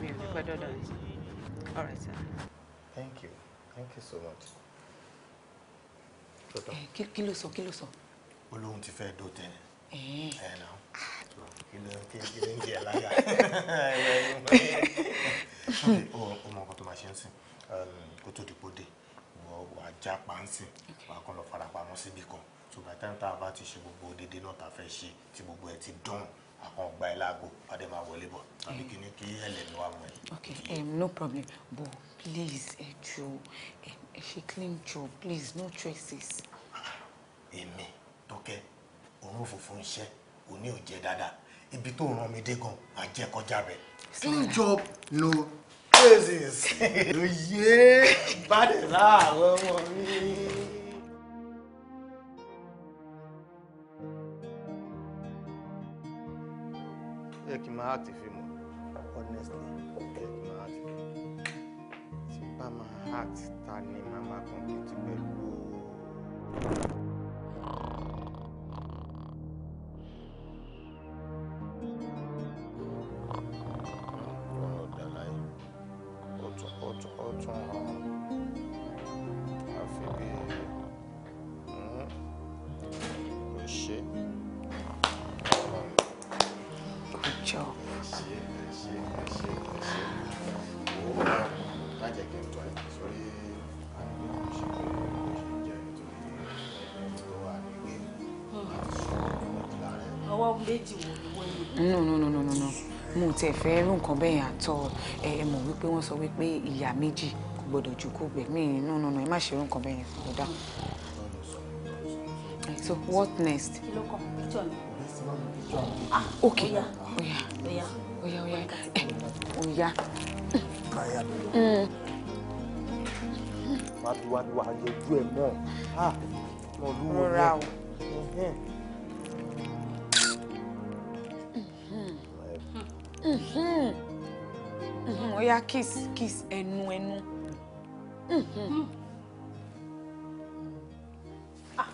mi ò ní pẹ́ dọ́dọ̀ yìí all right sir. thank you thank you so much. kí ló sọ kí ló sọ. olóhùn ti fẹ́ dó tẹ́lẹ̀. ẹ̀ẹ́n náà ìlú kí láyà ọmọ ọkọ tó máa ṣe ń sìn kó tó dìpọ̀ dé wàá já pánsìn wàá kàn lọ farapamọ́ síbi kan ṣùgbọ́n táwọn tá a bá ti ṣe gbogbo dédé náà tá fẹ́ ṣe tí gbogbo ẹ̀ ti dán àkàn gba ẹ láago adé máa wọlé bọ̀ àbí kí ni kí ẹlẹ́nu wa mọ̀ ẹ́. um, no problem but please ẹ jọ ẹ ṣe clean job please no traces. èmi tọkẹ òun òfófó ń ṣe òní ò jẹ dáadáa ibi tó ràn mí dé gan máa jẹ́ kọjá rẹ̀. clean job no praises. oyè bá dẹ̀ láàárọ̀ mi. yẹ kí n máa act fi mọ honestly yẹ kí n máa act fi mọ tí bá máa act ta ni màá máa kàn kí ti pẹ̀lú. no no no no no no mo tiẹ̀ fẹ́ irú nǹkan bẹ́ẹ̀ yẹn àtọ ẹ ẹ mọ̀ wípé wọ́n sọ wípé ìyá méjì kò gbọ́dọ̀ jù kó gbẹ̀ mí no no no ẹ má ṣe irú nǹkan bẹ́ẹ̀ yẹn kò dá. so what next. kí ló kọ picture mi. ah ok oya oya oya oya oya. káyà mi lọ. má fi wá ní wàá yọjú ẹ mọ́ ọ. Ah, rọra o. oya kiss kiss ẹnu ẹnu. Ah,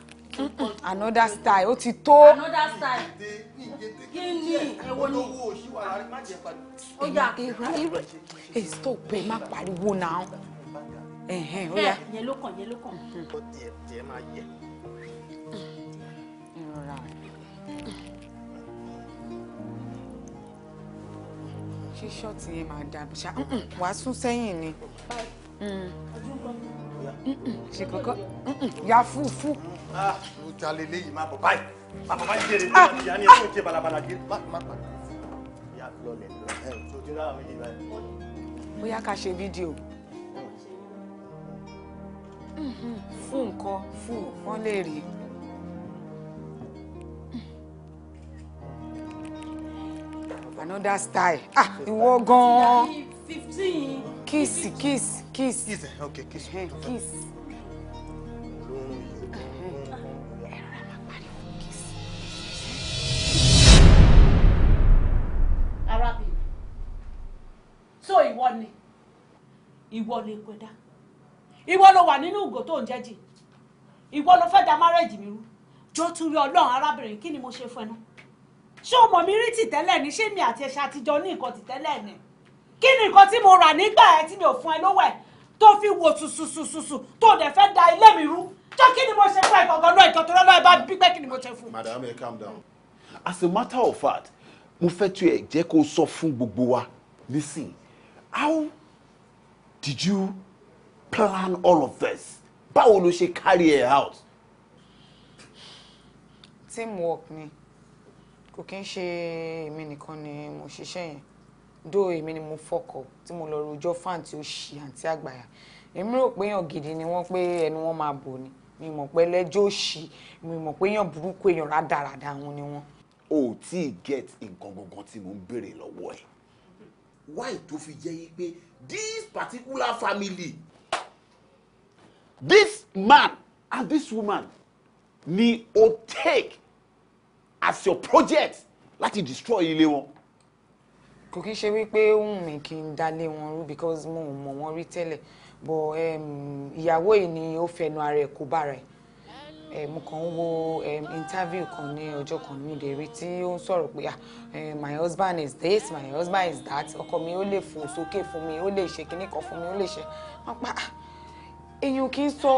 another style ó ti tó. another style kí ni èwo ni. ó yà ẹ stop ẹ má pariwo náà. ẹ̀hẹ̀n ó yà. yẹn ló kàn yẹn ló kàn. ṣé ṣọ́ọ̀tì yẹn máa dàbí ṣá wàá sún sẹ́yìn ni ṣe kọ́kọ́ ya fúfú. Ah, mo jalè léyìí má bọ̀ báyìí má bọ̀ báyìí jèrè ah, lórí ìyá ni ẹ̀ ah. ń jẹ balabala jẹ má má pa ìyá lọlẹ̀ lọlẹ̀ tó ti rárá mi jẹ báyìí. bóyá ká ṣe fídíò mm-hmm, fún nǹkan fún wọn lè rí i. another style ah ìwọ gan-an kiss kiss kiss kiss eh? okay kiss eh, kiss. arábìnrin so ìwọ ni ìwọ ni gbẹdá ìwọ ló wà nínú ìgò to ń jẹjì ìwọ ló fẹ́ da márẹ́jì mi rú jọ tún rí ọlọ́run arábìnrin kí ni mo ṣe fún ẹ náà ṣé o mọ̀ mi rí tìtẹ́lẹ̀ ni ṣé mi àti ẹ̀ṣẹ̀ àtijọ́ ní nǹkan tìtẹ́lẹ̀ ni kí ni nǹkan tí mo rà nígbà ẹ tí mi ò fún ẹ lówó ẹ tó fi wò sùsùsùsùsù tó dẹ̀ fẹ́ da ilé mi rú tó kí ni mo ṣe fún ẹ gangan náà ìtọ́tọ́ lọ́lọ́ ẹ bá bí pé kí ni mo ṣe fún. madam ẹ calm down. as a matter of fact mo fẹ́ tí ẹ jẹ́ kó sọ fún gbogbo wa nísìnyí how did you plan all of this báwo ló ṣe carry her out. teamwork ni kò kí ń ṣe èmi nìkan ni mo ṣiṣẹ́ yẹn dó èmi ni mo fọkọ̀ tí mo lọ rojọ́ fan tí ó ṣì àǹtí àgbàyà èmi rò pé èèyàn gidi ni wọ́n pé ẹnu wọn máa bò ni mi mọ̀ pé lẹ́jọ́ òṣì mi mọ̀ pé èèyàn burúkú èèyàn rádaràda wọn ni wọ́n. o ò tí ì get nǹkan gangan tí mo ń béèrè lọ́wọ́ ẹ̀ why tó fi jẹ́ yí pé this particular family this man and this woman ni o take as your project láti destroy ilé wọn. kò kí n ṣe wípé òun mi kì í dalé wọn rú because mo ò mọ̀ wọ́n rí tẹ́lẹ̀ but ìyàwó yìí ni ó fẹnu ara ẹ̀ kó bára ẹ̀ mo kàn ń wo interview kan ní ọjọ́ kan ní ìdèrí tí ó ń sọ̀rọ̀ pé ah, my husband is this my husband is that ọkọ mi ó lè fò sókè fún mi ó lè ṣe kinní kan fún mi ó lè ṣe wọ́n pa ah èyàn kì í sọ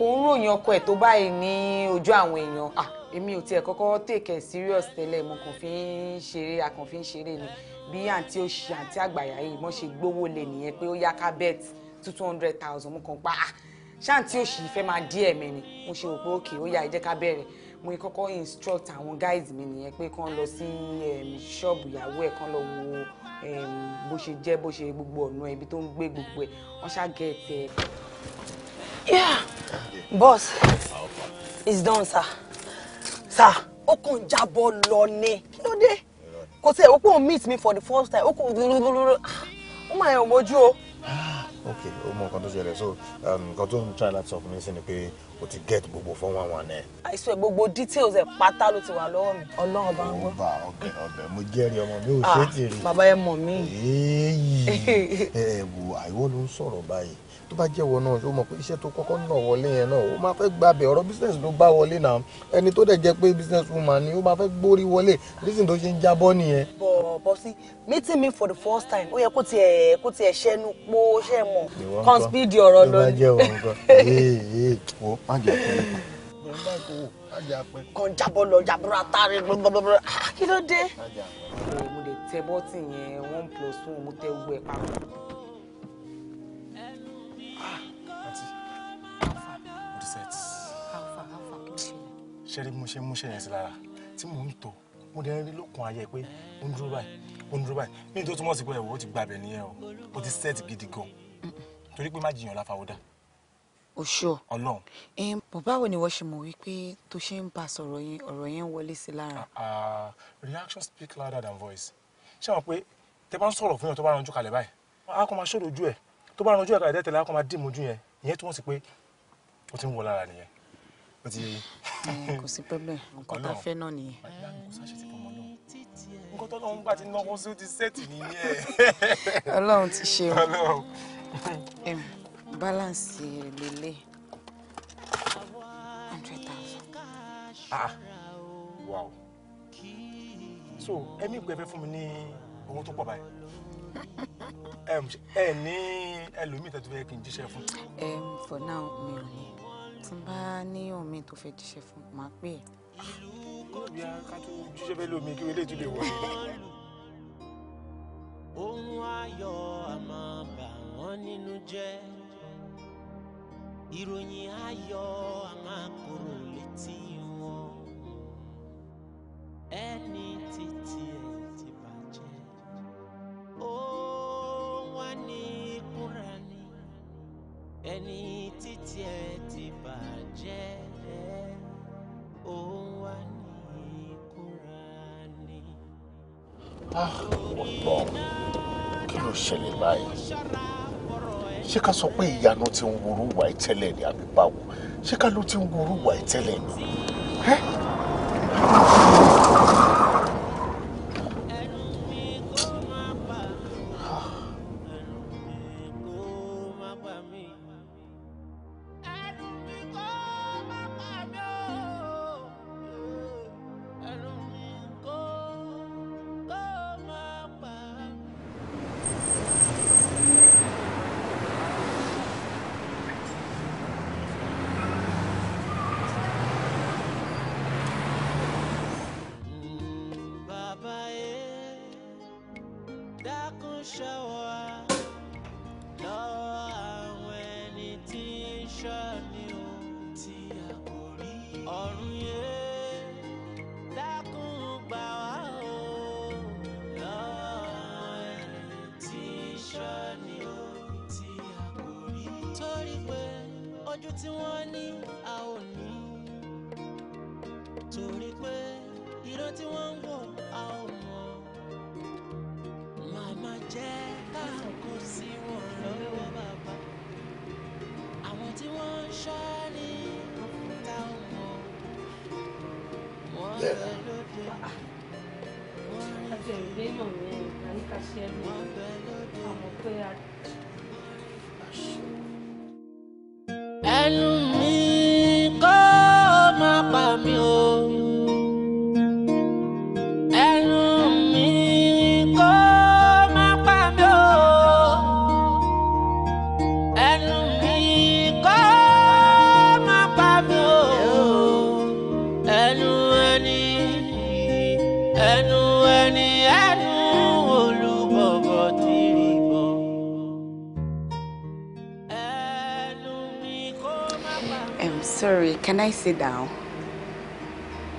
kò ń ròyìn ọkọ ẹ̀ tó báyìí ní ojú àwọn èèyàn èmi ò tiẹ̀ kọ́kọ́ take it serious tẹ́lẹ̀ mo kàn fi ń ṣeré a kàn fi ń ṣeré ni bí àǹtí òṣì àǹtí àgbàyà yìí mo ṣe gbówó lé nìyẹn pé ó yá ká bet two hundred thousand mo kàn pa á ṣáǹtí òṣì fẹ́ máa dí ẹ̀mí ni mo ṣe rò pé òkè ó yá ẹ jẹ́ ká bẹ̀rẹ̀ mo kọ́kọ́ instruct àwọn guys mi nìyẹn pé kán lọ sí ṣọ́ọ̀bù ìyàwó ẹ̀ kán lọ wo bó ṣe jẹ́ bó ṣe gbogbo ọ̀nà ibi tó ń gbé gbogbo ẹ̀ wọ́n ṣá get ẹ̀ Yeah. Boss, it's done, sir. Sir, ó kàn jábọ́ lọ ni. Kí ló dé? Kò sí ẹ̀ meet me for the first time. Ó kàn lulululu. Ó máa yàn mojú o. Ah, ok, ó mọ nǹkan so um tó ń try láti sọ fún mi sí o ti get gbogbo four one I swear àìsàn gbogbo details ẹ pátá ló ti wà lọ́wọ́ mi. Ọlọ́run bá ń gbọ́. ọba ọbẹ̀ ọbẹ̀ mo jẹ́rìí ọmọ mi ò ṣe é ah, tèrè. bàbá ẹ mọ̀ mí. èyí ẹ wo àìwọ́ ló ń sọ̀rọ̀ báyìí tó bá jẹ́ wọ náà ó mọ̀ pé iṣẹ́ tó kọ́kọ́ náà wọlé yẹn náà ó máa fẹ́ gbàbẹ̀ ọ̀rọ̀ business ló bá wọlé náà ẹni tó dẹ̀ jẹ́ pé business woman ni ó máa fẹ́ gbórí wọlé reason tó ṣe ń jábọ́ nìyẹn. bọ̀ bọ́sí meeting me for the first time ó yẹ kó tiẹ̀ kó tiẹ̀ ṣẹ́nu pó ṣẹ́ mọ̀ kan speed ọ̀rọ̀ lọ ni. ìwọ nǹkan tó bá jẹ́ kan jábọ́ lọ jàbúrà tárí blablabla ah, kí ló dé. mo lè tẹ bọ́tì yẹn one plus one mo tẹ gbẹ papọ̀. ṣe rí mo ṣe mú ṣe yẹn sí lára tí mò ń tò mo dẹ̀ ń rí lókun ayé pé ó ń dúró báyìí ó ń dúró báyìí mí tó túmọ̀ sí pé ẹ̀wọ̀ ó ti gbàbẹ̀ nìyẹn o ó ti set gidi gan torí pé má jiyàn láfàwọ́dà òṣò Ọlọ́run. bọ̀ báwo ni wọ́n ṣe mọ̀ wípé tó ṣe ń bá sọ̀rọ̀ yẹn ọ̀rọ̀ yẹn ń wọlé sí lára. Ah, ah, reaction speak louder than voice ṣé àwọn pé tẹ bá ń sọ̀rọ̀ fún yàn tó bá ranjú kalẹ̀ báyìí a kò máa ṣòro ojú ẹ̀ tó bá ranjú ẹ̀ kalẹ̀ tẹ́tẹ̀lẹ̀ a kò máa dì mojú yẹn ìyẹn túmọ̀ sí pé ó o ti eh, kò sí problem nǹkan tá fẹ́ náà nìyẹn. nǹkan tó lọ́hún bá ti náwó sí ó ti sẹ́ẹ̀tì nìyẹn. ọlọ́run ti ṣe o balance lele hundred thousand. ah wow so ẹ̀mí ìgbẹ́ fẹ́ fún mi ní owó tó pọ̀ báyìí ẹ ní ẹlòmíì tẹ́tù fẹ́ kí n jíṣẹ́ fún. for now mi ò ní tí n bá ní omi tó fẹ́ jíṣẹ́ fún màá pè é. bí a jíṣẹ́ fẹ́ lómi kí wọ́n lè tún lè wọlé. ohun ayọ̀ àmọ́ bà wọ́n nínú jẹ́ ìròyìn ayọ̀ àmọ́ kòrò létí wọn ẹni títí ẹ̀ ti bàjẹ́ ó wà ní ikú rẹ̀ ẹni títí ẹ ti bàjẹ́ ó wà ní ìkóra ni. ọlọ́run ah, kí ló ṣẹlẹ̀ báyìí ṣé ká sọ pé ìyanu ti ń wúrú wà tẹ́lẹ̀ ni àbí báwo ṣé ká ló ti ń wúrú wà tẹ́lẹ̀ ni. shower ẹnu sit down.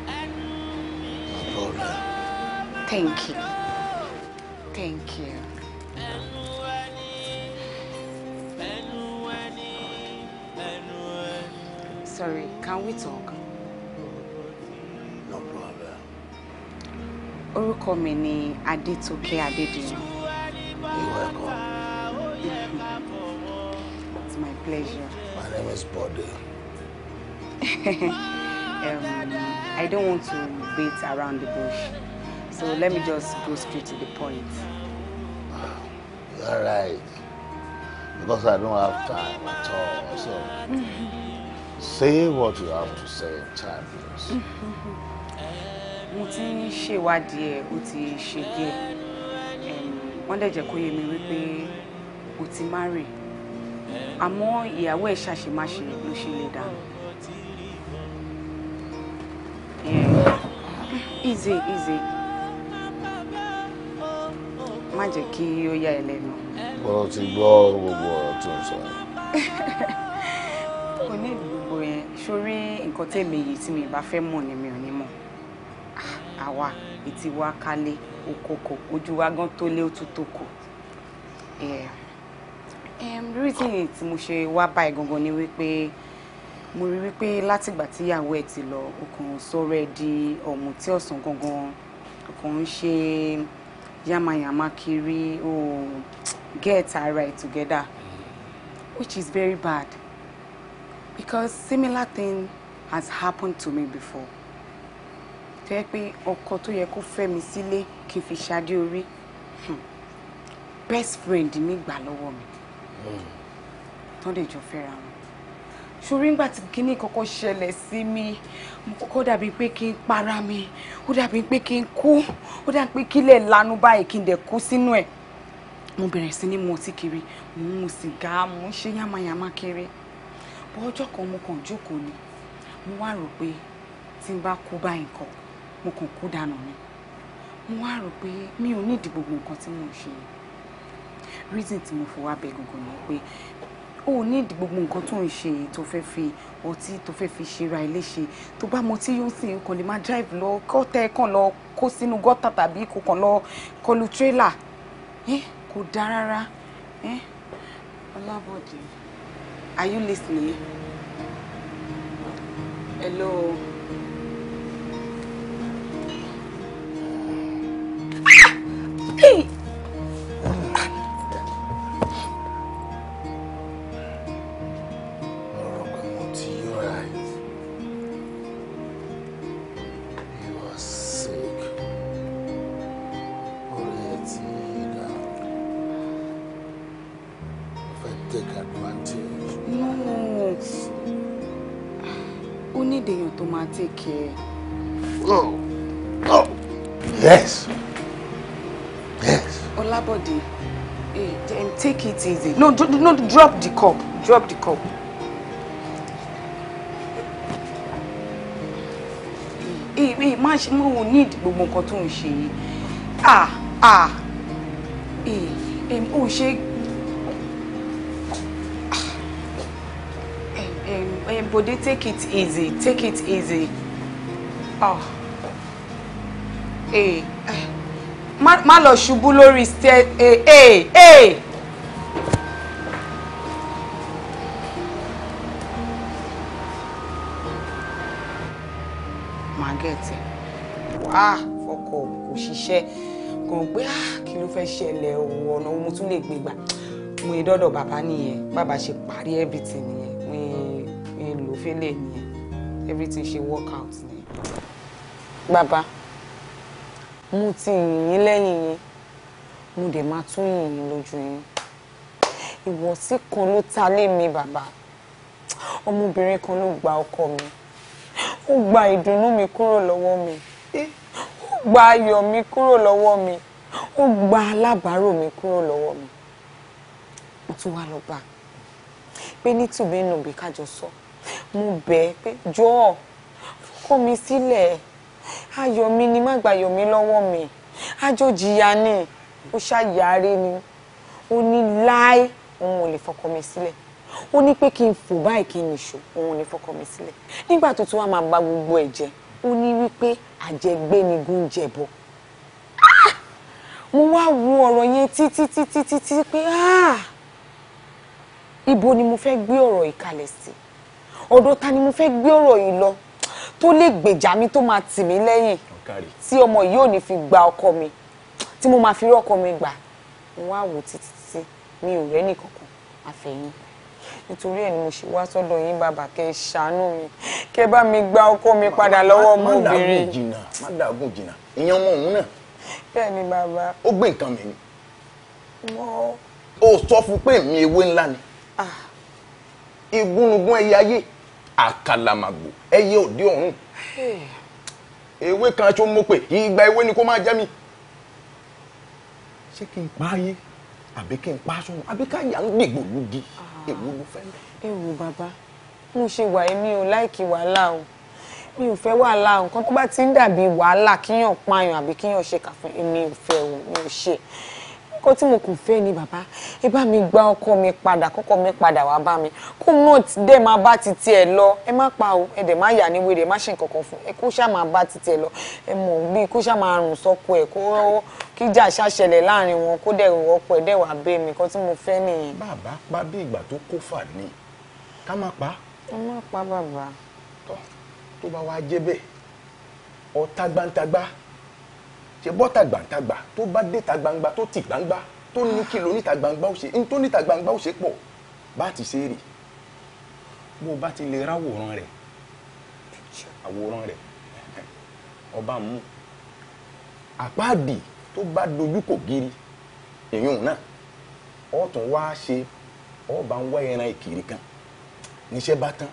No problem. Thank you. Thank you. Sorry, can we talk? No problem. Orúkọ mi ni Adétókè Adédìran. You're welcome. It's my pleasure. My name is Bode. um, I don't want to beat around the bush. So let me just go straight to the point. All right. Because I don't have time at all. So say what you have to say in time, please. Mo ti ń ṣèwádìí ẹ̀, ó ti ṣe díẹ̀. Um, wọ́n dẹ̀ jẹ́ kó yé mi wípé o ti marry. Àmọ́ ìyàwó ẹ̀ ṣàṣemáṣe ló ṣe lè dànù. easy easy má jẹ́ kí ó yá ẹ lẹ́nu. ọ̀rọ̀ ti gbọ́ gbogbo ọ̀rọ̀ tó ń sọ. kò ní gbogbo yẹn sórí nǹkan tèmi yìí tí mi bá fẹ́ mọ̀ ni mi ò ní mọ̀ àwa ètí wa kálé òkòkò ojú wa gan tó lé ó tún tó kù. lórí tí mo ṣe wá báyìí gangan ni wípé. Yeah mo rí wípé látìgbà tíyàwó ẹ ti lọ ọkàn sọ̀rọ̀ ẹ di ọ̀mùtí ọ̀sán gangan ọkàn ń ṣe yamayama kiri o get our ẹ together which is very bad because similar thing has happened to me before tó yẹ pé ọkọ tó yẹ kó fẹ́ mi sílé kí n fi ṣadé orí hmm. best friend mi gbà lọ́wọ́ mi hmm. tó lè jọ fẹ́ra wọn ṣorí ńgbà tí kíní kọ́kọ́ ṣẹlẹ̀ sí mi mo kọ́kọ́ dàbí pé kí n para mi ó dàbí pé kí n kú ó dàbí pé kílẹ̀ lanu báyìí kí n dẹ̀ kú sínú ẹ̀ mo bẹ̀rẹ̀ sí ní mu ọtí kiri mo ń mu sìgá mo ń ṣe yàmàyàmà kiri bọ́ ọjọ́ kan mo kàn jókòó ni mo wá rò pé tí n bá kú báyìí kọ́ mo kàn kú dànù ni mo wá rò pé mi ò nídìí gbogbo nǹkan tí mo ń ṣe reason tí mo fi wá bẹ gbogbo ni pé o ò ní gbogbo nǹkan tó ń ṣe tó fẹ́ fi ọtí tó fẹ́ fi ṣera ilé ṣe tó bá mọtí yóò sì kàn lè máa drive lọ kọ́ tẹ́ ẹ kàn lọ kó sínú gọ́tà tàbí kó kàn lọ kọlu tírélà kò dá rárá Ọlábọ̀dé are you listening? Hello. Hey! take care. Oh. Oh. Yes. Yes. Olabode, eh, take it easy. No, do, no, drop the cup. Drop the cup. Eh, eh, má ṣe mo need gbogbo nǹkan tó Ah, ah. Eh, eh, ó ṣe Bode, take it easy. Take it easy. Oh. Ah. Hey. Eh, eh. Má má lọ ṣubú stair. Hey, hey, hey. Màá gẹ̀tẹ̀. Wá fọkọ̀ kò ṣiṣẹ́. Kò gbé ah, kí ló fẹ́ ṣẹlẹ̀ ọ̀nà ohun tún lè gbégbà. Mo ìdọ́dọ̀ bàbá nìyẹn. Bàbá ṣe parí everything nìyẹn fẹ́lẹ̀ nìyẹn everything ṣe work out ni. bàbá mo ti yìn yín lẹ́yìn yín mo dẹ̀ máa tún yìn yín lójú yín ìwọ̀sí kan ló ta lé mi bàbá ọmọbìnrin kan ló gba ọkọ mi ó gba ìdùnnú mi kúrò lọ́wọ́ mi ó gba ayọ̀ mi kúrò lọ́wọ́ mi ó gba alábàárò mi kúrò lọ́wọ́ mi mo tún wá lọ bá a pé nítùbínú bí kájọ sọ. So mo bẹ̀ ẹ́ pé jọ̀ọ́ kó mi sílẹ̀ ayọ̀ mi ni má gba ayọ̀ mi lọ́wọ́ mi àjọjìyà ni ó ṣàyàrí ni ó ní láì òun ò lè fọkọ mi sílẹ̀ ó ní pé kí n fò báyìí kí n nìṣó òun ò lè fọkọ mi sílẹ̀ nígbà tó tún wá máa bà gbogbo ẹ̀ jẹ́ ó ní wípé àjẹgbé ni gún jẹ̀bọ ah! mo wá wo ọ̀rọ̀ yẹn títí títí títí pé ah! ibo ni mo fẹ́ gbé ọ̀rọ̀ ìkàlẹ̀ sí i ọ̀dọ̀ ta ni mo fẹ́ gbé ọ̀rọ̀ yìí lọ tó lè gbèjà mi tó máa tì mí lẹ́yìn tí ọmọ yìí ò ní fi gba ọkọ mi tí mo máa fi rí ọkọ mi gbà mo wá wò títí títí mi ò rẹ́ nìkankan àfẹ̀yìn nítorí ẹ̀ ni mo ṣe wá sọ́dọ̀ yín bàbá kẹ́ ẹ ṣàánú mi kẹ́ bá mi gba ọkọ mi padà lọ́wọ́ ọmọbìnrin. má má dàgùn jìnnà ìyẹn ọmọ òun náà. bẹ́ẹ̀ ni bàbá. ó gbé nǹkan mi ni. mo. o sọ fún pé mi ewé ńlá ni. igunnugun ah. ẹyẹ ayé. Ah àkàlàmàgbò ẹyẹ òde ọ̀run ewé kan tó mọ̀ pé ìgbà ewé ni kó máa jẹ mí ṣé kí n pa ayé àbí kí n pa sọnù àbí káyà ń dìgbò lùdì èwo ló fẹ́ lọ. ẹ wo bàbá mo ṣe wà èmi ò láìkí wàhálà o mi ò fẹ́ wàhálà nǹkan tó bá ti ń dàbí wàhálà kíyàn pààyàn àbí kíyàn ṣe kàfún èmi ò fẹ́ o mi ò ṣe kó tí mo kàn fẹ́ ni bàbá ẹ bá mi gba ọkọ mi padà kọ́kọ mi padà wá bá mi kó náà dẹ̀ máa bá ti tiẹ̀ lọ ẹ má pa o ẹ dẹ̀ má yà ní wèrè má ṣe nǹkan kan fún ẹ kó ṣáà máa bá ti tiẹ̀ lọ ẹ mọ̀ bí kó ṣáà máa rùn sọ́kọ ẹ kó kíjà ṣàṣẹlẹ̀ láàrin wọn kó dẹ̀ ọkọ ẹ dẹ̀ wá bẹ́ mi kan tí mo fẹ́ nìyẹn. bàbá pa bí ìgbà tó kó fà ní ká má pa. ká má pa bàbá. tó bá wá jẹ́ bẹ́ẹ̀ ọ̀ tagbátagbá ṣe bọ́tà gbàǹtagbà tó bá déta gbangba tó tì gbangba tó ní kìlọ̀ níta gbangba ó ṣe ní tó níta gbangba ó ṣe pọ̀ bá ti ṣe rè bó bá ti lè ráwòrán rẹ̀ àwòrán rẹ̀ ọba mú àpáàdì tó bá dojú kò giri èyàn náà ọ̀tún wá ṣe ọba ń wá ẹran ìkiri kan níṣẹ́ bá tán.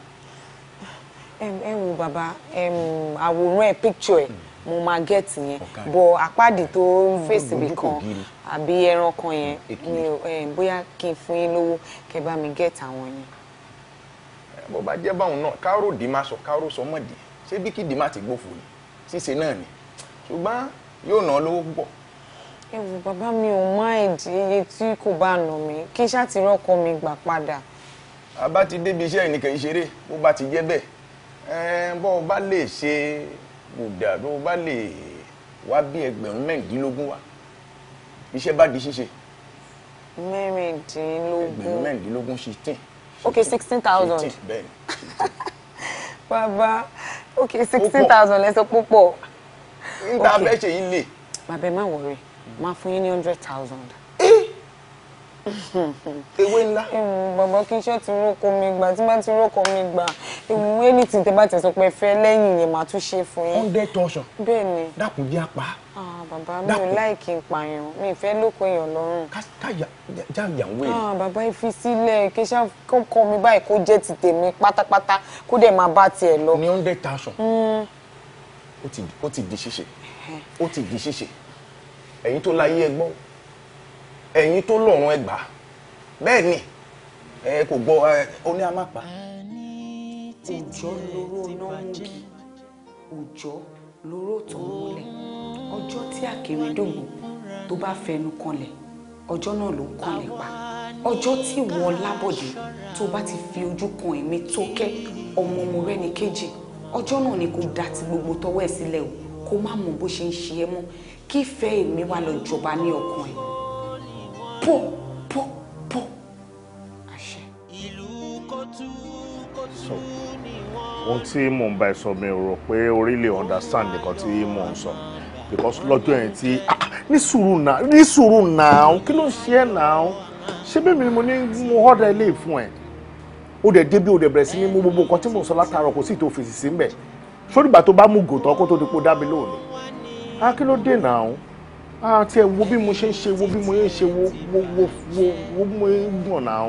ẹ wo bàbá àwòrán ẹ picture ẹ mo máa get yẹn bọ̀ àpáàdì tó ń fèsì bì kan àbí ẹran kan yẹn ni eh, bóyá kí n fún yín lówó kẹ́ bá mi get àwọn yẹn. Eh, bó bá jẹ́ báwọn náà káró dì máa sọ káró sọ mọ̀ dì ṣé bí kí dì máa ti gbófo ni ṣíṣe náà ni ṣùgbọ́n yóò ná lówó púpọ̀. ẹ bàbá mi ò má ìdí iye tí kò bá nà mí kí n rọ́kọ mi gbà padà. a ti débi iṣẹ́ ìnìkan ìṣeré bó bá ti jẹ́ bẹ́ẹ̀ eh, bọ́ bá lè ṣe bùdà tó bá lè wá bí ẹgbẹ̀rún mẹ́rìndínlógún wá iṣẹ́ bá di ṣíṣe. mẹ́rìndínlógún ẹgbẹ̀rún mẹ́rìndínlógún sixteen. ok sixteen thousand. sixteen bẹ́ẹ̀ bàbá ok sixteen thousand lẹ́sẹ̀ púpọ̀. n ta fẹ́ ṣe yìí lè. bàbá ẹ má wọrí máa fún yín ní hundred thousand ewé ńlá. Mm, bàbá kí iṣẹ́ ti róko mi gbà tí bá ti róko mi gbà ìwé mm, ní ti tẹ́bá tẹ̀sán pé fẹ́ lẹ́yìn yẹn màá tún ṣe fún yín. hundred thousand. bẹ́ẹ̀ ni dákun bí apá. Ah, bàbá mi ò láìkí ìpààyàn mi ìfẹ́ lóko èèyàn lọ́rùn. já jáyàwó ẹ̀. Ah, bàbá ifi sílẹ̀ kéṣà kọ́kọ́ mi báyìí kó jẹ́ ti tèmi pátápátá kó dẹ̀ máa bá tiẹ̀ lọ. ní hundred thousand. Mm. ó ti di ṣíṣe ó ti di ṣíṣe ẹ̀yin tó láyé ẹgbọ́n ẹ̀yin tó lọ́rùn ẹgbàá bẹ́ẹ̀ ni ẹ kò gbọ́ ẹ oní amápa. òjò lóró náà òjò lóró tó múlẹ̀ ọjọ́ tí àkérédòwò tó bá fẹnu kanlẹ̀ ọjọ́ náà ló ń kanlẹ̀ pa ọjọ́ tí ìwọ lábọ̀dé tó bá ti fi ojú kan èmi tó kẹ́ ọmọ ọmọ rẹ ní kejì ọjọ́ náà ni kò dá ti gbogbo tọwọ́ ẹ̀ sílẹ̀ o kó má mọ bó ṣe ń ṣe é mọ́ kí ìfẹ́ èmi wá lọ ní ọkàn ẹ̀ pọ̀ pọ̀ pọ̀ àṣẹ. ìlú kótó kótó ni wọ́n. ohun tí mò ń bá mi rò pé orí lè understand nǹkan tí mò ń sọ because lọ́jọ́ yẹn tí ah, ah, ní sùúrù náà ní sùúrù náà kí ló ń ṣe ẹ́ náà ṣé bẹ́ẹ̀ mi ni mo ní mo họ́dà ilé ìfún ẹ̀ o dẹ̀ débi o dẹ̀ bẹ̀rẹ̀ sí ní mú gbogbo nǹkan tí mò ń sọ látàárọ̀ kò sí ìtò fèsì sí ń bẹ̀ sódìgbà tó bá mú gòtọ́ kó tó di pé ó dá mi lóòní. a ah, kí ló dé náà ah tiẹ̀ wo bí mo ṣe ń ṣe wo bí mo ṣe ń ṣe wo wo wo wo wo bí mo ń gbọ̀n náà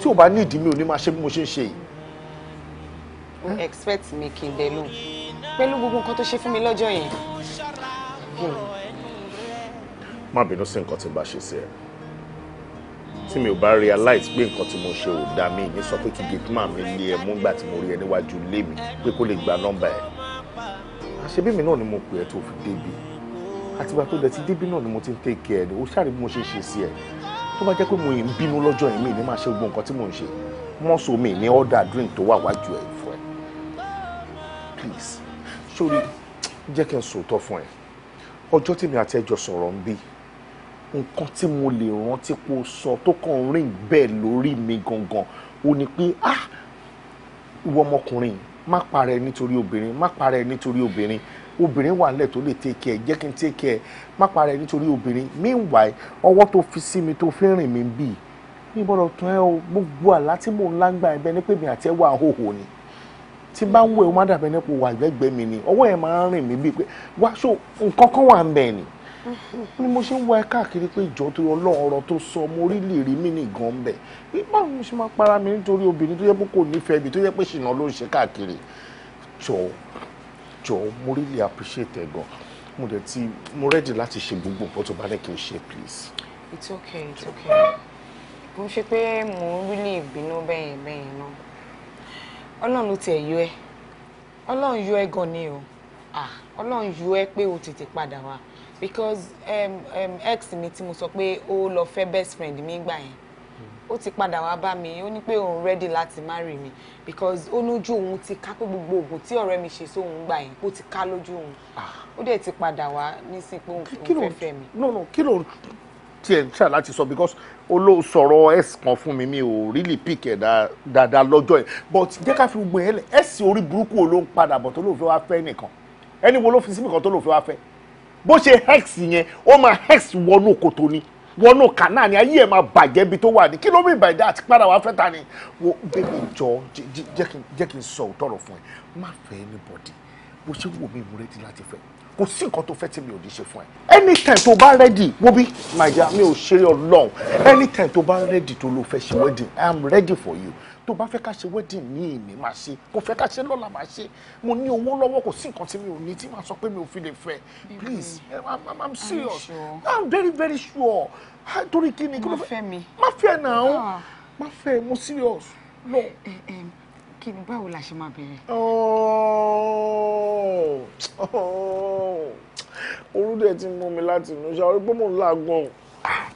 tí ò bá ní ìdí mi ò ní máa ṣe bí mo ṣe ń ṣe yìí. expect me kí n dẹ lóhùn pẹ̀lú gbogbo nǹkan tó ṣe fún mi lọ́jọ́ yẹn. má bínú sí nǹkan tí n bá ṣe sí ẹ tí mi ò bá realize pé nǹkan tí mo ṣe ò dá mi ní sọ pé kí gate man mi lé ẹ mú nígbà tí mo rí ẹ níwájú ilé mi pé kó lè gba nọ́mbà ẹ àṣebí mi náà ni mo pè ẹ tó fi débi àtìgbà tó dẹ̀ ti náà ni mo ti ń take care ẹ̀ o ṣáà rí bí mo ṣe ṣe sí ẹ̀ tó bá jẹ́ pé mo ń bínú lọ́jọ́ yìí mi ní máa ṣe gbogbo nǹkan tí mò ń ṣe mọ́sọ mi ní order drink tó wà wájú ẹ̀ fún ẹ please sórí jẹ́ kí n sòótọ́ fún ẹ ọjọ́ tí mi àti ẹjọ́ sọ̀rọ̀ ń bí nǹkan tí mo lè rántí pé o sọ tó kàn rìn bẹ́ẹ̀ lórí mi gangan o ní pé ah ìwọ ọmọkùnrin má para ẹ nítorí obìnrin má para ẹ nítorí obìnrin obìnrin wà nílẹ̀ tó lè take care jẹ́ kí n take care má para ẹ nítorí obìnrin meanwhile ọwọ́ tó fi sí mi tó fi rìn mí bì mí gbọ́dọ̀ tán ẹ o gbogbo àlá tí mò ń lágbà ẹ̀bẹ̀ ní pé mi àti ẹ wà hòhò ni tí bá ń wọ ẹ̀ ó má dàbẹ̀ nípò wà gbẹ́gbẹ́ mi ni ọwọ́ ẹ̀ máa ń rìn mí bíi pé wá so nǹkan kan wà ń bẹ̀ ni ni mo ṣe ń wá ẹ káàkiri pé ìjọ tó ọlọ́run ọ̀rọ̀ tó sọ mo rí lè rí mí nìgan ń bẹ̀ bí báwo mo ṣe máa para mi nítorí obìnrin tó yẹ pé kò nífẹ̀ẹ́ ibi tó yẹ pé ṣìnà ló ń ṣe káàkiri jọ jọ mo really appreciate ẹ gan mo dẹ̀ ti mo ready láti ṣe gbogbo nǹkan tó bá ní kí n ṣe please. it's okay it's okay mo ṣe pé mo ń really bínú bẹ́yẹn bẹ́yẹn náà ọlọ́run ló tiẹ̀ yọ ẹ́ ọlọ́run yọ ẹ́ gan ni o ọlọ́run yọ ẹ́ pé o tètè padà wá because um, um, ex mi tí mo sọ pé ó lọ fẹ́ best friend mi gbà yẹn ó ti padà wá bá mi ó ní pé òun ready láti marry mi because ó lójú òun ti ká pé gbogbo oògùn tí ọ̀rẹ́ mi ṣe sóhun gbà yẹn kó ti ká lójú òun ah. ó dẹ̀ ti padà wá nísìnyí pé òun fẹ́ fẹ́ mi. no no kí ló tiẹ̀ ń ṣà láti sọ because olóò sọ̀rọ̀ ẹ̀sì kan fún mi mi ò really pick ẹ̀ dáadáa lọ́jọ́ yẹn but jẹ́ ká fi gbogbo yẹn lẹ̀ ẹ̀sì orí burúkú wo ló ń padà bọ̀ tó lóò fẹ́ wá fẹ́ nìkan ẹni wo ló fi síbìkan tó lóò fẹ́ wá fẹ́ bó ṣe hex yẹn ó máa hex wọnú kòtò ni wọnú kà náà ni ayé ẹ̀ máa bàjẹ́ ibi tó wà ní kí ló rí by that padà wá fẹ́ ta ni wo bébí jọ jẹ́ kí n sọ òtọ́rọ̀ fún ẹ má fẹ́ anybody bó ṣe wù mí mo rẹ́dí láti fẹ́ kò sí nǹkan tó fẹ́ tí mi ò ní ṣe fún ẹ anytime tó bá rẹ́dì wo bí màjá mi ò ṣeré ọlọ́run anytime tó bá rẹ́dì tó ló fẹ́ ṣe wedding I am ready for you tó bá fẹ́ ká ṣe wedding ní èmi máa ṣe kò fẹ́ ká ṣe lọ́la máa ṣe mo ní owó lọ́wọ́ kò sí nǹkan tí mi ò ní tí màá sọ pé mi ò fi lè fẹ́ please i'm, I'm, I'm serious sure. i'm very very sure ah, torí kí ni kí ló fẹ́ mi má fẹ́ náà ah. má fẹ́ mo serious no. Eh, eh, kí ni báwo la ṣe máa bẹ̀rẹ̀. Oh. Oh. orúdẹ̀ ti mú mi láti inú ṣe àwọn ẹgbẹ́ mò ń làágùn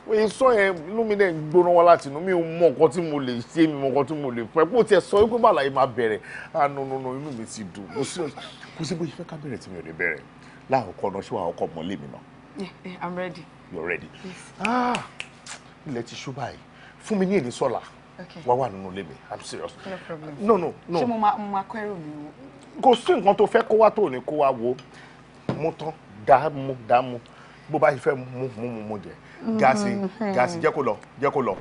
pé sọ yẹn inú mi náà gbóná wá láti inú mi ò mọ nǹkan tí mo lè ṣe mi mọ nǹkan tí mo lè fẹ́ kó tiẹ̀ sọ wípé bàlá yìí máa bẹ̀rẹ̀ ànànàna ah, inú mi ti dùn kò sí kò sí bóyá fẹ́ ká bẹ̀rẹ̀ tí mi ò lè bẹ̀rẹ̀ láàkọ́kọ́ náà ṣé wàá ọkọ mọ́lé mi náà. I'm ready. You're ready. Ah, ilẹ̀ ti ṣú báyìí fún mi ní èdè sọ́la wá wà nínú ilé I'm serious. No problem. No no no. Ṣé mo máa kọ́ ẹrù mi o? Kò sí nǹkan tó fẹ́ kó wá tó ní kó wá wo gàásì mm-hmm. gàásì jẹ́ kó lọ jẹ́ kó lọ.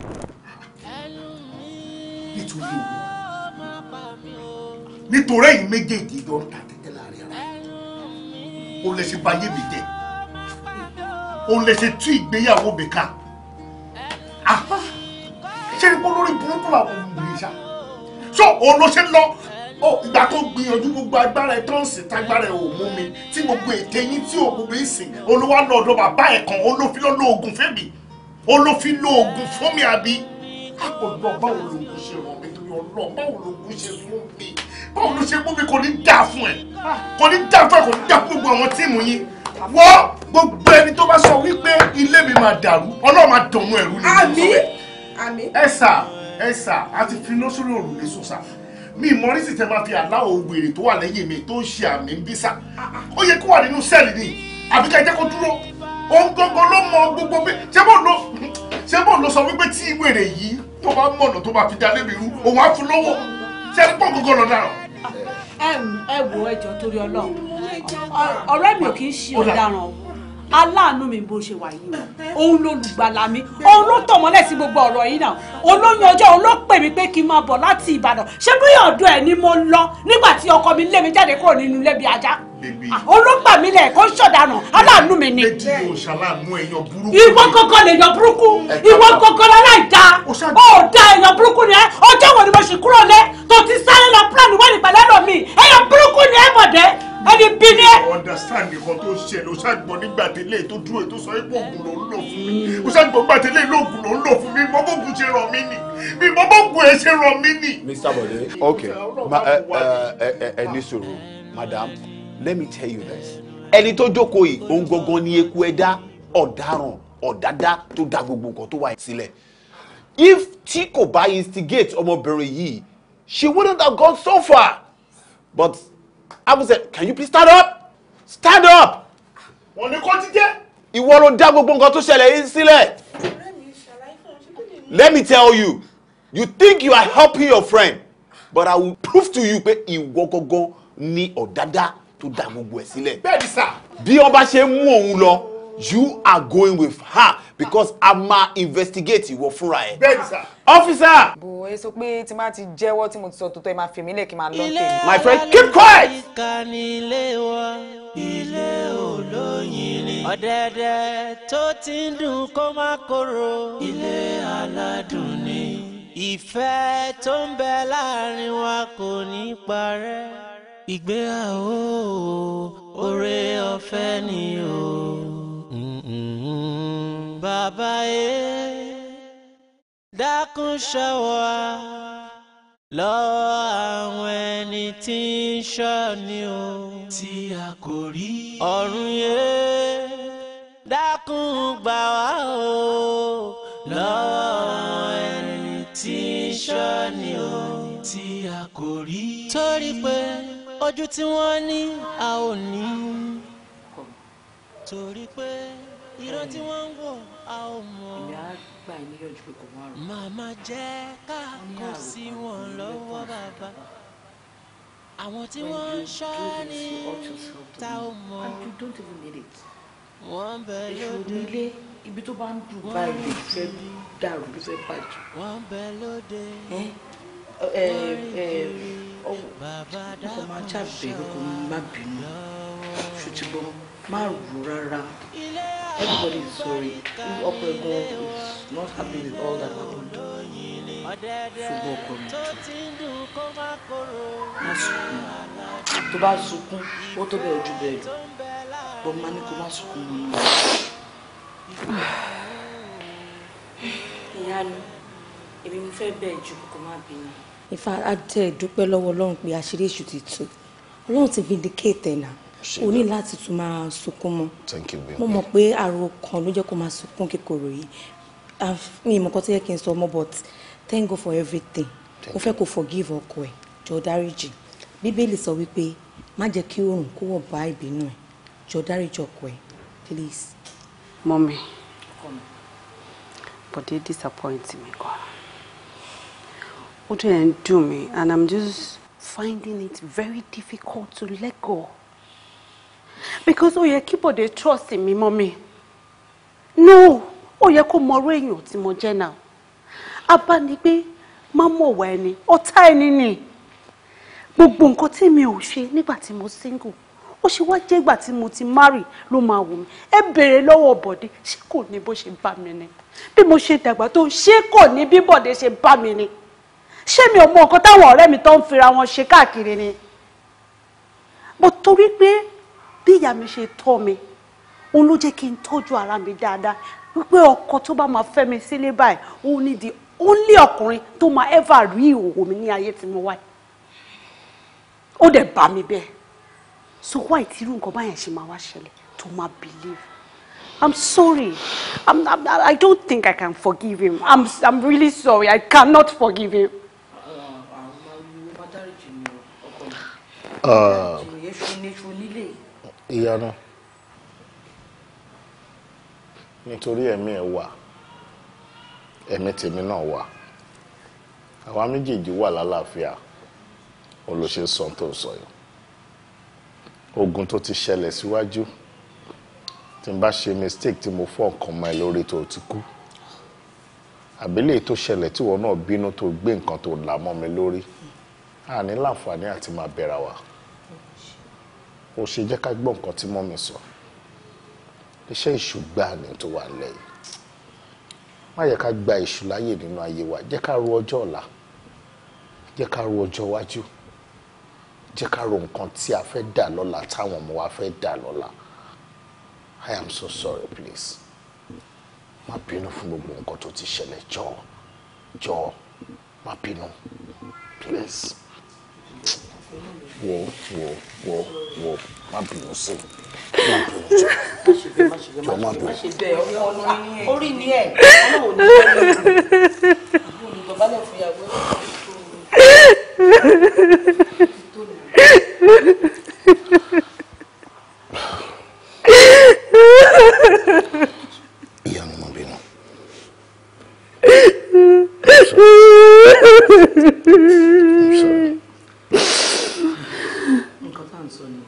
nítorí òun nítorí ẹ̀yin méjèèjì jọ ń ta tẹ́tẹ́ láàrin ara òun lè ṣe báyé mi jẹ́ òun lè ṣe tú ìgbéyàwó mi ká ah, ṣé ní kó lórí burúkú làwọn ọmọ mi ṣá so òun ló ṣe ń lọ ó ìgbà tó gbìyànjú gbogbo agbára ẹ tán sí tágbára ẹ ò mú mi tí gbogbo ète yín tí ò gbogbo ìsìn olúwa lọ ọ̀dọ̀ bàbá ẹ kan olófin ló lo oògùn fẹmi olófin lo oògùn fún mi àbí àpòlọ báwo lòògùn ṣe rọ mi torí ọlọ báwo lòògùn ṣe sún mi báwo ló ṣe mú mi kò ní dà fún ẹ kò ní dà fún ẹ kò ní dà fún gbogbo àwọn tíìmù yín wọ́n gbogbo ẹni tó bá sọ wípé ilé mi máa dàrú ọlọ́run máa mi ìmọ̀rísì tẹ máa fi aláwọ̀ wèrè tó wà lẹ́yìn mi tó ń ṣe àmì ń bí sá ó yẹ kó wà nínú sẹ́ẹ̀lì ni àbí ká jẹ́ kó dúró òun gangan ló mọ gbogbo pé ṣé bò ló ṣé bò ló sọ wípé tí wèrè yìí tó bá mọ̀nà tó bá fi dalé mi rú òun á fún lọ́wọ́ ṣé ẹni pọ̀ gangan lọ dáràn. ẹ wo ẹjọ́ torí Ọlọ́run ọ̀rẹ́ mi ò kì í ṣe ọ̀daràn o aláàánú mi bó ṣe wà yìí òun lolùgbàlà mi òun ló tọ̀ mọ́lẹ̀ sí gbogbo ọ̀rọ̀ yìí náà olóyún ọjọ́ òun ló pè mí pé kí n máa bọ̀ láti Ìbàdàn ṣé bí ọ̀dọ̀ ẹ̀ ni mo lọ nígbà tí ọkọ mi lé mi jáde kúrò nínú ilé bí ajá olùgbà ah, mi lẹ̀ kó ṣọ̀dànà aláàánú mi ni. méjì yóò ṣàlànú èèyàn burúkú. ìwọ kọ́kọ́ lè yan burúkú ìwọ kọ́kọ́ láláì da ó da èèyàn burúkú ni ẹ ọjọ́ wo ni mo ṣì kúrò lé tó ti sáré lọ plan wẹ́ẹ̀lì pẹ̀lẹ́ lọ mi èèyàn burúkú ni ẹ mọ̀ ẹni bí ní ẹ. understand tó ṣẹlẹ̀ o nígbà tẹ́lẹ̀ tó dúró tó sọ pé oògùn ló ń lò fún mi hmm. o nígbà tẹ́lẹ̀ lóògùn ló ń lò fún mi mọ́ bóògùn ṣe ràn mí nì mi mọ́ bóògùn ẹ ṣe ràn mí nì. Mr. Bode ok ẹ ní madam let me tell you this ẹni tó jókòó yìí òun gangan ni eku ẹ̀dá ọ̀daràn ọ̀dádá tó da gbogbo nǹkan tó wà sílẹ̀ if tí kò bá instigate ọmọbìnrin yìí she wouldn't have gone so far but Abu said, can you please stand up? Stand up! Wọ́n ní kó jíjẹ́. Ìwọ ló dá gbogbo nǹkan tó ṣẹlẹ̀ yìí sílẹ̀. Let me tell you, you think you are helping your friend, but I will prove to you pé ìwọ gangan ni ọ̀dádá tó dá gbogbo ẹ̀ sílẹ̀. Bẹ́ẹ̀ni sà. Bí wọ́n bá ṣe mú òun lọ, you are going with her because a máa investigate ìwọ fúnra ẹ. bẹ́ẹ̀ni sá. ọfíìsà. bò ẹ sọ pé tí ti jẹ́wọ́ tí mo ti sọ tòótọ́ ẹ máa fèmí lẹ̀ kí n máa lọ tèmi. my friend keep quiet. ìkànnìlé wa ilé olóyin ọ̀dẹ̀dẹ̀ tó ti ń dùn kó má korò. ilé aládùn ìfẹ́ tó ń bẹ láàrin wa kò ní parẹ́. ìgbéyàwó oore ọ̀fẹ́ ni o. Mm-mm bàbá ẹ e, dákun ṣọ́ wa lọ́wọ́ àwọn ẹni tí ń ṣọ́ ni o. tí a kò rí. ọ̀run yé e, dákun gbà wá o lọ́wọ́ àwọn ẹni tí ń ṣọ́ ni o. tí a kò rí. torí pé ojú tí wọ́n ní a ò ní. torí pé ìran tí wọ́n ń wọ̀ a ò mọ̀. èmi á gbà yín níyànjú pé kò má rò. màmá jẹ́ ká kó sí wọn lọ́wọ́ bàbá àwọn tí wọ́n ń ṣọ́ ni ta ò mọ̀. don't even need it. wọ́n bẹ lóde. èso nílé ibi tó bá ń dùn báyìí lè fẹ́ dàrú ló fẹ́ bàjẹ́. wọ́n bẹ lóde. ẹ ẹ ẹ ọwọ́ ọkọ̀ máa jábẹ̀ẹ́ kó má bínú ṣùtìbọn má rò rárá everybody is sorry if ọkọ ẹ̀gbọ́n is not happy with all that happened ṣùgbọ́n community. mi má sunkún tó bá sunkún ó tó bẹ̀rẹ̀ ju bẹ̀rẹ̀ bọ́ máa ní kó má sunkún mọ́ ní. ìyá mi èmi mo fẹ́ bẹ́ẹ̀ ju kókó má bínú. ìfà á tẹ̀ dúpẹ́ lọ́wọ́ ọlọ́run pé àṣírí èṣù ti tú ọlọ́run ti vindicate ẹ̀ náà o ní láti tún máa sunkún mọ́ mo mọ̀ pé àrùn kan ló jẹ́ kó máa sunkún kíkorò yìí mi ìmọ̀ kan tó yẹ kí n sọ ọmọ but thank God for everything mo fẹ́ kó forgive ọkọ ẹ̀ jọ dáríjì bíbélì sọ wípé má jẹ́ kí oòrùn kó wọ̀ bá ìbínú ẹ̀ jọ dáríjì ọkọ ẹ̀ please. mọ́mi Bọ̀dé disappoint mi gan ó dẹ̀ ń dùn mí and I'm just finding it very difficult to let go because ó yẹ kí Bọ̀dé trust mi mọ́ mi no ó yẹ kó mọ orú èèyàn tí mo jẹ́ náà abánigbé má mọ̀ wá ẹni ọ̀tá ẹni ni gbogbo nǹkan tí mi ò ṣe nígbà tí mo single ó ṣe wá jẹ́ ìgbà tí mo ti marry ló máa wù mí ẹ béèrè lọ́wọ́ Bọ̀dé ṣé kò ní bó ṣe bá mi ni bí mo ṣe dàgbà tó ṣé kò ní bí Bọ̀dé ṣe bá mi ni ṣé mi ò mọ nǹkan táwọn ọ̀rẹ́ mi tó ń fira wọn ṣe káàkiri ni mo torí pé bí ìyá mi ṣe tọ́ mi òun ló jẹ́ kí n tọ́jú ara mi dáadáa wípé ọkọ tó bá máa fẹ́ mi sílé báyìí òun ni the only ọkùnrin tó máa ever rí ìhòòhò mi ní ayé tí mo wáyé ó dẹ̀ bá mi bẹ́ẹ̀ so why tí irú nǹkan báyẹn ṣe máa wá ṣẹlẹ̀ tó máa believe I'm sorry. I'm, I'm, I don't think I can forgive him. I'm, I'm really sorry. I cannot forgive him. Uh, ìyanu nítorí ẹ̀mí ẹ̀ wà ẹ̀mí tèmi náà wà àwa méjèèjì wà lálàáfíà olùṣe sọ tó sọ yìí ogun tó ti ṣẹlẹ̀ síwájú tí n bá ṣe mistake tí mo fọ́ nǹkan mọ́ ẹ lórí tó ti kú àbílẹ̀ tó ṣẹlẹ̀ tí wọn náà bínú tó gbé nǹkan tó là mọ́ mi lórí àní láǹfààní àti máa bẹ̀rẹ̀ wa ó ṣe jẹ́ ká gbọ́ nǹkan tí mọ́mí sọ iṣẹ́ èṣù gbáà ni tó wà lẹ́yìn má yẹ ká gba èṣù láyè nínú ayé wa jẹ́ ká ro ọjọ́ ọ̀la jẹ́ ká ro ọjọ́ iwájú jẹ́ ká ro nǹkan tí a fẹ́ dà lọ́la táwọn ọmọ wa fẹ́ dà lọ́la I am so sorry please má bínú fún gbogbo nǹkan tó ti ṣẹlẹ̀ jọ̀ọ́ jọ̀ọ́ má bínú please wò wò wò wò má bínú sí má bínú jọ jọ má bínú. orí ni ẹ ọlọ́wọ́ ni wọ́n lè kú àbúrò ní bàbá lè fún yàgò ìyanu má bínú. I'm sorry. I'm sorry tá à ń sọ ni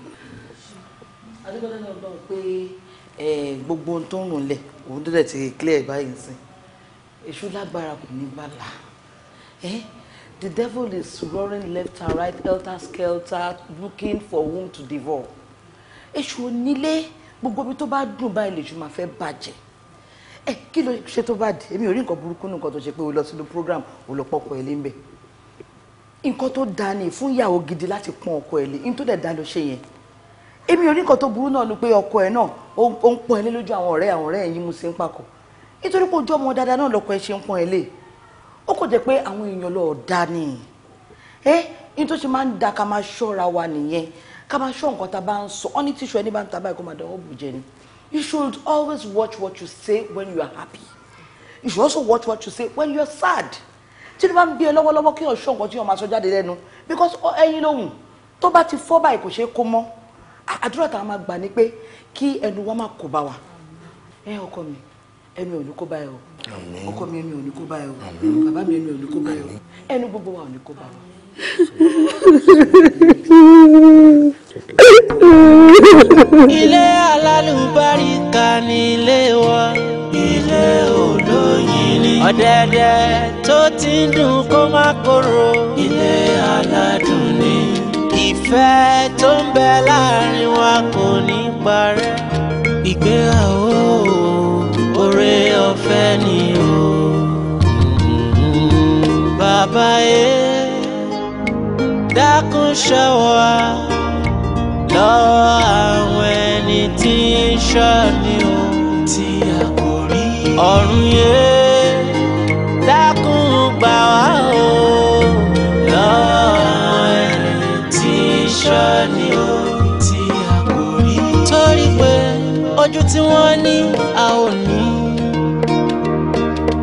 adébọlá ní ọgbọ́n pé gbogbo ohun tó ń rùn lẹ̀ òun tó dẹ̀ ti clear báyìí sìn èṣù lágbára kò ní bàlá the devil is roaring left and right helter skelter looking for whom to devour èṣù onílé gbogbo ibi tó bá dùn báyìí lèṣù máa fẹ́ bàjẹ́ ẹ kí ló ṣe tó bá dé èmi ò rí nǹkan burúkú nǹkan tó ṣe pé o lọ sínú program o lọ lé ń bẹ nǹkan tó dáa ni fún ìyàwó gidi láti pọ́n ọkọ ẹ̀ lé ní tó dẹ̀ dáa ló ṣe yẹn èmi ò ní nǹkan tó burú náà ni pé ọkọ ẹ̀ náà ó ń pọ́n ẹ lé lójú àwọn ọ̀rẹ́ àwọn ọ̀rẹ́ ẹ̀yìn mu sí ń pakọ̀ nítorí pé ojú ọmọ dáadáa náà lọkọ ẹ ṣe ń pọ́n ẹ lé ó kò jẹ́ pé àwọn èèyàn lọ dáa ni ẹ ní tó ṣe máa ń da ká máa ṣọ́ra wa nìyẹn ká máa ṣọ́ nǹkan tá a bá ń sọ ọ́ ní tíṣù ẹni bá ń ta báyìí máa dánwó bùjẹ́ you should always watch what you say when you are happy you should also watch what you say when you are sad tí ló bá ń gbé e lọ́wọ́lọ́wọ́ kí ọ̀ṣọ́ nǹkan tí wọ́n máa jáde lẹ́nu because ẹyin lóhùn tó bá ti fọ́ báyìí kò ṣeé kó mọ́ àdúrà tá a máa gbà ni pé kí ẹnu wa máa kó bá wa ẹ ọkọ mi ẹnu ò ní kó bá ẹ o ọkọ mi ẹnu ò ní kó bá ẹ o bàbá mi ẹnu ò ní kó bá ẹ o ẹnu gbogbo wa ò ní kó bá wa ilé alálùbáríkà ni ilé wa ilé olóyin ni ọ̀dẹ̀dẹ̀ tó ti ń dùn kó má korò ilé aládùn ni ìfẹ́ tó ń bẹ láàrin wa kò ní parẹ́ ìgbéyàwó oore ọ̀fẹ́ ni o bàbá yẹn dákun ṣọwọ́ wa lọ́wọ́ àwọn ẹni tí ń ṣọ́ ni o tí a kò rí ọ̀run yé dákun gbà wá o lọ́wọ́ àwọn ẹni tí ń ṣọ́ ni o tí a kò rí. torí pé ojú tí wọ́n ní a ò ní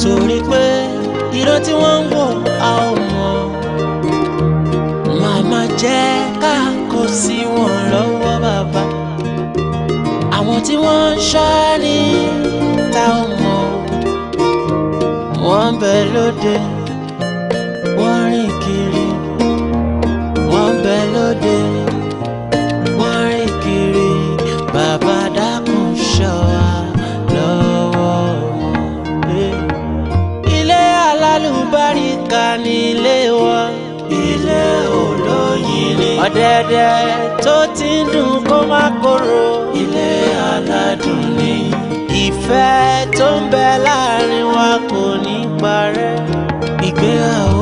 torí pé ìran tí wọ́n ń wò. jẹ́ ká kó sí wọn lọ́wọ́ bàbá àwọn tí wọ́n ń ṣọ́ ní ta ò mọ̀ bẹ lóde. ọ̀gẹ̀dẹ̀ tó ti ń dùn kó má korò. ilé aládùn ni. ìfẹ́ tó ń bẹ láàrin wa kò ní parẹ́. ìgbéyàwó.